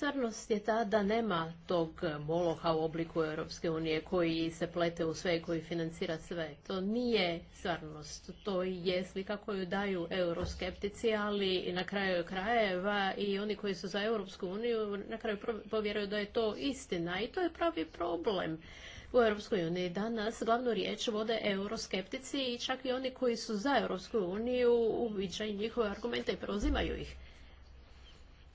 Stvarnost je ta da nema tog moloha u obliku Europske unije koji se plete u sve i koji financira sve. To nije stvarnost. To je slika koju daju euroskeptici, ali na kraju krajeva i oni koji su za Europsku uniju na kraju povjeruju da je to istina i to je pravi problem. U Europskoj uniji danas glavnu riječ vode euroskeptici i čak i oni koji su za Europsku uniju uviđaju njihove argumente i preuzimaju ih.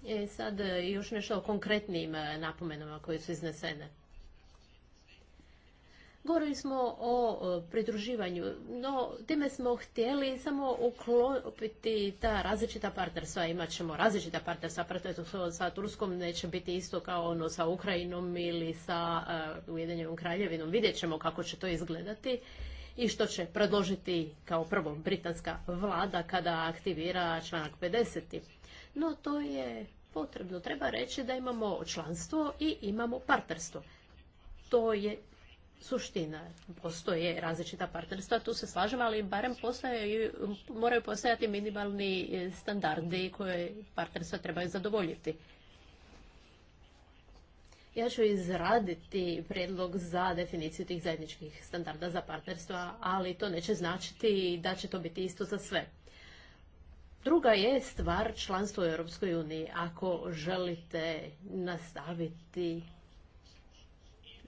E sad e, još nešto o konkretnim e, napomenama koje su iznesene. Govorili smo o pridruživanju, no time smo htjeli samo uklopiti ta različita partnerstva. Imat ćemo različita partnerstva, partnerstvo sa Turskom neće biti isto kao ono sa Ukrajinom ili sa e, Ujedinjenom kraljevinom. Vidjet ćemo kako će to izgledati i što će predložiti kao prvo britanska vlada kada aktivira članak 50. No to je potrebno. Treba reći da imamo članstvo i imamo partnerstvo. To je suština. Postoje različita partnerstva, tu se slažem, ali barem moraju postojati minimalni standardi koje partnerstva trebaju zadovoljiti. Ja ću izraditi predlog za definiciju tih zajedničkih standarda za partnerstva, ali to neće značiti da će to biti isto za sve. Druga je stvar članstvo u Europskoj uniji. Ako želite nastaviti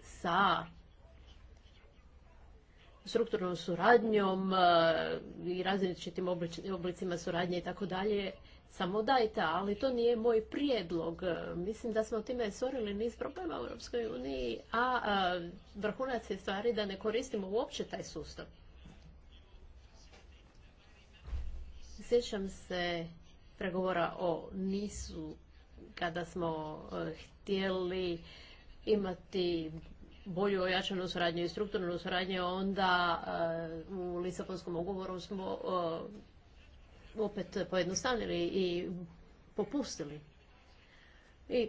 sa strukturnom suradnjom e, i različitim oblicima suradnje i tako dalje, samo dajte, ali to nije moj prijedlog. E, mislim da smo time stvorili niz problema u Europskoj uniji, a e, vrhunac je stvari da ne koristimo uopće taj sustav. Sjećam se pregovora o nisu kada smo e, htjeli imati bolju ojačanu suradnju i strukturnu suradnju, onda e, u Lisabonskom ugovoru smo e, opet pojednostavili i popustili. I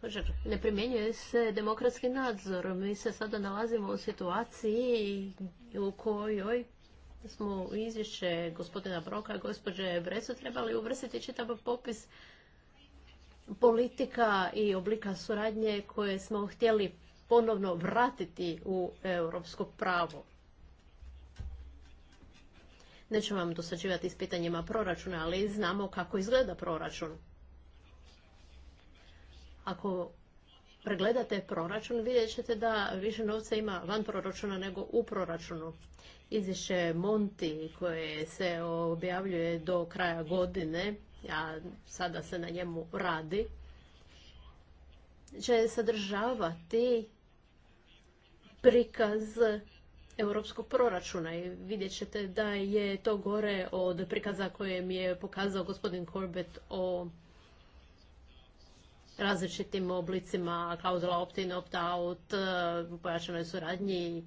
Također, ne primjenjuje se demokratski nadzor. Mi se sada nalazimo u situaciji u kojoj smo u izvješće gospodina Broka i gospođe Bresu trebali uvrstiti čitav popis politika i oblika suradnje koje smo htjeli ponovno vratiti u europsko pravo. Neću vam dosađivati s pitanjima proračuna, ali znamo kako izgleda proračun. Ako pregledate proračun, vidjet ćete da više novca ima van proračuna nego u proračunu. Izvješće Monti koje se objavljuje do kraja godine, a sada se na njemu radi, će sadržavati prikaz europskog proračuna i vidjet ćete da je to gore od prikaza koje mi je pokazao gospodin Corbett o različitim oblicima klauzula opt-in, opt-out, e, pojačanoj suradnji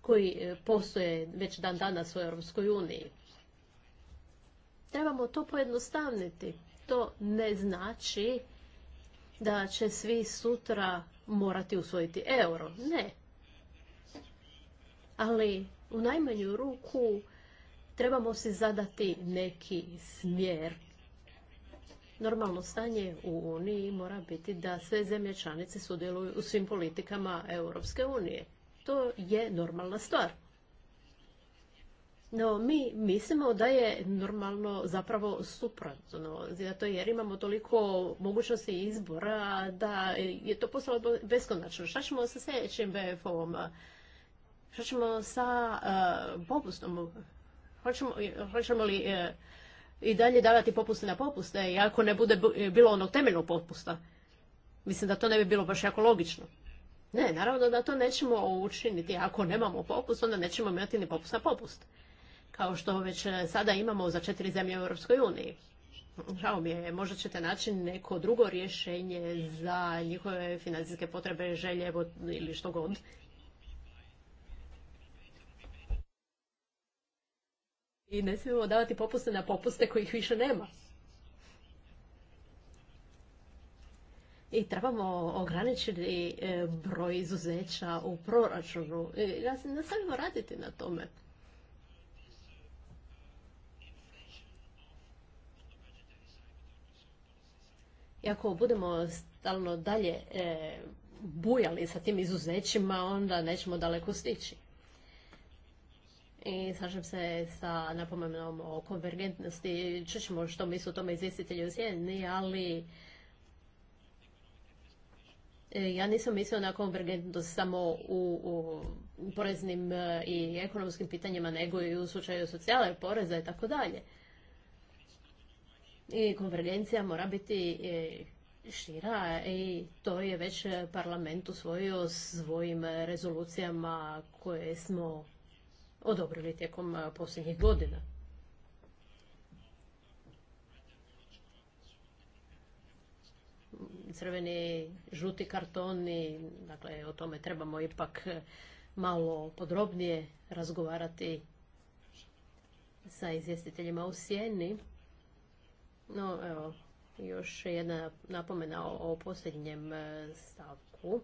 koji e, postoje već dan danas u Europskoj uniji. Trebamo to pojednostavniti. To ne znači da će svi sutra morati usvojiti euro. Ne. Ali u najmanju ruku trebamo si zadati neki smjer Normalno stanje u Uniji mora biti da sve zemlje članice sudjeluju u svim politikama Europske unije. To je normalna stvar. No, mi mislimo da je normalno zapravo suprotno, zato jer imamo toliko mogućnosti izbora da je to postalo beskonačno. Šta ćemo sa sljedećim BF-om? Šta ćemo sa uh, popustom? Hoćemo, li eh, i dalje davati popuste na popuste i ako ne bude bilo onog temeljnog popusta. Mislim da to ne bi bilo baš jako logično. Ne, naravno da to nećemo učiniti. Ako nemamo popust, onda nećemo imati ni popust na popust. Kao što već e, sada imamo za četiri zemlje u Europskoj uniji. Žao mi je, možda ćete naći neko drugo rješenje za njihove financijske potrebe, želje ili što god. I ne smijemo davati popuste na popuste kojih više nema. I trebamo ograničiti e, broj izuzeća u proračunu. Ne smijemo raditi na tome. I ako budemo stalno dalje e, bujali sa tim izuzećima, onda nećemo daleko stići. I slažem se sa napomenom o konvergentnosti. Čućemo što misle o tome izvjestitelji u Sjeni, ali e, ja nisam mislio na konvergentnost samo u, u, poreznim e, i ekonomskim pitanjima, nego i u slučaju socijale, poreza i tako dalje. I konvergencija mora biti e, šira i to je već parlament usvojio svojim rezolucijama koje smo odobrili tijekom posljednjih godina. Crveni, žuti kartoni, dakle o tome trebamo ipak e, malo podrobnije razgovarati sa izvjestiteljima u sjeni. No, evo, još jedna napomena o posljednjem e, stavku.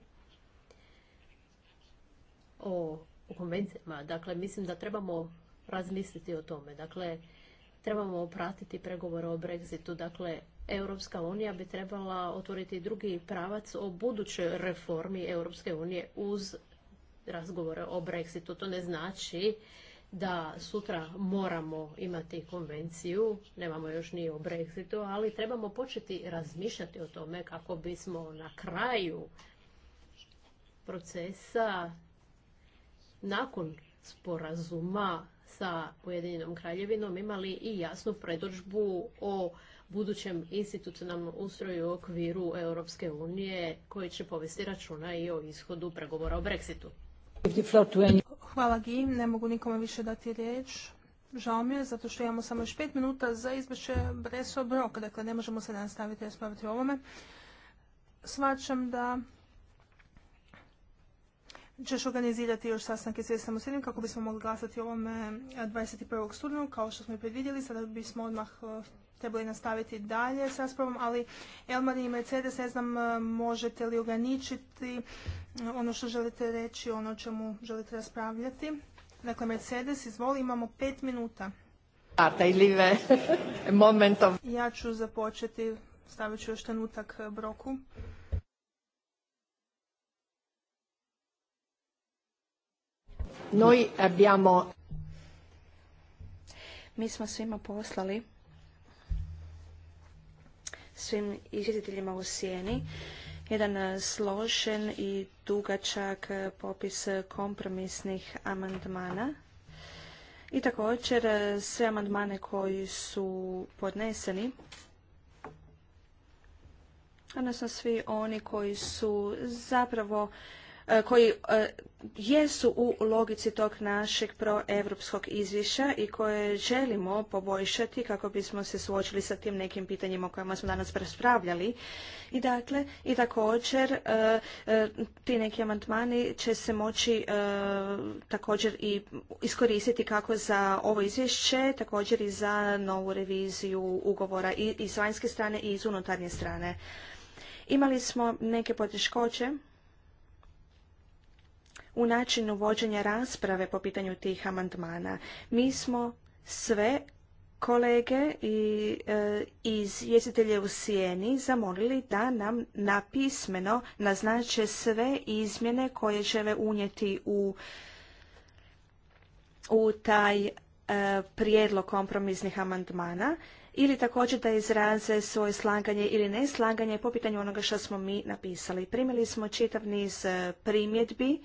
O u konvencijama. Dakle, mislim da trebamo razmisliti o tome. Dakle, trebamo pratiti pregovore o Brexitu. Dakle, Europska unija bi trebala otvoriti drugi pravac o budućoj reformi Europske unije uz razgovore o Brexitu. To ne znači da sutra moramo imati konvenciju, nemamo još ni o Brexitu, ali trebamo početi razmišljati o tome kako bismo na kraju procesa nakon sporazuma sa Ujedinjenom kraljevinom imali i jasnu predođbu o budućem institucionalnom ustroju u okviru Europske unije koji će povesti računa i o ishodu pregovora o Brexitu. Hvala Gi, ne mogu nikome više dati riječ. Žao mi je, zato što imamo samo još pet minuta za izvješće Breso Brok, dakle ne možemo se nastaviti raspraviti o ovome. Svačam da ćeš organizirati još sastanke s Vjesnom sredinu kako bismo mogli glasati o ovome 21. E, studenog kao što smo i predvidjeli. Sada bismo odmah e, trebali nastaviti dalje s raspravom, ali Elmar i Mercedes, ne znam, e, možete li ograničiti ono što želite reći, ono o čemu želite raspravljati. Dakle, Mercedes, izvoli, imamo pet minuta. Ja ću započeti, stavit ću još trenutak broku. Noi abbiamo... Mi smo svima poslali svim izvjetiteljima u sjeni jedan e, složen i dugačak e, popis kompromisnih amandmana i također e, sve amandmane koji su podneseni odnosno svi oni koji su zapravo E, koji e, jesu u logici tog našeg proevropskog izvješća i koje želimo poboljšati kako bismo se suočili sa tim nekim pitanjima o kojima smo danas raspravljali. I dakle, i također e, ti neki amandmani će se moći također i iskoristiti kako za ovo izvješće, također i za novu reviziju ugovora i s vanjske strane i iz unutarnje strane. Imali smo neke poteškoće u načinu vođenja rasprave po pitanju tih amandmana. Mi smo sve kolege i e, iz u sjeni zamolili da nam napismeno naznače sve izmjene koje žele unijeti u, u taj e, prijedlog kompromisnih amandmana ili također da izraze svoje slaganje ili neslaganje po pitanju onoga što smo mi napisali. Primili smo čitav niz e, primjedbi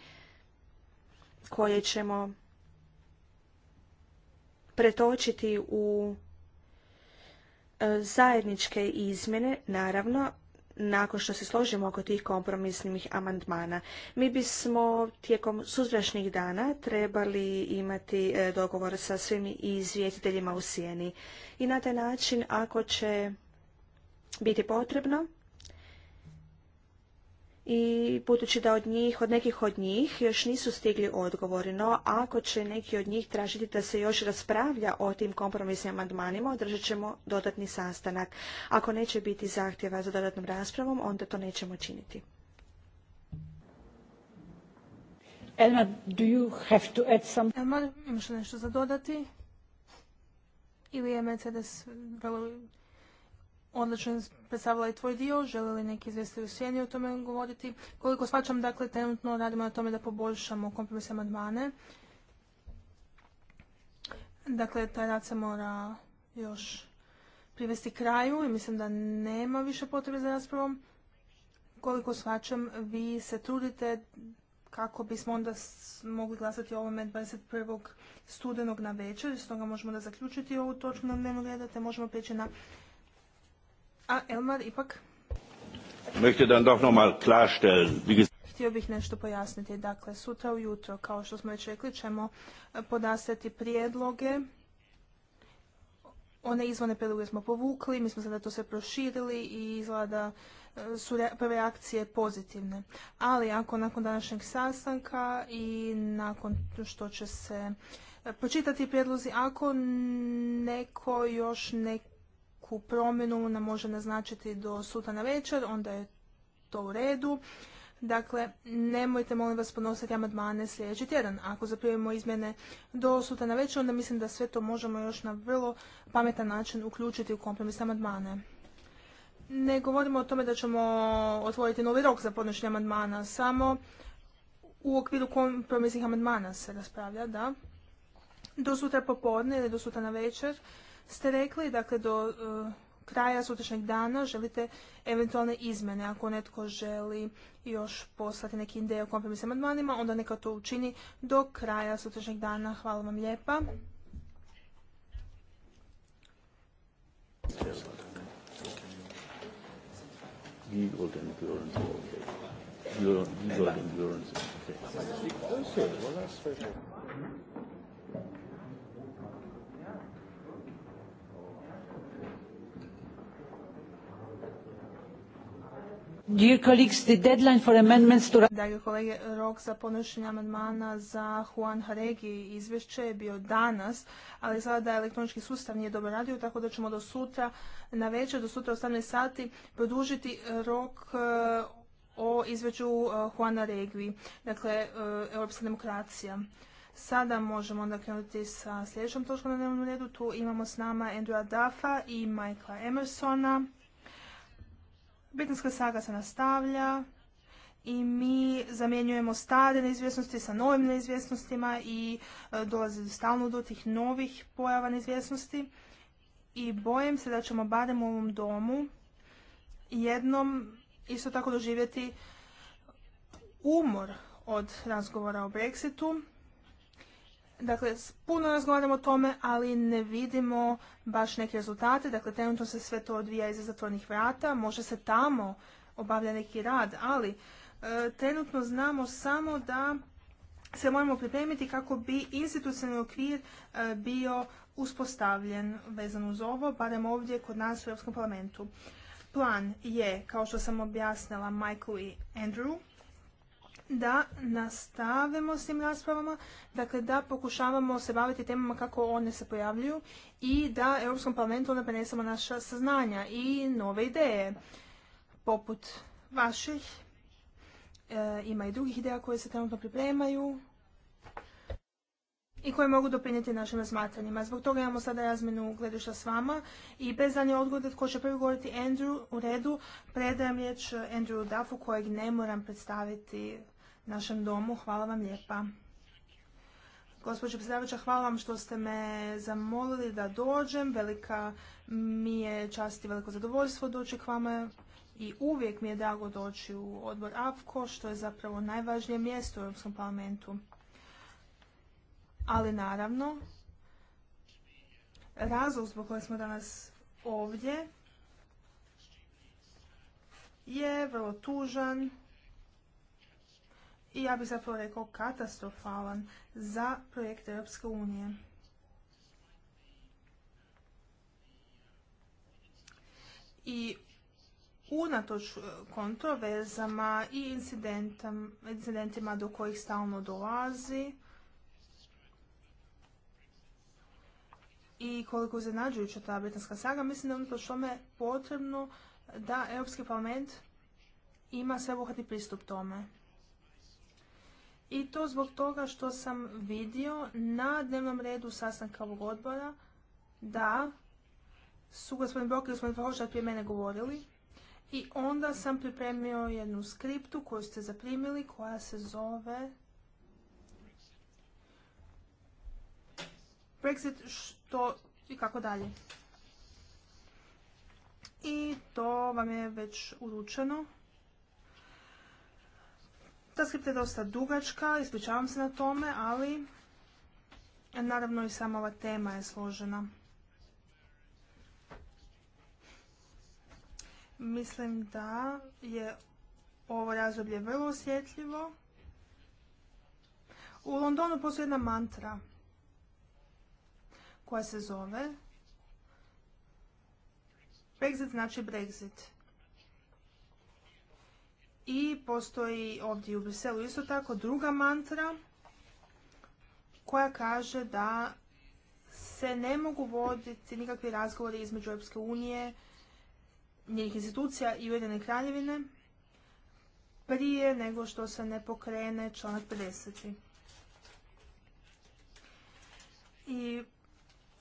koje ćemo pretočiti u e, zajedničke izmjene, naravno, nakon što se složimo oko tih kompromisnih amandmana. Mi bismo tijekom suzrašnjih dana trebali imati e, dogovor sa svim izvjetiteljima u sjeni. I na taj način, ako će biti potrebno, i budući da od njih, od nekih od njih još nisu stigli odgovori, no ako će neki od njih tražiti da se još raspravlja o tim kompromisnim amandmanima, održat ćemo dodatni sastanak. Ako neće biti zahtjeva za dodatnom raspravom, onda to nećemo činiti. Elma, do you have to add nešto za dodati? Ili je Mercedes odlično predstavila i tvoj dio, žele li neki izvesti u sjeni o tome govoriti. Koliko shvaćam, dakle, trenutno radimo na tome da poboljšamo kompromis amandmane. Dakle, taj rad se mora još privesti kraju i mislim da nema više potrebe za raspravom. Koliko shvaćam, vi se trudite kako bismo onda mogli glasati o ovome 21. studenog na večer, stoga možemo da zaključiti ovu točku na dnevnog reda, te možemo prijeći na a Elmar ipak? Möchte dann doch noch klarstellen. Htio bih nešto pojasniti. Dakle, sutra ujutro, kao što smo već rekli, ćemo e, podastati prijedloge. One izvone prijedloge smo povukli, mi smo sada to sve proširili i izgleda e, su prve reakcije pozitivne. Ali ako nakon današnjeg sastanka i nakon što će se e, pročitati prijedlozi, ako neko još neki neku promjenu nam može naznačiti do sutra na večer, onda je to u redu. Dakle, nemojte molim vas ponositi amandmane sljedeći tjedan. Ako zaprivimo izmjene do sutra na večer, onda mislim da sve to možemo još na vrlo pametan način uključiti u kompromis amandmane. Ne govorimo o tome da ćemo otvoriti novi rok za podnošenje amandmana, samo u okviru kompromisnih amandmana se raspravlja, da. Do sutra popodne ili do sutra na večer ste rekli, dakle do e, kraja sutrašnjeg dana želite eventualne izmene. Ako netko želi još poslati neki ideje o kompromisnim amandmanima, onda neka to učini do kraja sutrašnjeg dana. Hvala vam lijepa. kolege, rok za ponošenje amandmana za Juan Haregi izvješće je bio danas, ali sada elektronički sustav nije dobro radio, tako da ćemo do sutra, na večer, do sutra 18 sati, produžiti rok eh, o izveđu eh, Juana Regvi, dakle, eh, Europska demokracija. Sada možemo onda krenuti sa sljedećom točkom na dnevnom redu. Tu imamo s nama Andrewa Duffa i Michaela Emersona. Britanska saga se nastavlja i mi zamjenjujemo stare neizvjesnosti sa novim neizvjesnostima i e, dolazi stalno do tih novih pojava neizvjesnosti i bojim se da ćemo barem u ovom domu jednom isto tako doživjeti umor od razgovora o Brexitu Dakle, puno razgovaramo o tome, ali ne vidimo baš neke rezultate. Dakle, trenutno se sve to odvija iza zatvornih vrata, može se tamo obavlja neki rad, ali e, trenutno znamo samo da se moramo pripremiti kako bi institucionalni okvir e, bio uspostavljen vezan uz ovo, barem ovdje kod nas u Europskom parlamentu. Plan je, kao što sam objasnila Michael i Andrew, da nastavimo s tim raspravama, dakle da pokušavamo se baviti temama kako one se pojavljuju i da Europskom parlamentu onda prenesemo naša saznanja i nove ideje, poput vaših, e, ima i drugih ideja koje se trenutno pripremaju i koje mogu doprinijeti našim razmatranjima. Zbog toga imamo sada razmenu gledišta s vama i bez danje odgode tko će prvi govoriti Andrew u redu, predajem riječ Andrew Duffu kojeg ne moram predstaviti našem domu. Hvala vam lijepa. Gospođo predsjedavajuća, hvala vam što ste me zamolili da dođem. Velika mi je čast i veliko zadovoljstvo doći k vama i uvijek mi je drago doći u odbor AFKO, što je zapravo najvažnije mjesto u Europskom parlamentu. Ali naravno, razlog zbog kojeg smo danas ovdje je vrlo tužan i ja bih zapravo rekao katastrofalan za projekt Europske unije. I unatoč e, kontroverzama i incidentima do kojih stalno dolazi i koliko iznenađujuća ta britanska saga, mislim da je unatoč tome potrebno da Europski parlament ima sveobuhvatni pristup tome i to zbog toga što sam vidio na dnevnom redu sastanka ovog odbora da su gospodin Brok i gospodin prije mene govorili i onda sam pripremio jednu skriptu koju ste zaprimili koja se zove Brexit što i kako dalje. I to vam je već uručeno skripta je dosta dugačka, ispričavam se na tome, ali naravno i sama ova tema je složena. Mislim da je ovo razdoblje vrlo osjetljivo. U Londonu postoji jedna mantra koja se zove Brexit znači Brexit. I postoji ovdje u Briselu isto tako druga mantra koja kaže da se ne mogu voditi nikakvi razgovori između Europske unije, njenih institucija i Ujedine kraljevine prije nego što se ne pokrene članak 50. I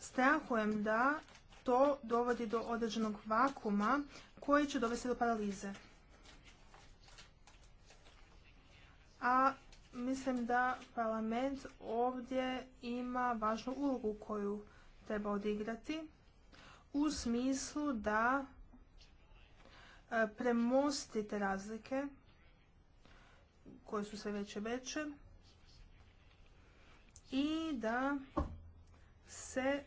strahujem da to dovodi do određenog vakuma koji će dovesti do paralize. a mislim da parlament ovdje ima važnu ulogu koju treba odigrati u smislu da e, premosti te razlike koje su sve veće veće i da se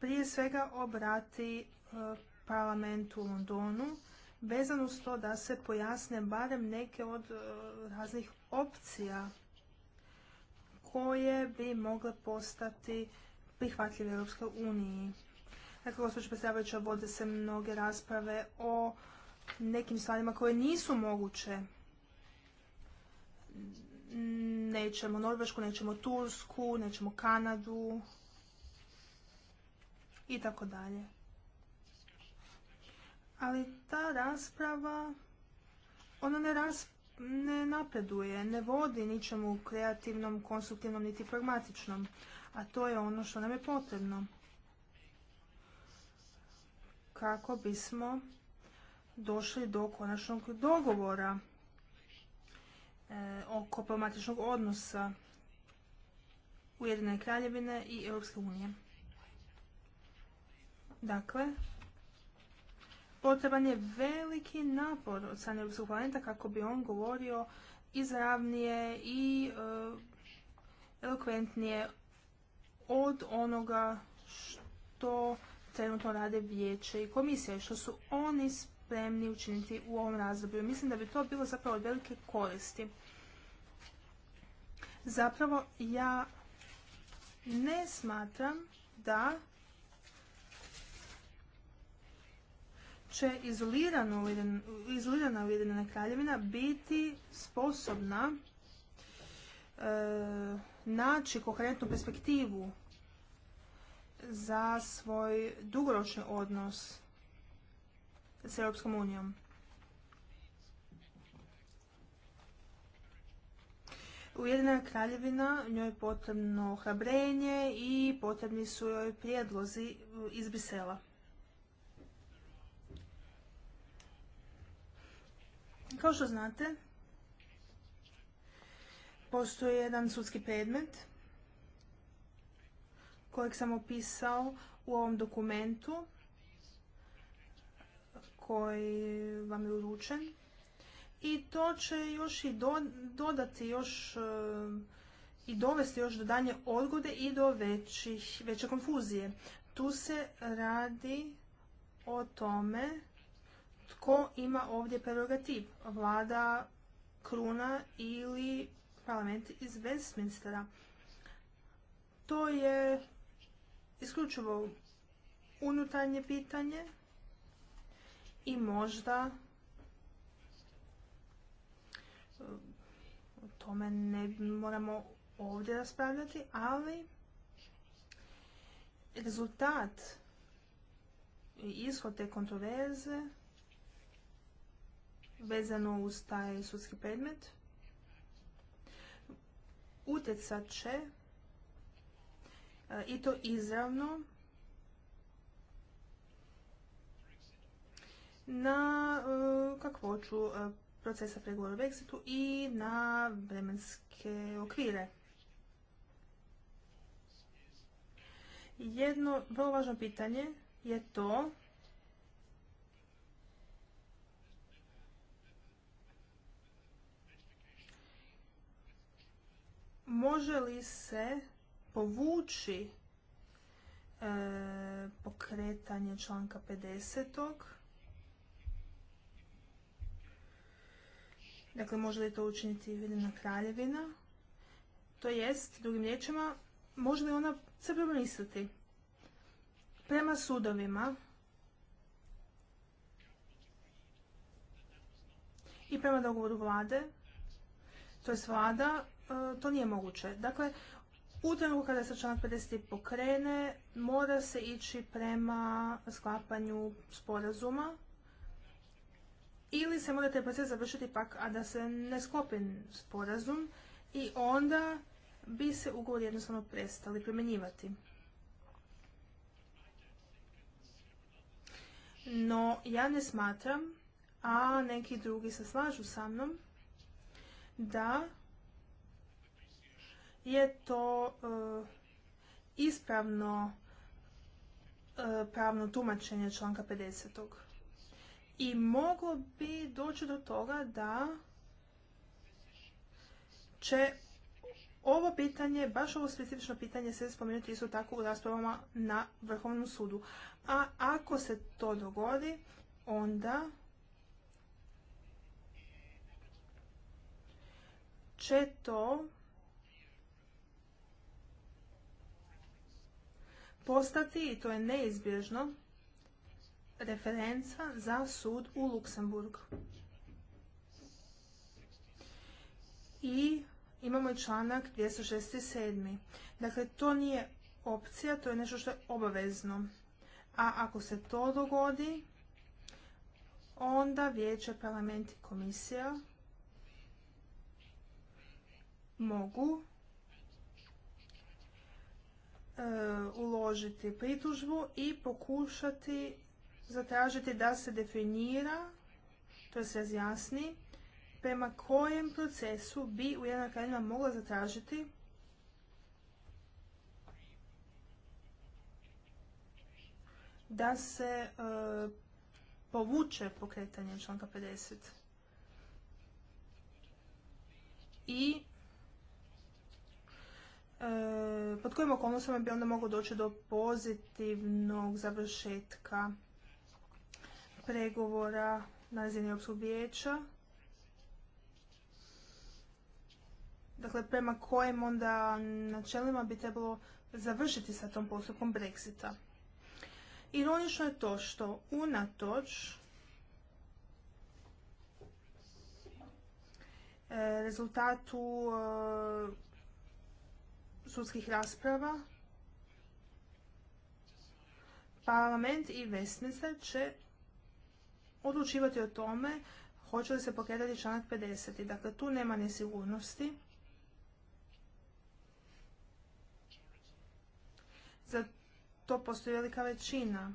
prije svega obrati e, parlamentu u Londonu vezano s to da se pojasne barem neke od e, raznih opcija koje bi mogle postati prihvatljive Europskoj uniji. Dakle, gospođo predstavljajuća vode se mnoge rasprave o nekim stvarima koje nisu moguće. Nećemo Norvešku, nećemo Tursku, nećemo Kanadu i tako dalje ali ta rasprava ona ne, ne napreduje, ne vodi ničemu kreativnom, konstruktivnom niti pragmatičnom, a to je ono što nam je potrebno. Kako bismo došli do konačnog dogovora e, oko pragmatičnog odnosa Ujedine kraljevine i Europske unije. Dakle, potreban je veliki napor od strane Europskog parlamenta kako bi on govorio izravnije i e, elokventnije od onoga što trenutno rade vijeće i komisija što su oni spremni učiniti u ovom razdoblju. Mislim da bi to bilo zapravo od velike koristi. Zapravo ja ne smatram da će izolirana Ujedinjena kraljevina biti sposobna e, naći koherentnu perspektivu za svoj dugoročni odnos s Europskom unijom. Ujedinjena kraljevina, njoj je potrebno hrabrenje i potrebni su joj prijedlozi iz Brisela. Kao što znate, postoji jedan sudski predmet kojeg sam opisao u ovom dokumentu koji vam je uručen i to će još i dodati još e, i dovesti još do danje odgode i do većih, veće konfuzije. Tu se radi o tome tko ima ovdje prerogativ? Vlada Kruna ili parlament iz Westminstera? To je isključivo unutarnje pitanje i možda e, o tome ne moramo ovdje raspravljati, ali rezultat i ishod te kontroverze vezano uz taj sudski predmet utjecat će e, i to izravno na e, kakvoću e, procesa pregovora o Brexitu i na vremenske okvire. Jedno vrlo važno pitanje je to može li se povući e, pokretanje članka 50. Dakle, može li to učiniti Ujedinjena kraljevina? To jest, drugim riječima, može li ona se promisliti? Prema sudovima i prema dogovoru vlade, to je vlada E, to nije moguće. Dakle, u trenutku kada se članak 50. pokrene, mora se ići prema sklapanju sporazuma ili se mora taj proces završiti pak, a da se ne sklopi sporazum i onda bi se ugovor jednostavno prestali primjenjivati. No, ja ne smatram, a neki drugi se slažu sa mnom, da je to e, ispravno e, pravno tumačenje članka 50. I moglo bi doći do toga da će ovo pitanje, baš ovo specifično pitanje se spomenuti isto tako u raspravama na Vrhovnom sudu. A ako se to dogodi, onda će to postati, i to je neizbježno, referenca za sud u Luksemburgu. I imamo i članak 267. Dakle, to nije opcija, to je nešto što je obavezno. A ako se to dogodi, onda vijeće, parlament i komisija mogu E, uložiti pritužbu i pokušati zatražiti da se definira, to se razjasni, prema kojem procesu bi jedna kraljevina mogla zatražiti da se e, povuče pokretanje članka 50. I E, pod kojim okolnostima bi onda moglo doći do pozitivnog završetka pregovora na razini Europskog vijeća. Dakle, prema kojim onda načelima bi trebalo završiti sa tom postupkom Brexita. Ironično je to što unatoč e, rezultatu e, sudskih rasprava parlament i vestnice će odlučivati o tome hoće li se pokretati članak 50. Dakle, tu nema nesigurnosti. Za to postoji velika većina,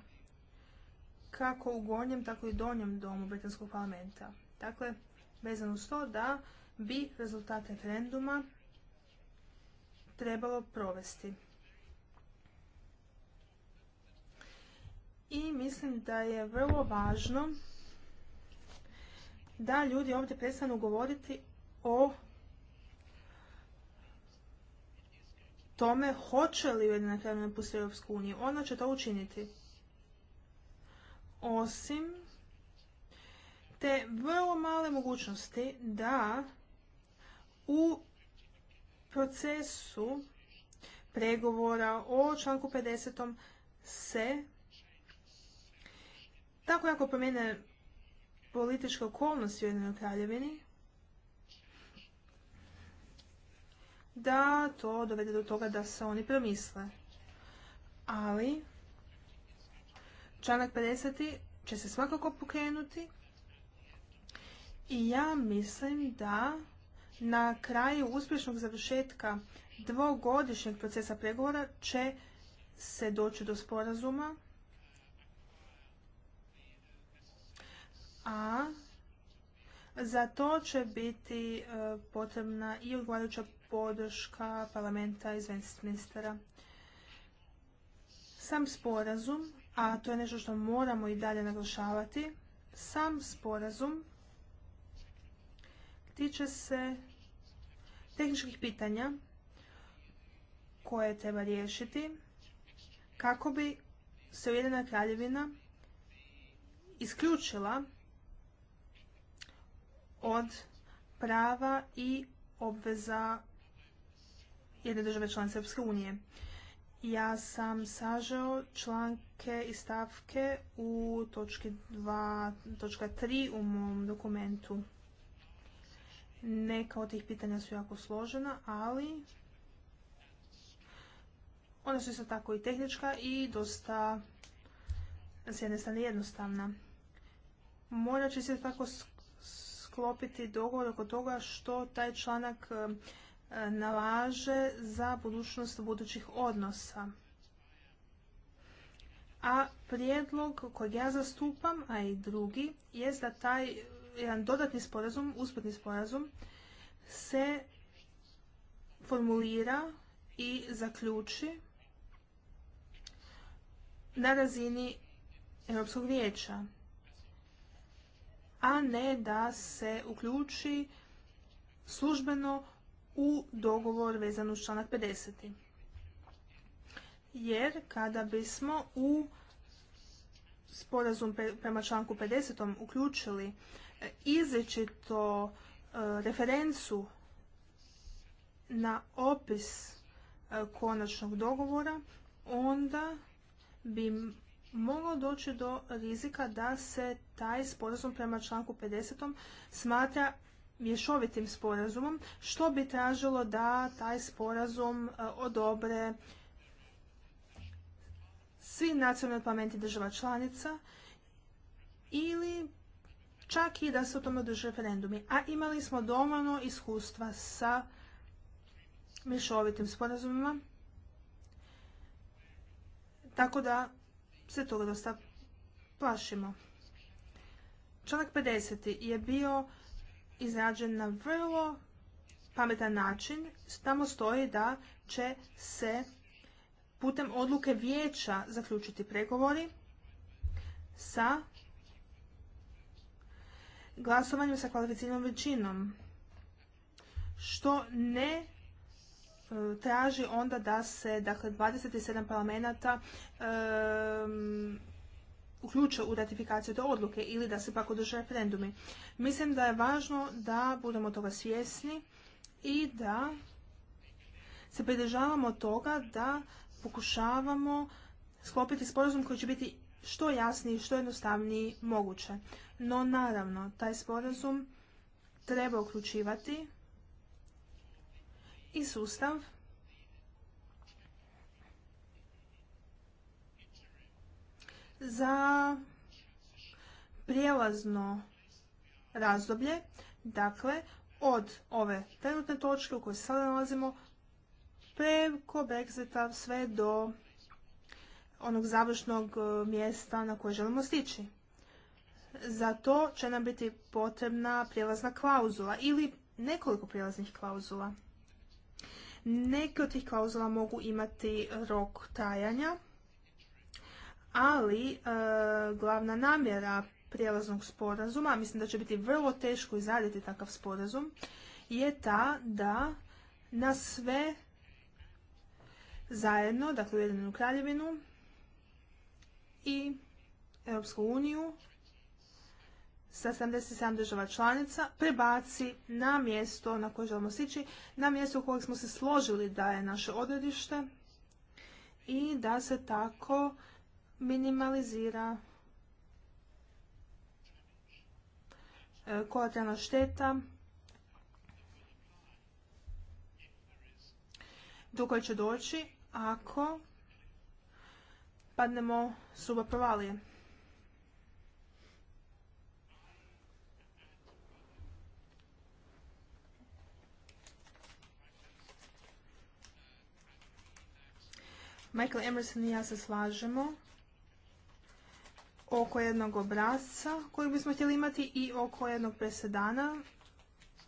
kako u gornjem, tako i donjem domu Britanskog parlamenta. Dakle, vezano s to da bi rezultat referenduma trebalo provesti. I mislim da je vrlo važno da ljudi ovdje prestanu govoriti o tome hoće li Ujedinjena kraljevina napustiti Europsku uniju. Ona će to učiniti. Osim te vrlo male mogućnosti da u procesu pregovora o članku 50. se tako jako promijene političke okolnosti u jednoj kraljevini, da to dovede do toga da se oni promisle. Ali, članak 50. će se svakako pokrenuti i ja mislim da na kraju uspješnog završetka dvogodišnjeg procesa pregovora će se doći do sporazuma, a za to će biti e, potrebna i odgovarajuća podrška parlamenta iz Westminstera. Sam sporazum, a to je nešto što moramo i dalje naglašavati, sam sporazum tiče se tehničkih pitanja koje treba riješiti kako bi se Ujedina kraljevina isključila od prava i obveza jedne države članice Europske unije. Ja sam sažao članke i stavke u točki 3 u mom dokumentu. Neka od tih pitanja su jako složena, ali ona su isto tako i tehnička i dosta s jedne strane jednostavna. Morat će se tako sklopiti dogovor oko toga što taj članak e, nalaže za budućnost budućih odnosa. A prijedlog kojeg ja zastupam, a i drugi, je da taj jedan dodatni sporazum, usputni sporazum, se formulira i zaključi na razini Europskog vijeća, a ne da se uključi službeno u dogovor vezan uz članak 50. Jer kada bismo u sporazum prema članku 50. uključili izričito e, referencu na opis e, konačnog dogovora, onda bi moglo doći do rizika da se taj sporazum prema članku 50. smatra mješovitim sporazumom, što bi tražilo da taj sporazum e, odobre svi nacionalni parlamenti država članica ili čak i da se o tome održe referendumi. A imali smo dovoljno iskustva sa mišovitim sporazumima, tako da se toga dosta plašimo. Članak 50. je bio izrađen na vrlo pametan način. Tamo stoji da će se putem odluke vijeća zaključiti pregovori sa glasovanjem sa kvalificiranom većinom, što ne e, traži onda da se dakle, 27 parlamenta parlamenata e, uključe u ratifikaciju te odluke ili da se pak održe referendumi. Mislim da je važno da budemo toga svjesni i da se pridržavamo toga da pokušavamo sklopiti sporazum koji će biti što jasniji, što jednostavniji moguće. No naravno, taj sporazum treba uključivati i sustav za prijelazno razdoblje, dakle od ove trenutne točke u kojoj sada nalazimo preko Brexita sve do onog završnog e, mjesta na koje želimo stići. Za to će nam biti potrebna prijelazna klauzula ili nekoliko prijelaznih klauzula. Neke od tih klauzula mogu imati rok trajanja, ali e, glavna namjera prijelaznog sporazuma, mislim da će biti vrlo teško izraditi takav sporazum, je ta da na sve zajedno, dakle jedinu kraljevinu, i Europsku uniju sa 77 država članica prebaci na mjesto na koje želimo sići, na mjesto u kojeg smo se složili da je naše odredište i da se tako minimalizira e, kolateralna šteta do koje će doći ako padnemo suba provalije. Michael Emerson i ja se slažemo oko jednog obrazca kojeg bismo htjeli imati i oko jednog presedana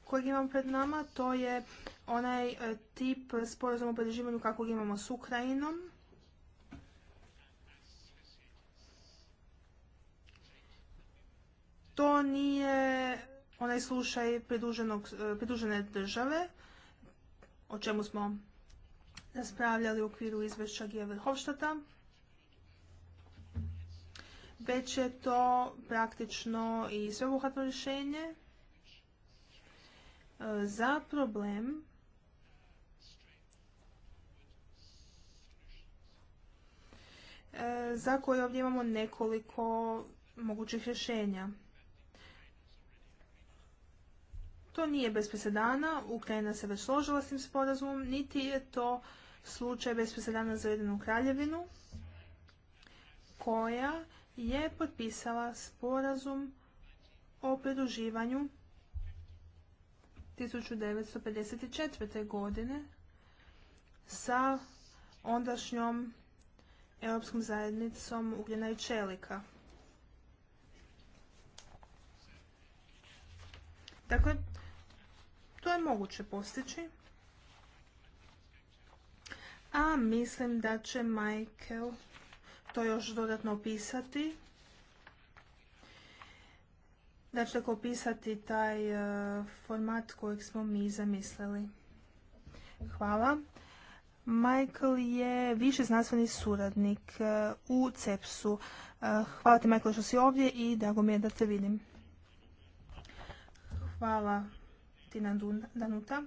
kojeg imamo pred nama. To je onaj e, tip sporazuma o podrživanju kakvog imamo s Ukrajinom. To nije onaj slušaj e, pridružene države, o čemu smo raspravljali u okviru izvješća Gija Verhofštata, već je to praktično i sveobuhvatno rješenje e, za problem e, za koje ovdje imamo nekoliko mogućih rješenja. To nije bez presedana, Ukrajina se već složila s tim sporazumom, niti je to slučaj bez presedana za Ujedinu kraljevinu, koja je potpisala sporazum o pridruživanju 1954. godine sa ondašnjom Europskom zajednicom ugljena i čelika. Dakle, to je moguće postići. A mislim da će Michael to još dodatno opisati. Da će tako opisati taj e, format kojeg smo mi zamislili. Hvala. Michael je više znanstveni suradnik e, u CEPS-u. E, hvala ti Michael što si ovdje i drago mi je da te vidim. Hvala tina Danuta.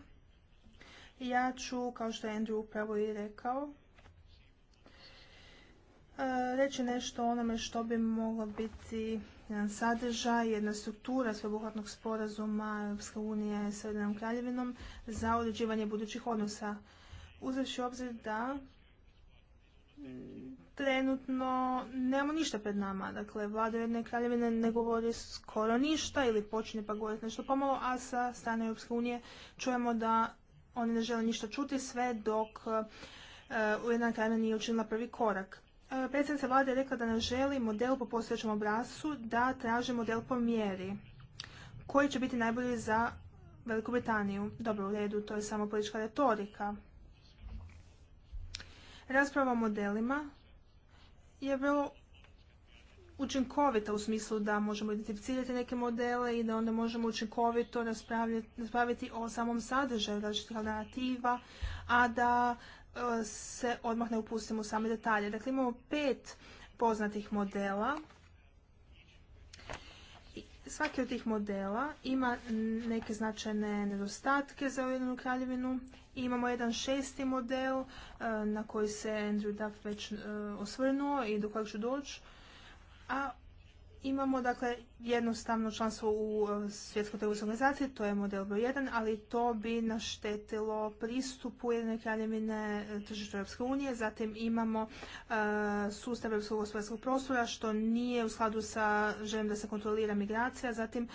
Ja ću, kao što je Andrew upravo i rekao, e, reći nešto o onome što bi moglo biti jedan sadržaj, jedna struktura sveobuhvatnog sporazuma Europske unije sa Ujedinom kraljevinom za uređivanje budućih odnosa. Uzevši obzir da trenutno nemamo ništa pred nama. Dakle, vlada jedne kraljevine ne govori skoro ništa ili počinje pa govoriti nešto pomalo, a sa strane Europske unije čujemo da oni ne žele ništa čuti sve dok e, Ujedna kraljevina nije učinila prvi korak. E, predsjednica vlade je rekla da ne želi model po postojećem obrascu, da traži model po mjeri koji će biti najbolji za Veliku Britaniju. Dobro, u redu, to je samo politička retorika. Rasprava o modelima je vrlo učinkovita u smislu da možemo identificirati neke modele i da onda možemo učinkovito raspraviti o samom sadržaju različitih alternativa, a da e, se odmah ne upustimo u same detalje. Dakle, imamo pet poznatih modela Svaki od tih modela ima neke značajne nedostatke za Ujedinu kraljevinu. Imamo jedan šesti model e, na koji se Andrew Duff već e, osvrnuo i do kojeg ću doći. A Imamo dakle jednostavno članstvo u e, svjetskoj trgovinskoj organizaciji, to je model broj 1, ali to bi naštetilo pristupu jedne kraljevine e, tržištu Europske unije. Zatim imamo e, sustav europskog gospodarskog prostora što nije u skladu sa željom da se kontrolira migracija. Zatim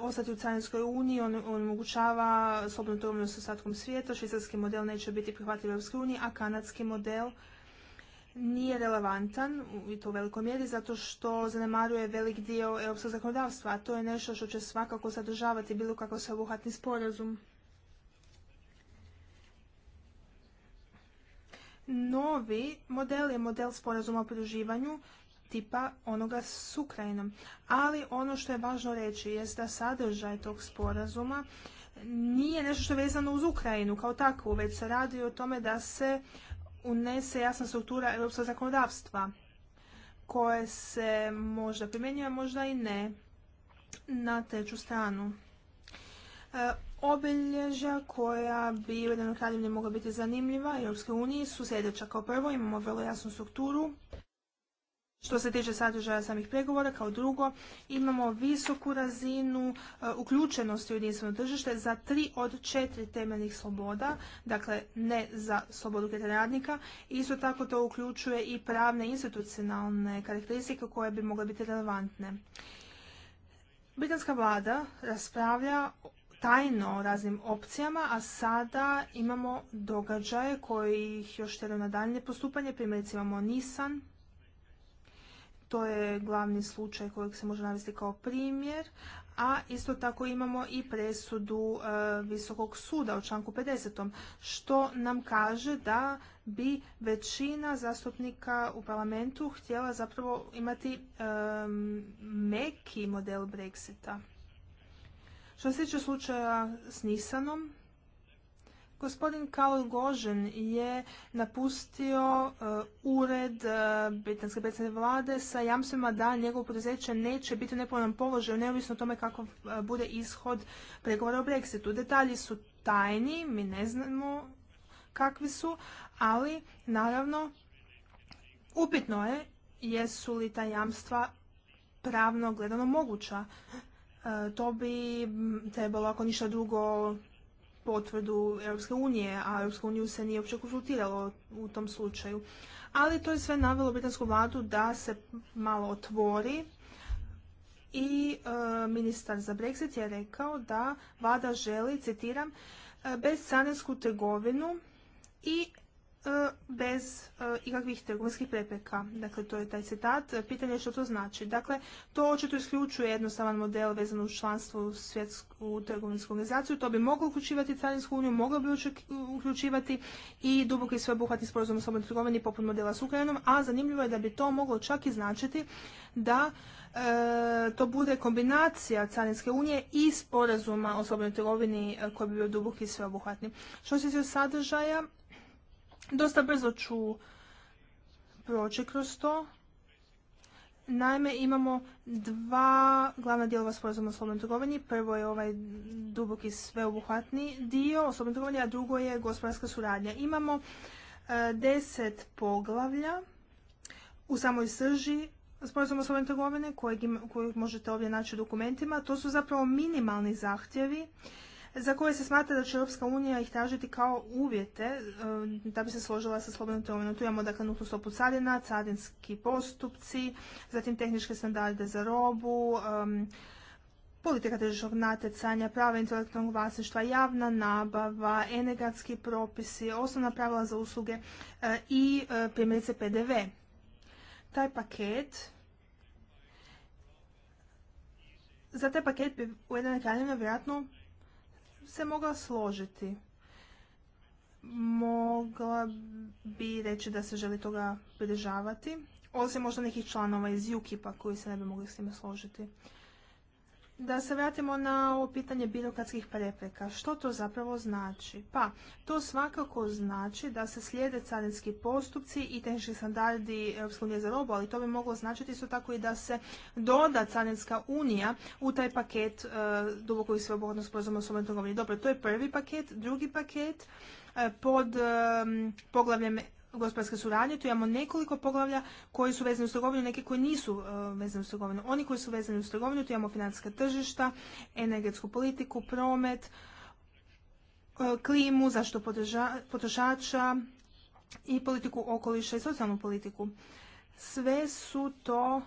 ostati u Carinskoj uniji on omogućava slobodnu trgovinu sa ostatkom svijeta. Švicarski model neće biti prihvatljiv Europske uniji, a kanadski model nije relevantan i to u velikoj mjeri zato što zanemaruje velik dio europskog zakonodavstva, a to je nešto što će svakako sadržavati bilo kakav sveobuhvatni sporazum. Novi model je model sporazuma o pridruživanju tipa onoga s Ukrajinom. Ali ono što je važno reći je da sadržaj tog sporazuma nije nešto što je vezano uz Ukrajinu kao takvu, već se radi o tome da se unese jasna struktura europskog zakonodavstva koje se možda primjenjuje, možda i ne na treću stranu. E, obilježja koja bi u Kraljevini mogla biti zanimljiva Europske unije su sljedeća. Kao prvo imamo vrlo jasnu strukturu što se tiče sadržaja samih pregovora, kao drugo, imamo visoku razinu e, uključenosti u jedinstveno tržište za tri od četiri temeljnih sloboda, dakle ne za slobodu radnika. Isto tako to uključuje i pravne institucionalne karakteristike koje bi mogle biti relevantne. Britanska vlada raspravlja tajno o raznim opcijama, a sada imamo događaje koji ih još teru na daljnje postupanje, primjerice imamo Nissan, to je glavni slučaj kojeg se može navesti kao primjer, a isto tako imamo i presudu e, Visokog suda u članku 50. što nam kaže da bi većina zastupnika u parlamentu htjela zapravo imati e, meki model Brexita. Što se tiče slučaja s Nisanom, Gospodin Karl Gožen je napustio uh, ured uh, britanske predsjedne vlade sa jamstvima da njegovo poduzeće neće biti u nepovoljnom položaju, neovisno o tome kako uh, bude ishod pregovora o Brexitu. Detalji su tajni, mi ne znamo kakvi su, ali naravno upitno je jesu li ta jamstva pravno gledano moguća. To bi trebalo, ako ništa drugo, potvrdu Europske unije, a Europska uniju se nije uopće konzultiralo u tom slučaju. Ali to je sve navelo britansku vladu da se malo otvori i e, ministar za Brexit je rekao da vlada želi, citiram, e, bezcarinsku trgovinu i E, bez e, ikakvih trgovinskih prepreka. Dakle, to je taj citat. Pitanje je što to znači. Dakle, to očito isključuje jednostavan model vezan uz članstvo u svjetsku trgovinsku organizaciju. To bi moglo uključivati Carinsku uniju, moglo bi uključivati i duboki sveobuhvatni sporazum o slobodnoj trgovini poput modela s Ukrajinom, a zanimljivo je da bi to moglo čak i značiti da e, to bude kombinacija Carinske unije i sporazuma o slobodnoj trgovini koji bi bio duboki i sveobuhvatni. Što se tiče sadržaja, Dosta brzo ću proći kroz to. Naime, imamo dva glavna dijelova sporazuma o slobodnoj trgovini. Prvo je ovaj duboki sveobuhvatni dio o slobodnoj trgovini, a drugo je gospodarska suradnja. Imamo e, deset poglavlja u samoj srži sporazuma o slobodnoj trgovini kojeg, kojeg možete ovdje naći u dokumentima. To su zapravo minimalni zahtjevi za koje se smatra da će Europska unija ih tražiti kao uvjete e, da bi se složila sa slobodnom trgovinom. Tu imamo dakle nutnu stopu carina, carinski postupci, zatim tehničke standarde za robu, politika tržišnog natjecanja, prava intelektualnog vlasništva, javna nabava, energetski propisi, osnovna pravila za usluge e, i e, primjerice PDV. Taj paket za taj paket bi jedan kraljevno vjerojatno se mogla složiti. Mogla bi reći da se želi toga pridržavati, osim možda nekih članova iz ukip koji se ne bi mogli s time složiti. Da se vratimo na ovo pitanje birokratskih prepreka. Što to zapravo znači? Pa, to svakako znači da se slijede carinski postupci i tehnički standardi EU za robu, ali to bi moglo značiti isto tako i da se doda carinska unija u taj paket e, duboko i svobodnog sporazuma o slobodnoj trgovini. Dobro, to je prvi paket. Drugi paket e, pod e, poglavljem gospodarske suradnje, tu imamo nekoliko poglavlja koji su vezani uz trgovinu, neke koji nisu e, vezani uz trgovinu. Oni koji su vezani uz trgovinu, tu imamo financijska tržišta, energetsku politiku, promet, e, klimu, zaštitu potrošača i politiku okoliša i socijalnu politiku. Sve su to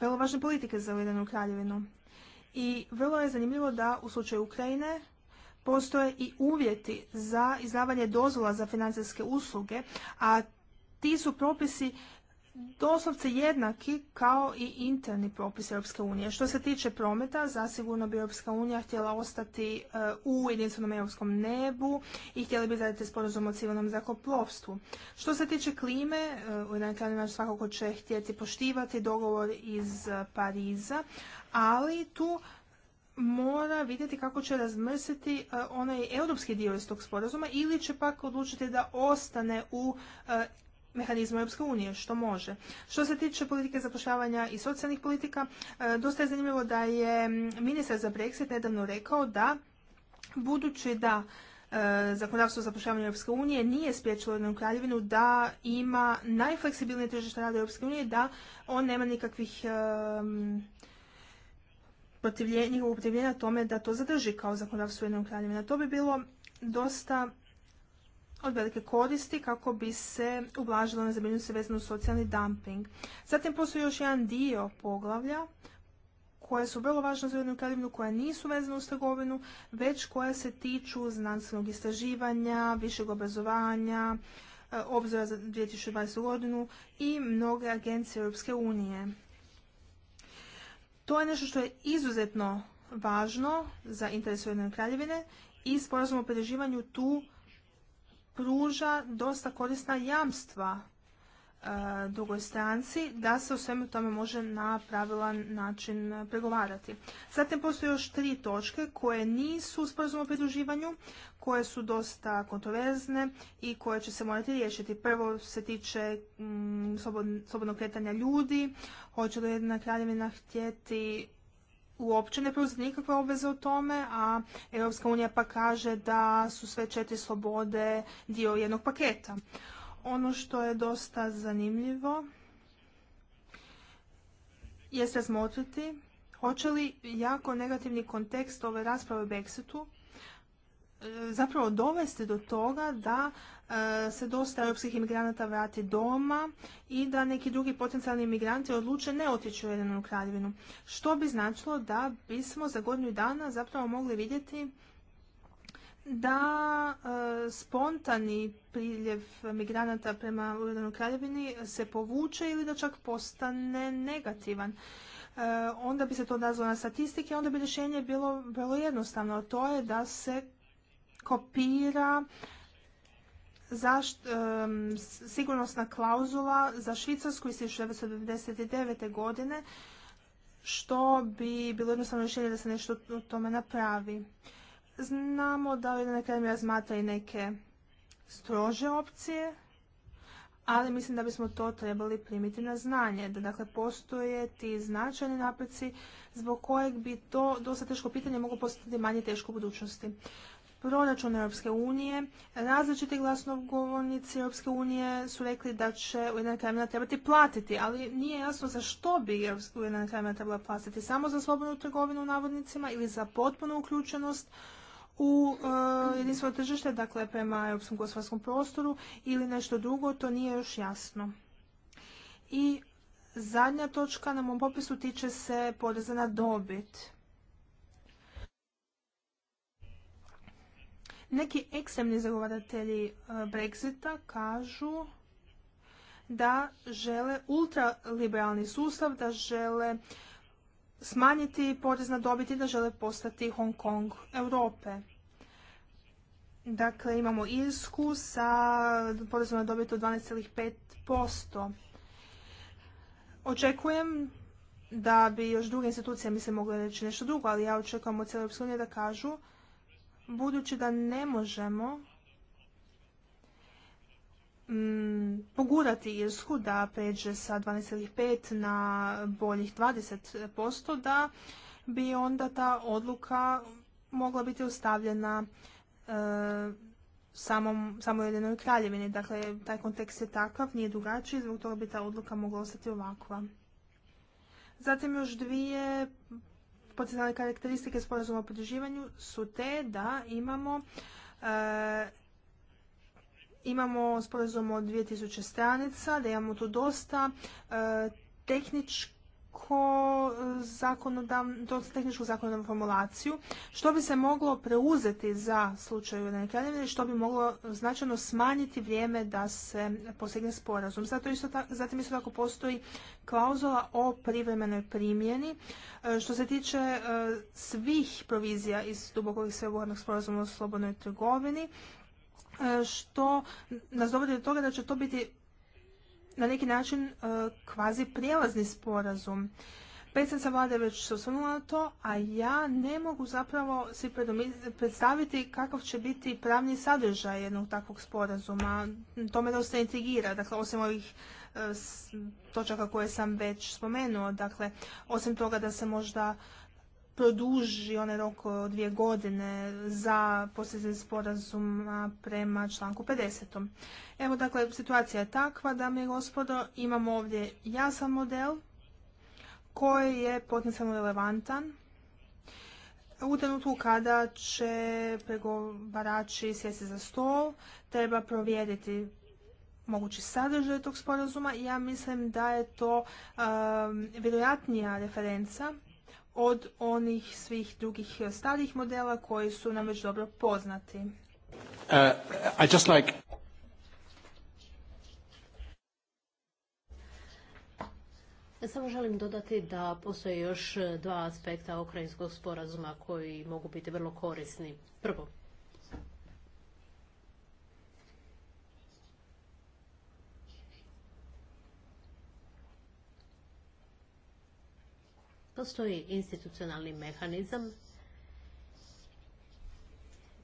vrlo važne politike za Ujedinu kraljevinu. I vrlo je zanimljivo da u slučaju Ukrajine postoje i uvjeti za izdavanje dozvola za financijske usluge, a ti su propisi doslovce jednaki kao i interni propisi Europske unije. Što se tiče prometa, zasigurno bi Europska unija htjela ostati e, u jedinstvenom europskom nebu i htjeli bi zadati sporazum o civilnom zrakoplovstvu. Što se tiče klime, e, Ujedinjeni naš svakako će htjeti poštivati dogovor iz Pariza, ali tu mora vidjeti kako će razmrsiti e, onaj europski dio iz tog sporazuma ili će pak odlučiti da ostane u e, mehanizmu Europske unije, što može. Što se tiče politike zapošljavanja i socijalnih politika, e, dosta je zanimljivo da je ministar za Brexit nedavno rekao da budući da zakonodavstvo zapošljavanja Europske unije nije spriječilo jednu kraljevinu da ima najfleksibilnije tržište rada Europske unije, da on nema nikakvih njihovog protivljenja tome da to zadrži kao zakonodavstvo Ujedinjenog kraljevina. To bi bilo dosta od velike koristi kako bi se ublažilo se vezano uz socijalni dumping. Zatim postoji još jedan dio poglavlja koje su vrlo važne za Ujedinjenu kraljevinu, koja nisu vezana uz trgovinu, već koja se tiču znanstvenog istraživanja, višeg obrazovanja, e, obzora za 2020. godinu i mnoge agencije Europske unije. To je nešto što je izuzetno važno za interes Ujedinjene kraljevine i sporazum o pridruživanju tu pruža dosta korisna jamstva E, drugoj stranci, da se o svemu tome može na pravilan način pregovarati. Zatim postoje još tri točke koje nisu u sporazumu o pridruživanju, koje su dosta kontroverzne i koje će se morati riješiti. Prvo se tiče mm, slobodnog kretanja ljudi, hoće li jedna kraljevina htjeti uopće ne preuzeti nikakve obveze o tome, a Europska unija pa kaže da su sve četiri slobode dio jednog paketa. Ono što je dosta zanimljivo je se razmotriti hoće li jako negativni kontekst ove rasprave o Brexitu e, zapravo dovesti do toga da e, se dosta europskih imigranata vrati doma i da neki drugi potencijalni imigranti odluče ne otići u jednu kraljevinu. Što bi značilo da bismo za godinu dana zapravo mogli vidjeti da e, spontani priljev migranata prema Ujedinjenoj kraljevini se povuče ili da čak postane negativan. E, onda bi se to nazvalo na statistike, onda bi rješenje bilo vrlo jednostavno, a to je da se kopira zašt, e, sigurnosna klauzula za Švicarsku iz 1999. godine, što bi bilo jednostavno rješenje da se nešto u tome napravi. Znamo da neka akademija razmatra i neke strože opcije, ali mislim da bismo to trebali primiti na znanje, da dakle postoje ti značajni napreci zbog kojeg bi to dosta teško pitanje moglo postati manje teško u budućnosti. Proračun Europske unije, različiti glasnogovornici Europske unije su rekli da će Ujedinjena kraljevina trebati platiti, ali nije jasno za što bi Ujedinjena kraljevina trebala platiti, samo za slobodnu trgovinu u navodnicima ili za potpunu uključenost u e, jedinstveno tržište, dakle prema europskom gospodarskom prostoru ili nešto drugo, to nije još jasno. I zadnja točka na mom popisu tiče se poreza na dobit. Neki ekstremni zagovaratelji e, Brexita kažu da žele ultraliberalni sustav, da žele smanjiti porez na dobit da žele postati Hong Kong Europe. Dakle, imamo Irsku sa porezom na dobit od 12,5%. Očekujem da bi još druge institucije mi se mogle reći nešto drugo, ali ja očekujem od cijele da kažu budući da ne možemo Mm, pogurati Irsku da pređe sa 12,5 na boljih 20%, da bi onda ta odluka mogla biti ostavljena eh, samo jedinoj kraljevini. Dakle, taj kontekst je takav, nije drugačiji, zbog toga bi ta odluka mogla ostati ovakva. Zatim još dvije potencijalne karakteristike sporazuma o potraživanju su te da imamo eh, imamo sporazum od 2000 stranica, da imamo tu dosta e, tehničko e, tehničku zakonodavnu formulaciju, što bi se moglo preuzeti za slučaj Ujedinjene kraljevine, što bi moglo značajno smanjiti vrijeme da se posegne sporazum. Zato isto zatim isto tako postoji klauzula o privremenoj primjeni. E, što se tiče svih provizija iz dubokog i sporazuma o slobodnoj trgovini, što nas dovodi do toga da će to biti na neki način e, kvazi prijelazni sporazum. Predsjednica vlade već se osvrnula na to, a ja ne mogu zapravo si predstaviti kakav će biti pravni sadržaj jednog takvog sporazuma. To me dosta intrigira, dakle, osim ovih e, točaka koje sam već spomenuo, dakle, osim toga da se možda produži onaj rok od dvije godine za posljednje sporazuma prema članku 50. Evo dakle, situacija je takva, dame i gospodo, imamo ovdje jasan model koji je potencijalno relevantan u trenutku kada će pregovarači sjesti za stol, treba provjeriti mogući sadržaj tog sporazuma i ja mislim da je to vjerojatnija referenca od onih svih drugih starih modela koji su nam već dobro poznati. Uh, ja Samo želim dodati da postoje još dva aspekta ukrajinskog sporazuma koji mogu biti vrlo korisni. Prvo, Postoji institucionalni mehanizam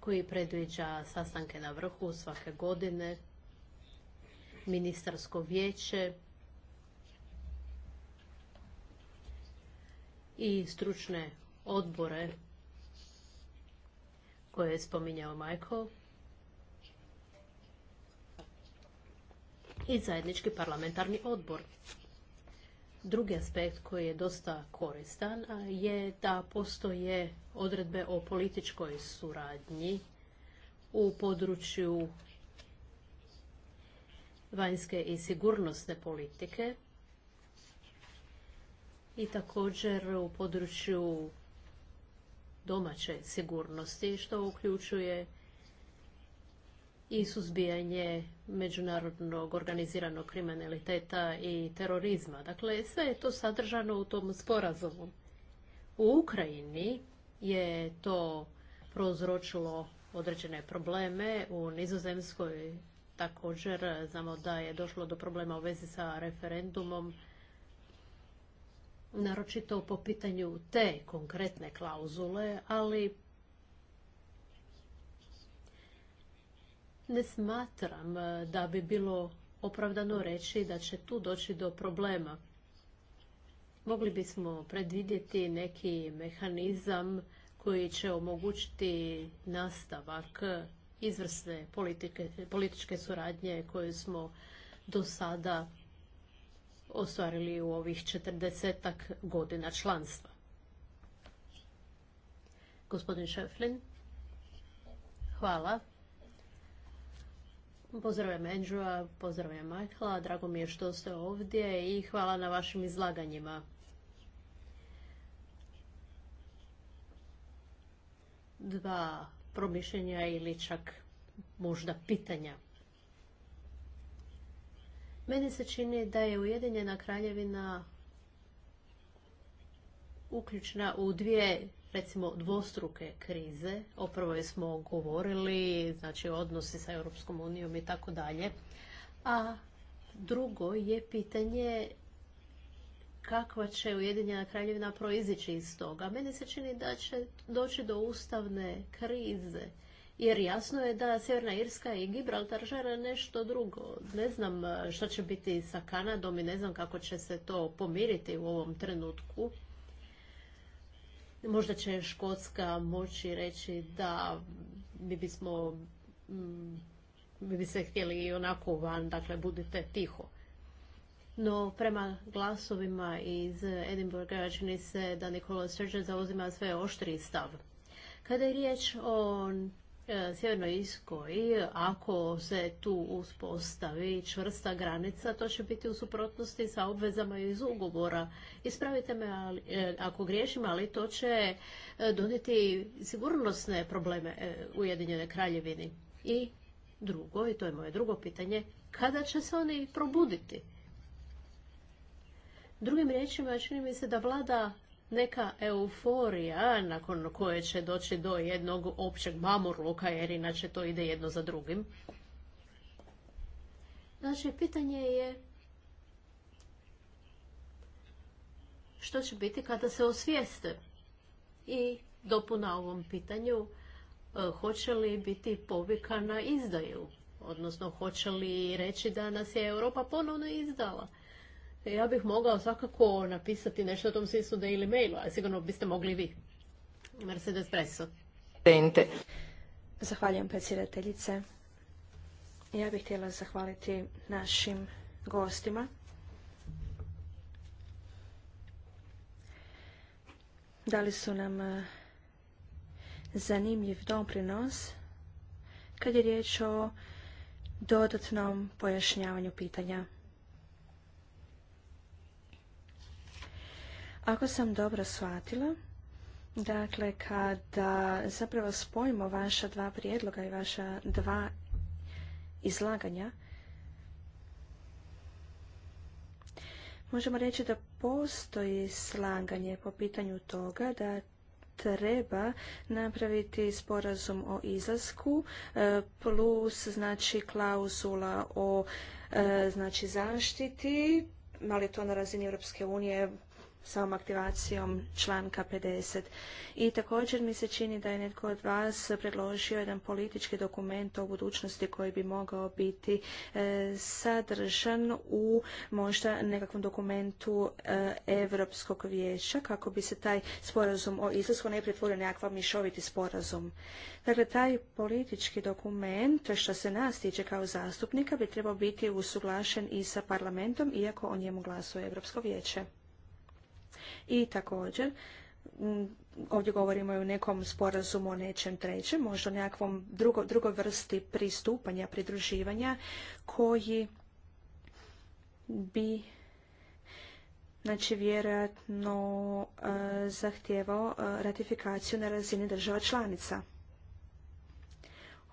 koji predviđa sastanke na vrhu svake godine, ministarsko vijeće i stručne odbore koje je spominjao Majko, i zajednički parlamentarni odbor. Drugi aspekt koji je dosta koristan je da postoje odredbe o političkoj suradnji u području vanjske i sigurnosne politike i također u području domaće sigurnosti što uključuje i suzbijanje međunarodnog organiziranog kriminaliteta i terorizma. Dakle, sve je to sadržano u tom sporazumu. U Ukrajini je to prozročilo određene probleme. U Nizozemskoj također znamo da je došlo do problema u vezi sa referendumom, naročito po pitanju te konkretne klauzule, ali ne smatram e, da bi bilo opravdano reći da će tu doći do problema. Mogli bismo predvidjeti neki mehanizam koji će omogućiti nastavak izvrsne politike, političke suradnje koju smo do sada ostvarili u ovih četrdesetak godina članstva. Gospodin Šeflin, hvala. Pozdravljam Andrewa, pozdravljam Michaela, drago mi je što ste ovdje i hvala na vašim izlaganjima. Dva promišljenja ili čak možda pitanja. Meni se čini da je Ujedinjena kraljevina uključena u dvije recimo dvostruke krize. O prvoj smo govorili, znači odnosi sa Europskom unijom i tako dalje. A drugo je pitanje kakva će Ujedinjena kraljevina proizići iz toga. Meni se čini da će doći do ustavne krize. Jer jasno je da Sjeverna Irska i Gibraltar žele nešto drugo. Ne znam eh, što će biti sa Kanadom i ne znam kako će se to pomiriti u ovom trenutku. Možda će Škotska moći reći da mi bismo mm, mi bi se htjeli i onako van, dakle budite tiho. No, prema glasovima iz Edinburgha čini se da Nikola Sturgeon zauzima sve oštri stav. Kada je riječ o E, Sjevernoj Iskoj, ako se tu uspostavi čvrsta granica, to će biti u suprotnosti sa obvezama iz ugovora. Ispravite me e, ako griješim, ali to će e, doniti sigurnosne probleme Ujedinjene kraljevini. I drugo, i to je moje drugo pitanje, kada će se oni probuditi? Drugim riječima čini mi se da vlada neka euforija nakon koje će doći do jednog općeg mamurluka, jer inače to ide jedno za drugim. Znači, pitanje je što će biti kada se osvijeste. I dopuna ovom pitanju, e, hoće li biti povika na izdaju? Odnosno, hoće li reći da nas je Europa ponovno izdala? Ja bih mogao svakako napisati nešto o tom smislu da ili mailu, a sigurno biste mogli vi. Mercedes Preso. Zahvaljujem predsjedateljice. Ja bih htjela zahvaliti našim gostima. Dali su nam eh, zanimljiv doprinos kad je riječ o dodatnom pojašnjavanju pitanja. Ako sam dobro shvatila, dakle, kada zapravo spojimo vaša dva prijedloga i vaša dva izlaganja, možemo reći da postoji slaganje po pitanju toga da treba napraviti sporazum o izlasku e, plus znači klauzula o e, znači zaštiti ali to na razini Europske unije samom aktivacijom članka 50. I također mi se čini da je netko od vas predložio jedan politički dokument o budućnosti koji bi mogao biti e, sadržan u možda nekakvom dokumentu e, Europskog vijeća kako bi se taj sporazum o izlasku ne pretvorio nekakav mišoviti sporazum. Dakle, taj politički dokument što se nas tiče kao zastupnika bi trebao biti usuglašen i sa parlamentom iako o njemu glasuje Europsko vijeće. I također, ovdje govorimo i o nekom sporazumu o nečem trećem, možda o nekakvom drugoj vrsti pristupanja, pridruživanja koji bi znači vjerojatno zahtjevao zahtijevao e, ratifikaciju na razini država članica.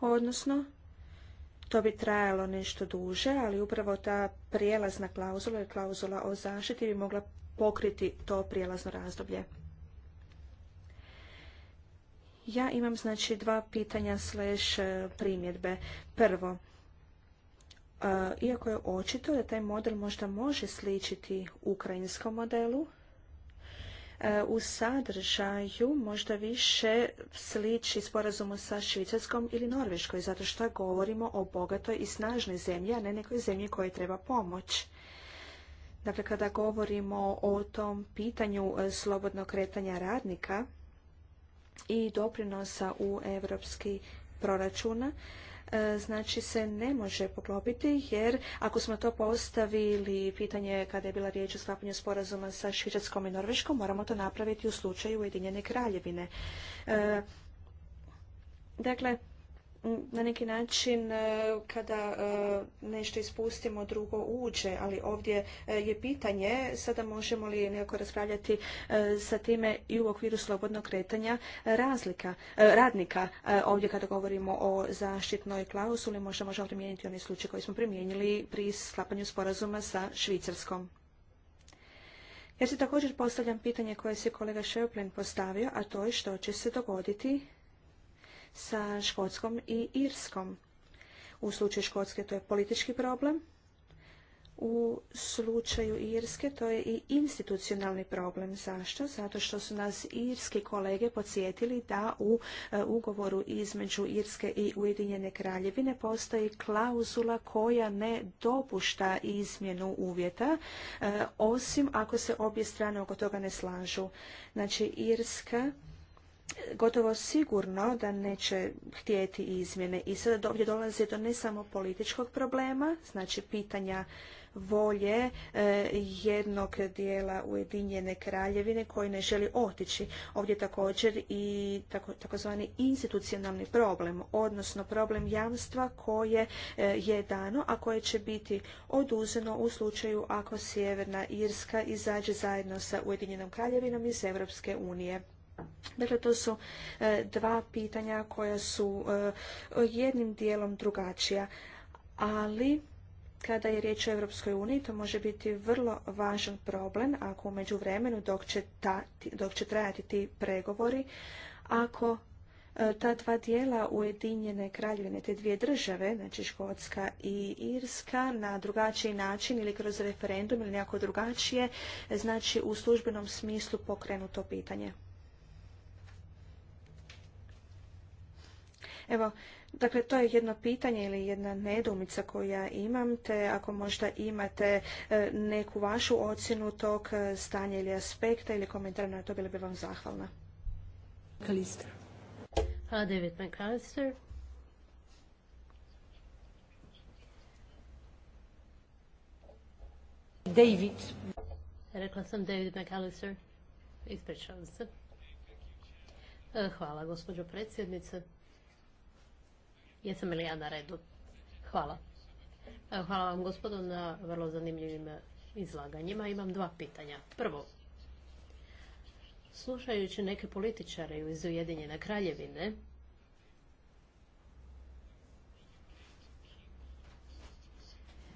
Odnosno, to bi trajalo nešto duže, ali upravo ta prijelazna klauzula ili klauzula o zaštiti bi mogla pokriti to prijelazno razdoblje. Ja imam znači dva pitanja slash e, primjedbe. Prvo, e, iako je očito da taj model možda može sličiti ukrajinskom modelu, e, u sadržaju možda više sliči sporazumu sa Švicarskom ili Norveškoj, zato što govorimo o bogatoj i snažnoj zemlji, a ne nekoj zemlji kojoj treba pomoć. Dakle, kada govorimo o tom pitanju e, slobodnog kretanja radnika i doprinosa u europski proračuna, e, znači se ne može poklopiti jer ako smo to postavili pitanje kada je bila riječ o sklapanju sporazuma sa Švicarskom i Norveškom, moramo to napraviti u slučaju Ujedinjene kraljevine. E, dakle, na neki način e, kada e, nešto ispustimo drugo uđe, ali ovdje e, je pitanje sada možemo li nekako raspravljati sa time i u okviru slobodnog kretanja razlika, radnika. Ovdje kada govorimo o zaštitnoj klauzuli možda možemo primijeniti onaj slučaj koji smo primijenili pri sklapanju sporazuma sa Švicarskom. Ja se također postavljam pitanje koje se kolega Šeoplen postavio, a to je što će se dogoditi sa Škotskom i Irskom. U slučaju Škotske to je politički problem, u slučaju Irske to je i institucionalni problem. Zašto? Zato što su nas irski kolege podsjetili da u e, ugovoru između Irske i Ujedinjene kraljevine postoji klauzula koja ne dopušta izmjenu uvjeta, e, osim ako se obje strane oko toga ne slažu. Znači, Irska gotovo sigurno da neće htjeti izmjene. I sada ovdje dolazi do ne samo političkog problema, znači pitanja volje e, jednog dijela Ujedinjene kraljevine koji ne želi otići. Ovdje također i takozvani institucionalni problem, odnosno problem jamstva koje e, je dano, a koje će biti oduzeno u slučaju ako Sjeverna Irska izađe zajedno sa Ujedinjenom kraljevinom iz Europske unije. Dakle, to su e, dva pitanja koja su e, jednim dijelom drugačija, ali kada je riječ o Europskoj uniji, to može biti vrlo važan problem ako u međuvremenu dok će, ta, dok će trajati ti pregovori, ako e, ta dva dijela Ujedinjene kraljevine, te dvije države, znači Škotska i Irska, na drugačiji način ili kroz referendum ili nekako drugačije, znači u službenom smislu pokrenuto pitanje. Evo, dakle, to je jedno pitanje ili jedna nedumica koja imam, te ako možda imate e, neku vašu ocjenu tog e, stanja ili aspekta ili komentar na to, bila bi vam zahvalna. Kalista. Hvala, David McAllister. David. Rekla sam David McAllister. Ispričavam se. E, hvala, gospođo predsjednice. Jesam li ja na redu? Hvala. Hvala vam gospodo na vrlo zanimljivim e, izlaganjima. Imam dva pitanja. Prvo, slušajući neke političare iz Ujedinjene kraljevine,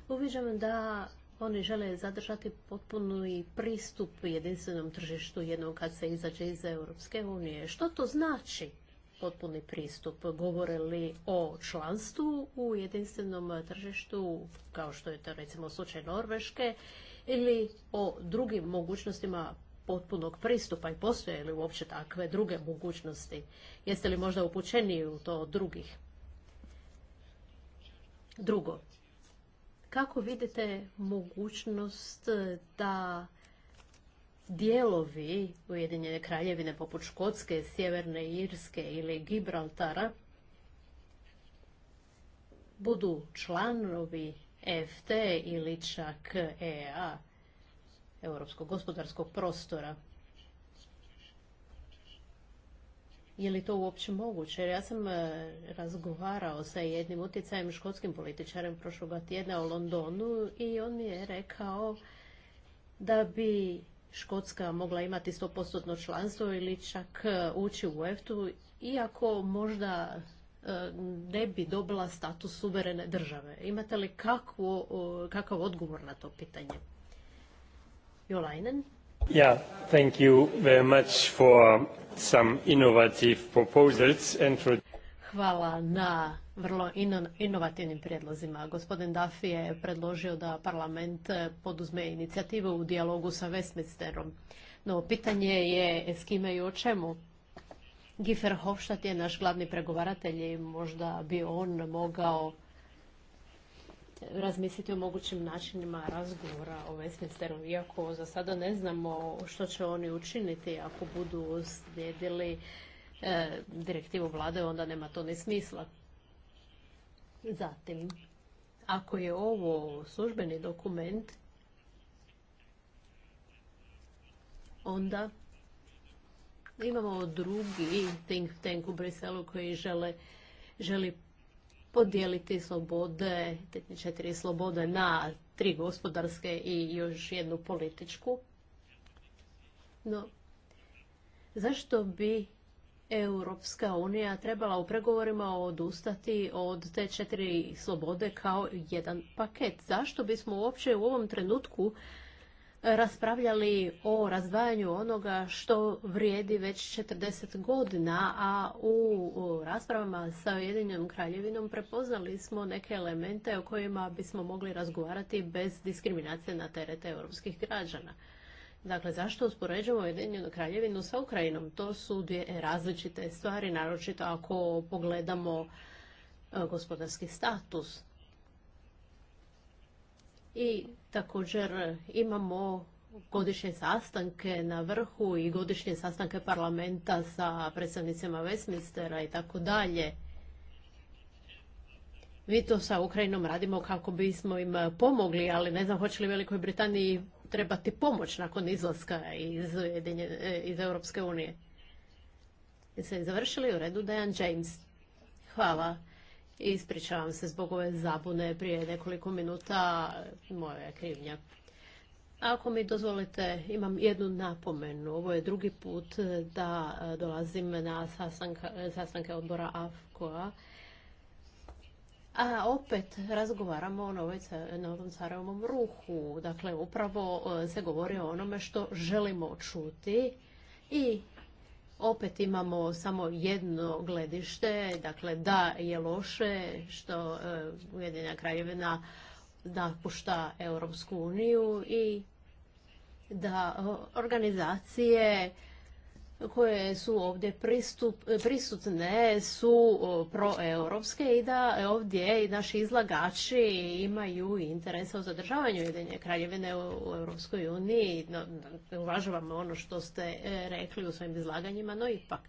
uviđam da oni žele zadržati potpuno i pristup jedinstvenom tržištu jednom kad se izađe iz Europske unije. Što to znači? potpuni pristup. Govore li o članstvu u jedinstvenom tržištu, kao što je to recimo slučaj Norveške, ili o drugim mogućnostima potpunog pristupa i postoje li uopće takve druge mogućnosti? Jeste li možda upućeni u to od drugih? Drugo, kako vidite mogućnost da dijelovi Ujedinjene kraljevine poput Škotske, Sjeverne Irske ili Gibraltara budu članovi EFT ili čak EA, Europskog gospodarskog prostora. Je li to uopće moguće? Jer ja sam e, razgovarao sa jednim utjecajem škotskim političarem prošloga tjedna u Londonu i on mi je rekao da bi Škotska mogla imati 100% članstvo ili čak e, ući u EFTU, iako možda e, ne bi dobila status suverene države. Imate li kakvo, kakav odgovor na to pitanje? Jolajnen? ja thank you very much for some innovative proposals and for... Hvala na vrlo inovativnim prijedlozima. Gospodin Duffy je predložio da parlament poduzme inicijativu u dijalogu sa Westminsterom. No, pitanje je s kime i o čemu. Gifer Hofstadt je naš glavni pregovaratelj i možda bi on mogao razmisliti o mogućim načinima razgovora o Westminsteru, iako za sada ne znamo što će oni učiniti ako budu slijedili eh, direktivu vlade, onda nema to ni smisla. Zatim, ako je ovo službeni dokument, onda imamo drugi think tank u Briselu koji želi podijeliti slobode, četiri slobode na tri gospodarske i još jednu političku. No, zašto bi Europska unija trebala u pregovorima odustati od te četiri slobode kao jedan paket. Zašto bismo uopće u ovom trenutku raspravljali o razdvajanju onoga što vrijedi već 40 godina, a u raspravama sa Ujedinjenom kraljevinom prepoznali smo neke elemente o kojima bismo mogli razgovarati bez diskriminacije na terete europskih građana. Dakle, zašto uspoređujemo Ujedinjenu kraljevinu sa Ukrajinom? To su dvije različite stvari, naročito ako pogledamo e, gospodarski status. I također imamo godišnje sastanke na vrhu i godišnje sastanke parlamenta sa predstavnicima Westminstera i tako dalje. Mi to sa Ukrajinom radimo kako bismo im pomogli, ali ne znam hoće li Velikoj Britaniji trebati pomoć nakon izlaska iz, EU. E, iz Europske unije. Se završili u redu Dejan James. Hvala. Ispričavam se zbog ove zabune prije nekoliko minuta. Moja krivnja. Ako mi dozvolite, imam jednu napomenu. Ovo je drugi put da e, dolazim na sastanke odbora AFKOA. A opet razgovaramo o novom carevom ruhu. Dakle, upravo e, se govori o onome što želimo čuti i opet imamo samo jedno gledište, dakle da je loše što e, Ujedinjena kraljevina napušta Europsku uniju i da organizacije koje su ovdje prisutne su proeuropske i da ovdje i naši izlagači imaju interesa o zadržavanju Ujedinjene kraljevine u Europskoj uniji. Dakle, uvažavamo ono što ste e, rekli u svojim izlaganjima, no ipak.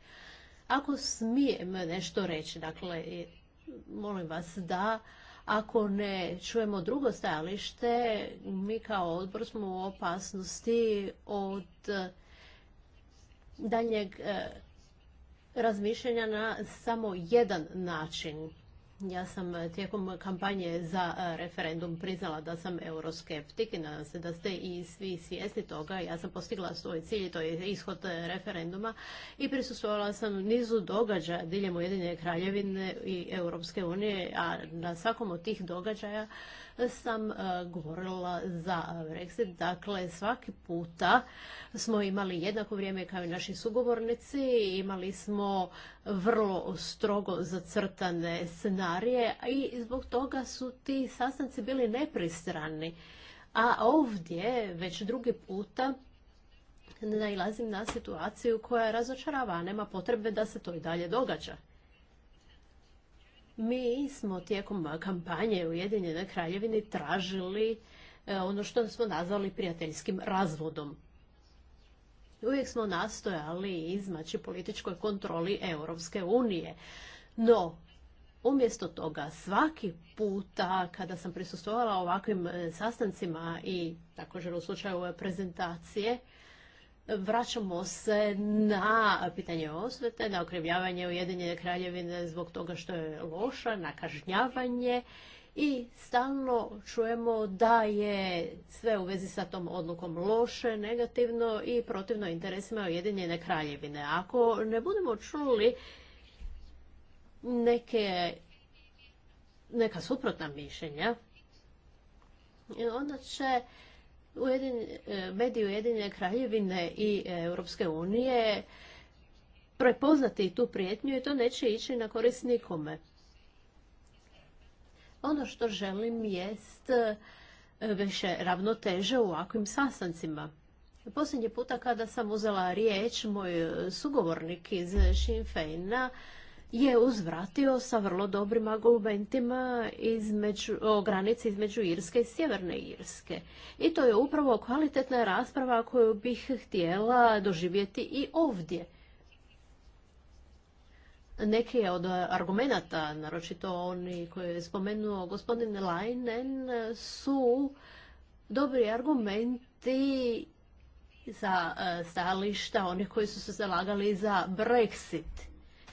Ako smijem nešto reći, dakle, molim vas da ako ne čujemo drugo stajalište, mi kao odbor smo u opasnosti od daljnjeg e, razmišljanja na samo jedan način. Ja sam e, tijekom kampanje za e, referendum priznala da sam euroskeptik i nadam se da ste i svi svjesni toga. Ja sam postigla svoj cilj, to je ishod referenduma i prisustvovala sam nizu događaja diljem Ujedinjene kraljevine i Europske unije, a na svakom od tih događaja sam e, govorila za Brexit. Dakle, svaki puta smo imali jednako vrijeme kao i naši sugovornici. Imali smo vrlo strogo zacrtane scenarije i zbog toga su ti sastanci bili nepristrani. A ovdje već drugi puta nailazim na situaciju koja razočarava, nema potrebe da se to i dalje događa. Mi smo tijekom kampanje Ujedinjene kraljevine tražili e, ono što smo nazvali prijateljskim razvodom. Uvijek smo nastojali izmaći političkoj kontroli Europske unije. No, umjesto toga, svaki puta kada sam prisustovala ovakvim e, sastancima i također u slučaju ove prezentacije, vraćamo se na pitanje osvete, na okrivljavanje Ujedinjene kraljevine zbog toga što je loša, na kažnjavanje i stalno čujemo da je sve u vezi sa tom odlukom loše, negativno i protivno interesima Ujedinjene kraljevine. Ako ne budemo čuli neke, neka suprotna mišljenja, onda će mediju e, mediji Ujedinjene kraljevine i e, Europske unije prepoznati tu prijetnju i to neće ići na korist nikome. Ono što želim jest e, više ravnoteže u ovakvim sastancima. Posljednji puta kada sam uzela riječ, moj sugovornik iz Sinn je uzvratio sa vrlo dobrim argumentima o granici između Irske i Sjeverne Irske. I to je upravo kvalitetna rasprava koju bih htjela doživjeti i ovdje. Neki od argumenata, naročito oni koje je spomenuo gospodin Leinen, su dobri argumenti za e, stajališta onih koji su se zalagali za Brexit.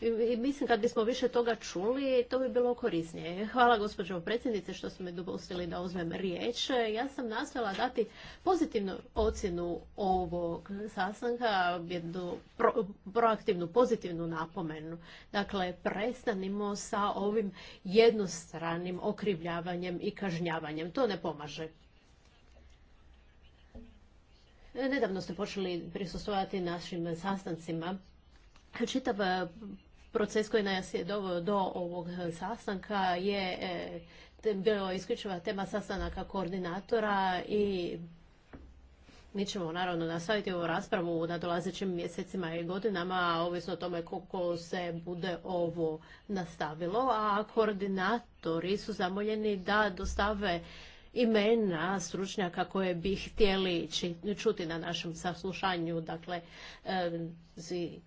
I mislim kad bismo više toga čuli, to bi bilo korisnije. Hvala gospođo predsjednice što ste me dopustili da uzmem riječ. Ja sam nastojala dati pozitivnu ocjenu ovog sastanka, jednu proaktivnu, pozitivnu napomenu. Dakle, prestanimo sa ovim jednostranim okrivljavanjem i kažnjavanjem. To ne pomaže. Nedavno ste počeli prisustovati našim sastancima. Čitav proces koji nas je doveo do ovog e, sastanka je e, bilo isključiva tema sastanaka koordinatora i mi ćemo naravno nastaviti ovu raspravu u nadolazećim mjesecima i godinama, ovisno o tome koliko se bude ovo nastavilo, a koordinatori su zamoljeni da dostave imena stručnjaka koje bi htjeli čuti na našem saslušanju. Dakle,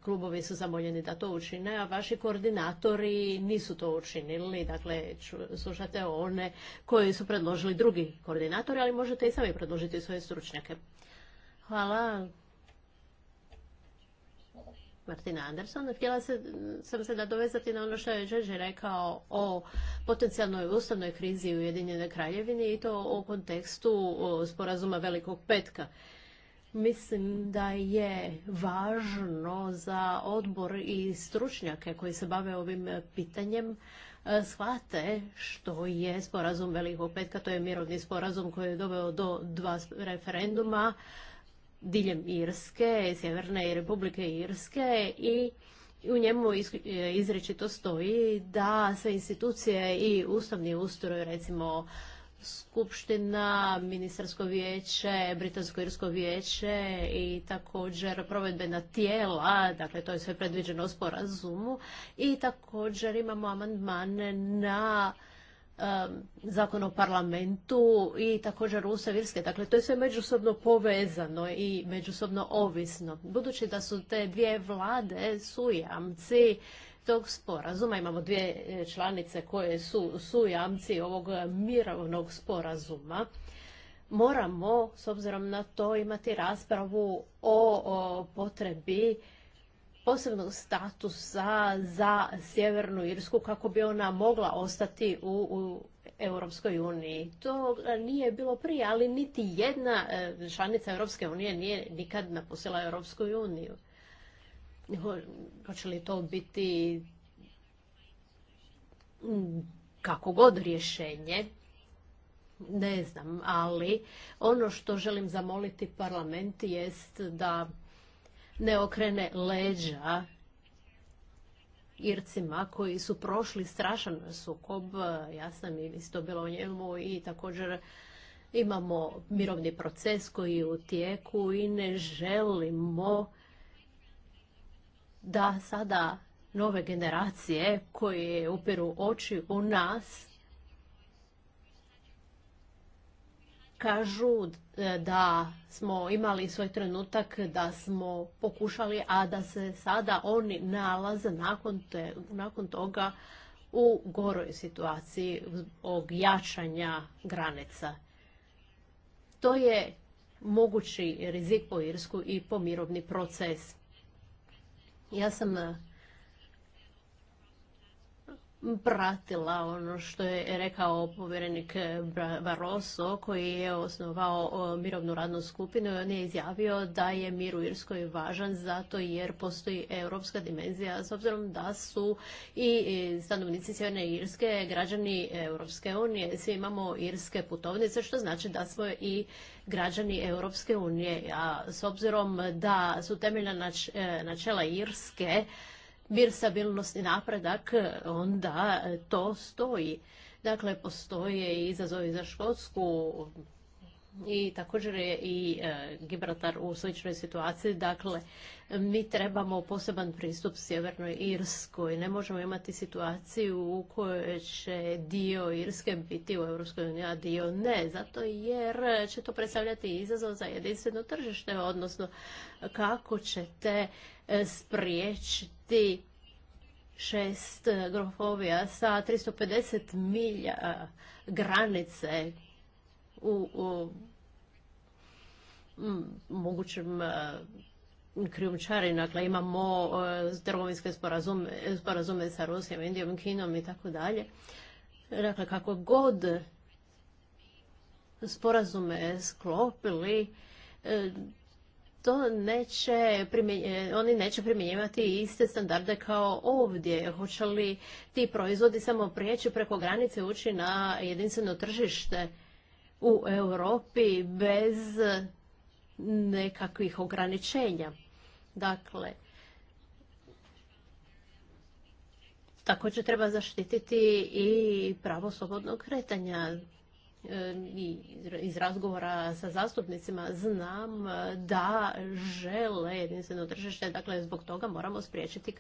klubovi su zamoljeni da to učine, a vaši koordinatori nisu to učinili. Dakle, slušate one koji su predložili drugi koordinatori, ali možete i sami predložiti svoje stručnjake. Hvala. Martina Anderson. Htjela se, sam se nadovezati na ono što je Žeži rekao o potencijalnoj ustavnoj krizi u Ujedinjenoj kraljevini i to u kontekstu sporazuma Velikog petka. Mislim da je važno za odbor i stručnjake koji se bave ovim pitanjem e, shvate što je sporazum Velikog petka, to je mirovni sporazum koji je doveo do dva referenduma, diljem Irske, Sjeverne Republike Irske i u njemu e, izrečito stoji da sve institucije i ustavni ustroj, recimo Skupština, Ministarsko vijeće, Britansko-Irsko vijeće i također provedbena tijela, dakle to je sve predviđeno u sporazumu i također imamo amandman na Um, zakon o parlamentu i također Ustav Irske. Dakle, to je sve međusobno povezano i međusobno ovisno. Budući da su te dvije vlade sujamci tog sporazuma, imamo dvije e, članice koje su sujamci ovog mirovnog sporazuma, moramo, s obzirom na to, imati raspravu o potrebi posebnog statusa za Sjevernu Irsku kako bi ona mogla ostati u, u Europskoj uniji. To nije bilo prije, ali niti jedna e, članica Europske unije nije nikad napustila Europsku uniju. Hoće li to biti kako god rješenje, ne znam, ali ono što želim zamoliti parlament jest da ne okrene leđa Ircima koji su prošli strašan sukob, ja sam isto bila u njemu i također imamo mirovni proces koji je u tijeku i ne želimo da sada nove generacije koje upiru oči u nas kažu e, da smo imali svoj trenutak, da smo pokušali, a da se sada oni nalaze nakon, toga u goroj situaciji zbog jačanja granica. To je mogući rizik po Irsku i po mirovni proces. Ja sam pratila ono što je rekao povjerenik Barroso koji je osnovao mirovnu radnu skupinu i on je izjavio da je mir u Irskoj važan zato jer postoji europska dimenzija s obzirom da su i stanovnici Sjeverne Irske građani Europske unije. Svi imamo irske putovnice što znači da smo i građani Europske unije. A s obzirom da su temeljna e, načela Irske mir, stabilnost i napredak, e, onda e, to stoji. Dakle, postoje i izazovi za Škotsku i također je i e, Gibraltar u sličnoj situaciji. Dakle, mi trebamo poseban pristup Sjevernoj Irskoj. Ne možemo imati situaciju u kojoj će dio Irske biti u EU, a dio ne. Zato jer će to predstavljati izazov za jedinstveno tržište, odnosno kako ćete spriječiti šest grofovija sa 350 milja granice u, u mogućem e, krijumčari, dakle imamo e, trgovinske sporazume, sporazume sa Rusijom, Indijom, Kinom i tako dalje. Dakle, kako god sporazume sklopili, e, to neće eh, oni neće primjenjivati iste standarde kao ovdje. Hoće li ti proizvodi samo prijeći preko granice ući na jedinstveno tržište u Europi bez nekakvih ograničenja? Dakle, također treba zaštititi i pravo slobodnog kretanja. E, i iz razgovora sa zastupnicima znam da žele jedinstveno tržište, dakle zbog toga moramo spriječiti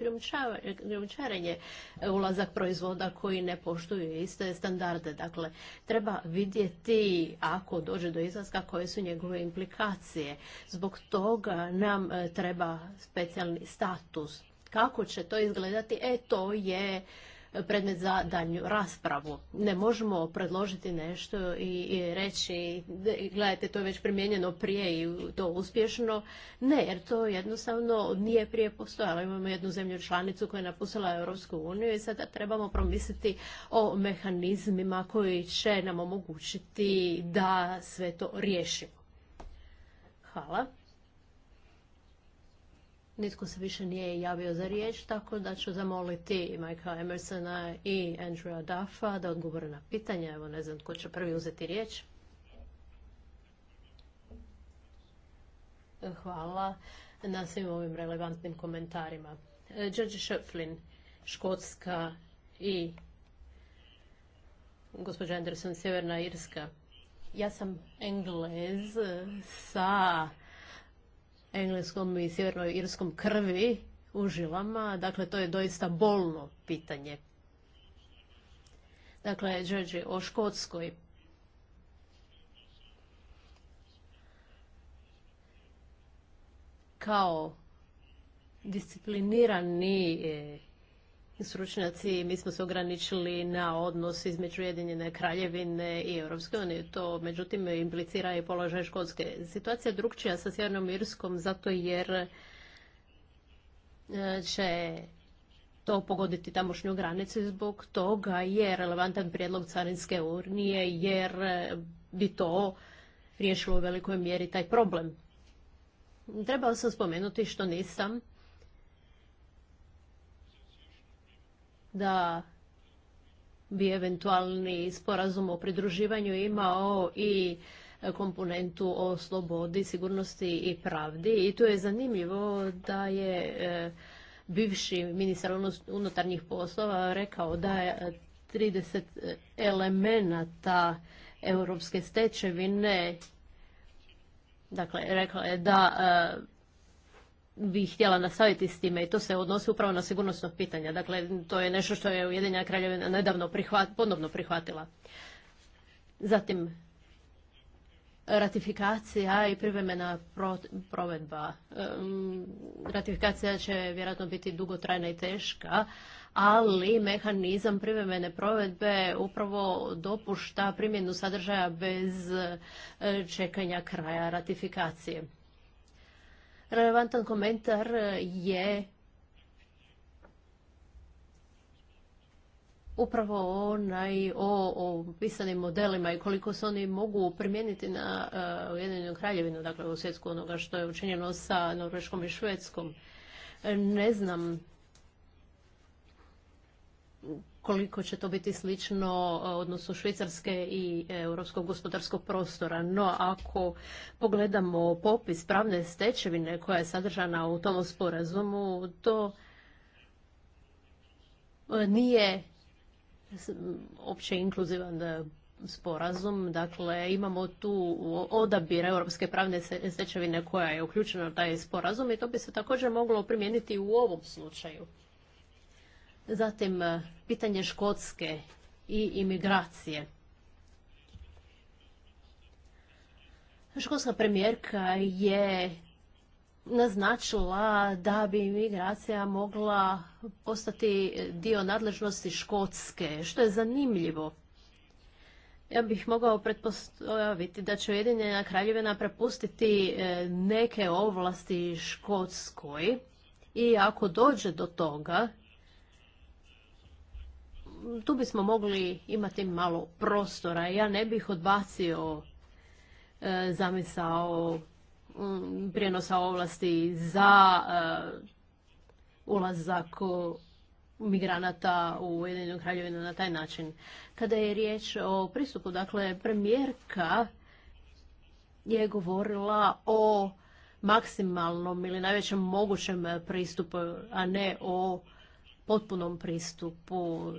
krijumčarenje e, ulazak proizvoda koji ne poštuju iste standarde. Dakle, treba vidjeti ako dođe do izlaska koje su njegove implikacije. Zbog toga nam e, treba specijalni status. Kako će to izgledati? E, to je predmet za daljnju raspravu. Ne možemo predložiti nešto i, i reći gledajte to je već primijenjeno prije i to uspješno. Ne, jer to jednostavno nije prije postojalo. Imamo jednu zemlju članicu koja je napustila Europsku uniju i sada trebamo promisliti o mehanizmima koji će nam omogućiti da sve to riješimo. Hvala. Nitko se više nije javio za riječ, tako da ću zamoliti Majka Emersona i Andrewa Duffa da odgovore na pitanja. Evo ne znam tko će prvi uzeti riječ. Hvala na svim ovim relevantnim komentarima. George Schöpflin, Škotska i gospođa Anderson, Sjeverna Irska. Ja sam Englez sa engleskom i sjevernoj irskom krvi u žilama. Dakle, to je doista bolno pitanje. Dakle, o Škotskoj. Kao disciplinirani eh, stručnjaci, mi smo se ograničili na odnos između Jedinjene kraljevine i Europske unije. To međutim implicira i položaj školske. Situacija je drugčija sa Sjevernom Irskom zato jer e, će to pogoditi tamošnju granicu zbog toga je relevantan prijedlog Carinske unije jer bi to riješilo u velikoj mjeri taj problem. Trebao sam spomenuti što nisam, da bi eventualni sporazum o pridruživanju imao i komponentu o slobodi, sigurnosti i pravdi. I tu je zanimljivo da je e, bivši ministar unutarnjih poslova rekao da je 30 elemenata europske stečevine Dakle, rekla je da e, bi htjela nastaviti s time i to se odnosi upravo na sigurnosno pitanja. Dakle, to je nešto što je Ujedinjena kraljevina nedavno prihvat, ponovno prihvatila. Zatim, ratifikacija i privremena provedba. Ratifikacija će vjerojatno biti dugotrajna i teška, ali mehanizam privremene provedbe upravo dopušta primjenu sadržaja bez e, čekanja kraja ratifikacije relevantan komentar e, je upravo onaj o, pisanim modelima i koliko se oni mogu primijeniti na e, Ujedinjenu kraljevinu, dakle u svjetsku onoga što je učinjeno sa Norveškom i Švedskom. E, ne znam koliko će to biti slično e, odnosu Švicarske i europskog gospodarskog prostora. No, ako pogledamo popis pravne stečevine koja je sadržana u tom sporazumu, to e, nije opće inkluzivan e, sporazum. Dakle, imamo tu odabir europske pravne stečevine koja je uključena u taj sporazum i to bi se također moglo primijeniti u ovom slučaju. Zatim, e, pitanje Škotske i imigracije. Škotska premijerka je naznačila da bi imigracija mogla postati dio nadležnosti Škotske, što je zanimljivo. Ja bih mogao pretpostaviti da će Ujedinjena kraljevina prepustiti e, neke ovlasti Škotskoj i ako dođe do toga, tu bismo mogli imati malo prostora. Ja ne bih odbacio e, zamisao mm, prijenosa ovlasti za e, ulazak migranata u Ujedinjenu kraljevinu na taj način. Kada je riječ o pristupu, dakle, premijerka je govorila o maksimalnom ili najvećem mogućem pristupu, a ne o potpunom pristupu,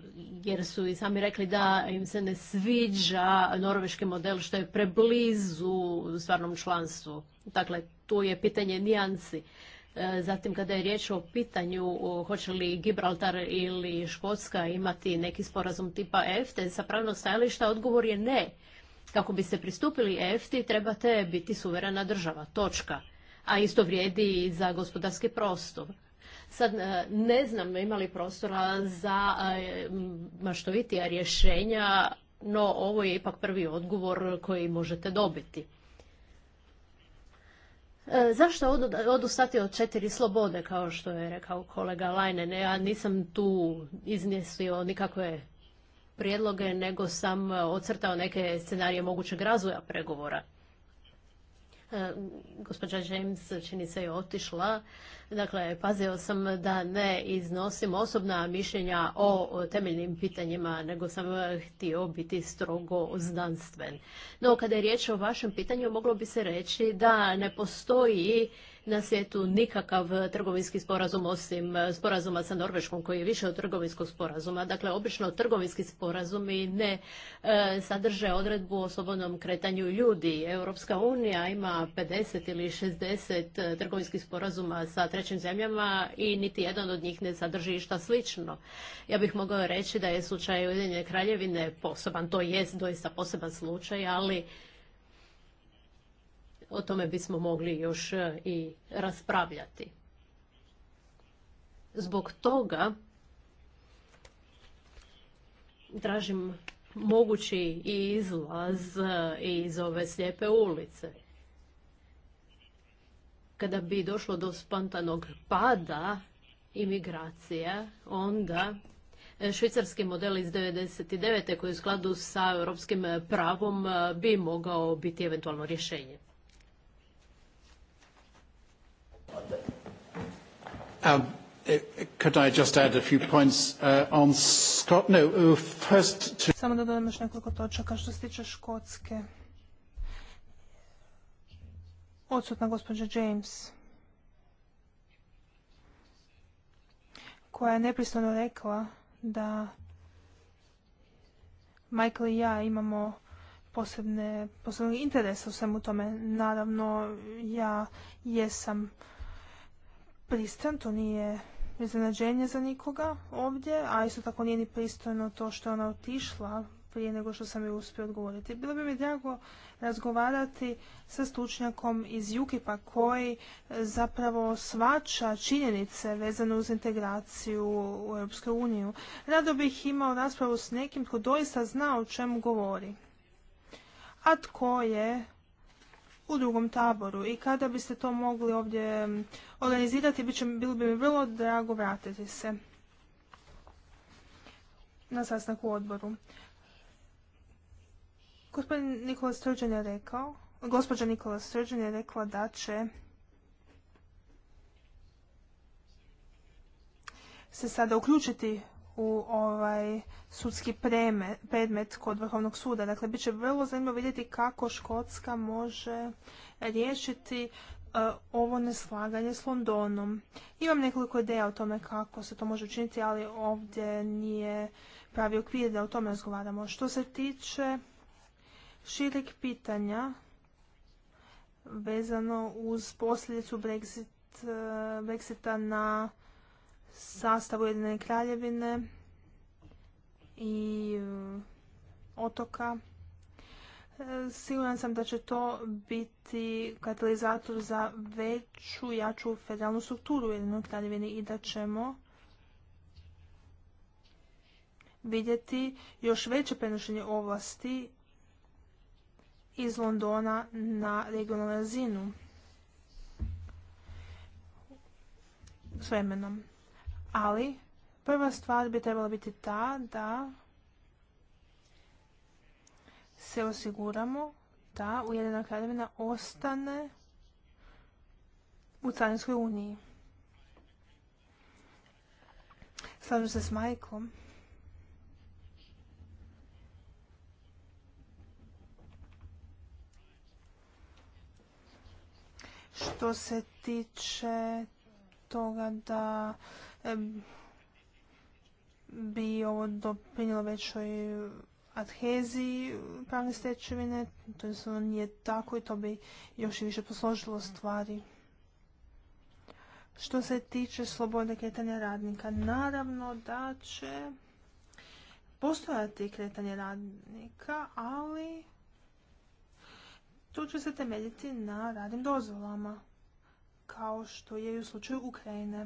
jer su i sami rekli da im se ne sviđa norveški model što je preblizu stvarnom članstvu. Dakle, tu je pitanje nijansi. E, zatim kada je riječ o pitanju hoće li Gibraltar ili Škotska imati neki sporazum tipa EFTE, sa pravnog stajališta odgovor je ne. Kako biste pristupili EFTE, trebate biti suverena država, točka. A isto vrijedi i za gospodarski prostor. Sad e, ne znam ima li prostora za e, maštovitija rješenja, no ovo je ipak prvi odgovor koji možete dobiti. E, zašto odustati od četiri slobode, kao što je rekao kolega Lajnen? Ja nisam tu iznesio nikakve prijedloge, nego sam ocrtao neke scenarije mogućeg razvoja pregovora. gospođa James čini se je otišla. Dakle, pazio sam da ne iznosim osobna mišljenja o temeljnim pitanjima, nego sam eh, htio biti strogo znanstven. No, kada je riječ o vašem pitanju, moglo bi se reći da ne postoji na svijetu nikakav e, trgovinski sporazum osim e, sporazuma sa Norveškom koji je više od trgovinskog sporazuma. Dakle, obično trgovinski sporazumi ne e, sadrže odredbu o slobodnom kretanju ljudi. Europska unija ima 50 ili 60 trgovinskih sporazuma sa trećim zemljama i niti jedan od njih ne sadrži išta slično. Ja bih mogao reći da je slučaj Ujedinjene kraljevine poseban, to jest doista poseban slučaj, ali o tome bismo mogli još e, i raspravljati. Zbog toga tražim mogući i izlaz e, iz ove slijepe ulice. Kada bi došlo do spontanog pada imigracija, onda e, švicarski model iz 1999. koji je u skladu sa europskim pravom bi mogao biti eventualno rješenje. Um, eh, could I just add a few points uh, on no, uh, first Samo da dodam još nekoliko točaka što se tiče Škotske. Odsutna gospođa James. koja je nepristojno rekla da Michael i ja imamo posebne, posebne interese u tome. Naravno, ja jesam pristan, to nije iznenađenje za nikoga ovdje, a isto tako nije ni pristojno to što je ona otišla prije nego što sam ju uspio odgovoriti. Bilo bi mi drago razgovarati sa stručnjakom iz ukip koji e, zapravo svača činjenice vezane uz integraciju u Europsku uniju. Rado bih imao raspravu s nekim tko doista zna o čemu govori. A tko je u drugom taboru i kada biste to mogli ovdje mm, organizirati, bilo bi mi vrlo drago vratiti se na sastanak u odboru. Gospodin Nikola Strđan je rekao, gospođa Nikola Strđan je rekla da će se sada uključiti u ovaj sudski preme, predmet kod Vrhovnog suda. Dakle, bit će vrlo zanimljivo vidjeti kako Škotska može riješiti e, ovo neslaganje s Londonom. Imam nekoliko ideja o tome kako se to može učiniti, ali ovdje nije pravi okvir da o tome razgovaramo. Što se tiče šireg pitanja vezano uz posljedicu Brexit, e, Brexita na sastav Ujedinjene kraljevine i e, otoka. E, siguran sam da će to biti katalizator za veću, jaču federalnu strukturu Ujedinoj kraljevini i da ćemo vidjeti još veće prenošenje ovlasti iz Londona na regionalnu razinu s vremenom. Ali prva stvar bi trebala biti ta da se osiguramo da Ujedina kraljevina ostane u Carinskoj uniji. Slažem se s Majkom. Što se tiče toga da bi ovo doprinjelo većoj adheziji pravne stečevine, to je nije tako i to bi još i više posložilo stvari. Što se tiče slobode kretanja radnika, naravno da će postojati kretanje radnika, ali tu će se temeljiti na radnim dozvolama kao što je i u slučaju Ukrajine.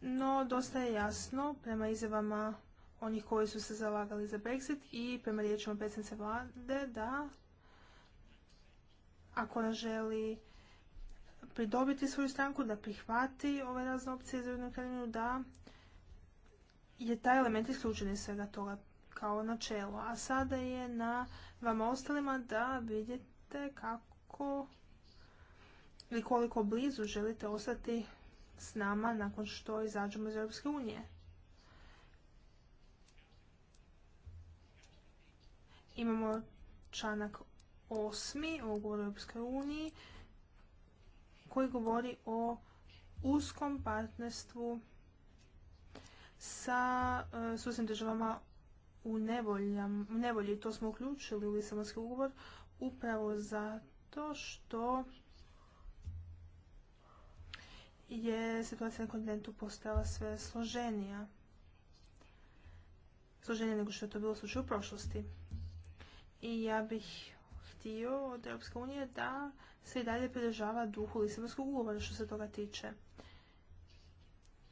No, dosta je jasno prema izjavama onih koji su se zalagali za Brexit i prema riječima predsjednice vlade da ako ona želi pridobiti svoju stranku, da prihvati ove razne opcije za jednu da je taj element isključen iz svega toga kao načelo. A sada je na vama ostalima da vidite kako ili koliko blizu želite ostati s nama nakon što izađemo iz Europske unije. Imamo članak osmi u ugovoru Europskoj uniji koji govori o uskom partnerstvu sa e, susjednim državama u, nevolji. To smo uključili u Lisabonski ugovor upravo zato što je situacija na kontinentu postala sve složenija. Složenija nego što je to bilo slučaj u prošlosti. I ja bih htio od Europske unije da se i dalje pridržava duhu Lisabonskog ugovora što se toga tiče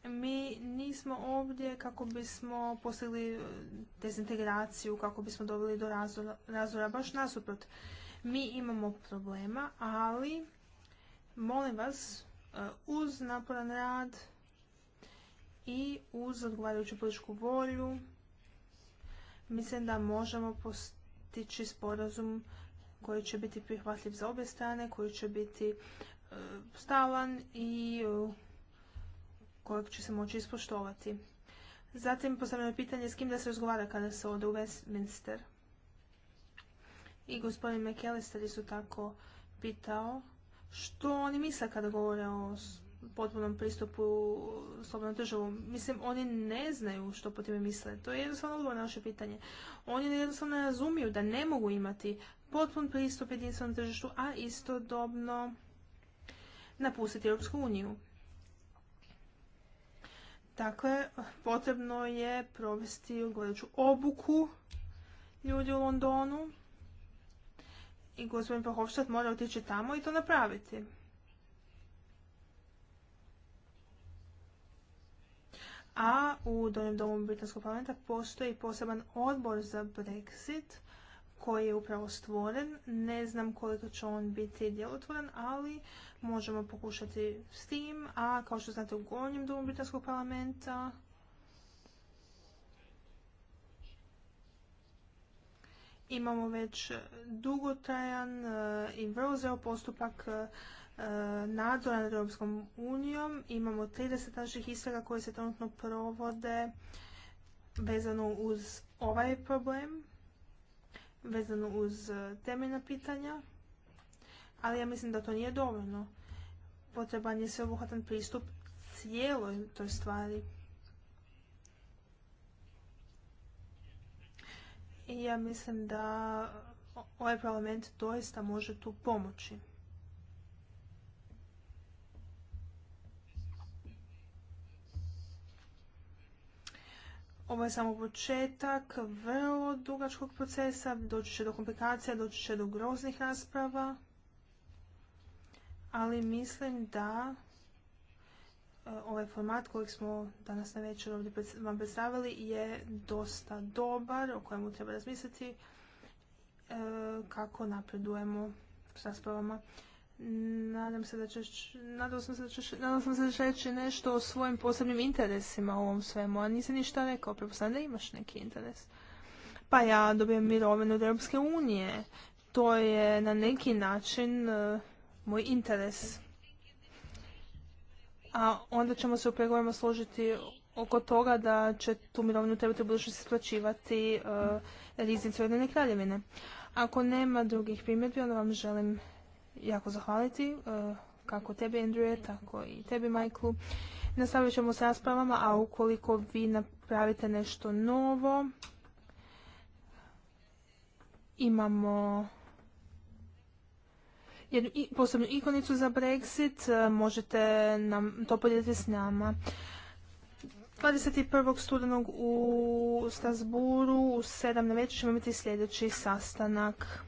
mi nismo ovdje kako bismo postigli eh, dezintegraciju, kako bismo dobili do razvora baš nasuprot. Mi imamo problema, ali molim vas eh, uz naporan rad i uz odgovarajuću političku volju mislim da možemo postići sporazum koji će biti prihvatljiv za obje strane, koji će biti eh, stalan i kojeg će se moći ispoštovati. Zatim postavljeno pitanje s kim da se razgovara kada se ode u Westminster. I gospodin McAllister isto tako pitao što oni misle kada govore o potpunom pristupu slobodnom državu. Mislim, oni ne znaju što po time misle. To je jednostavno odgovor naše pitanje. Oni jednostavno ne razumiju da ne mogu imati potpun pristup jedinstvenom tržištu, a istodobno napustiti Europsku uniju. Dakle, potrebno je provesti odgovarajuću obuku ljudi u Londonu i gospodin Pahovštad mora otići tamo i to napraviti. A u Donjem domu Britanskog parlamenta postoji poseban odbor za Brexit koji je upravo stvoren. Ne znam koliko će on biti djelotvoran, ali možemo pokušati s tim. A kao što znate u gornjem domu Britanskog parlamenta imamo već dugotrajan e, i vrlo postupak e, nadzora nad Europskom unijom. Imamo 30 naših istraga koje se trenutno provode vezano uz ovaj problem vezano uz e, temeljna pitanja, ali ja mislim da to nije dovoljno. Potreban je sveobuhvatan pristup cijeloj toj stvari. I ja mislim da ovaj parlament doista može tu pomoći. Ovo je samo početak vrlo dugačkog procesa, doći će do komplikacija, doći će do groznih rasprava, ali mislim da e, ovaj format kojeg smo danas na večer ovdje vam predstavili je dosta dobar, o kojemu treba razmisliti e, kako napredujemo s raspravama. Nadam se da ćeš, nadam sam se da ćeš, nadam se da reći nešto o svojim posebnim interesima u ovom svemu, a nisam ništa rekao, pretpostavljam da imaš neki interes. Pa ja dobijem mirovinu od Europske unije. To je na neki način e, moj interes. A onda ćemo se u pregovorima složiti oko toga da će tu mirovinu trebati u budućnosti isplaćivati uh, e, riznicu Ujedinjene kraljevine. Ako nema drugih primjedbi, onda vam želim jako zahvaliti e, kako tebi Andrew, tako i tebi Michaelu. Nastavit ćemo s raspravama, a ukoliko vi napravite nešto novo, imamo jednu posebnu ikonicu za Brexit, e, možete nam to podijeliti s nama. 21. studenog u Strasburu u 7. na večer ćemo imati sljedeći sastanak.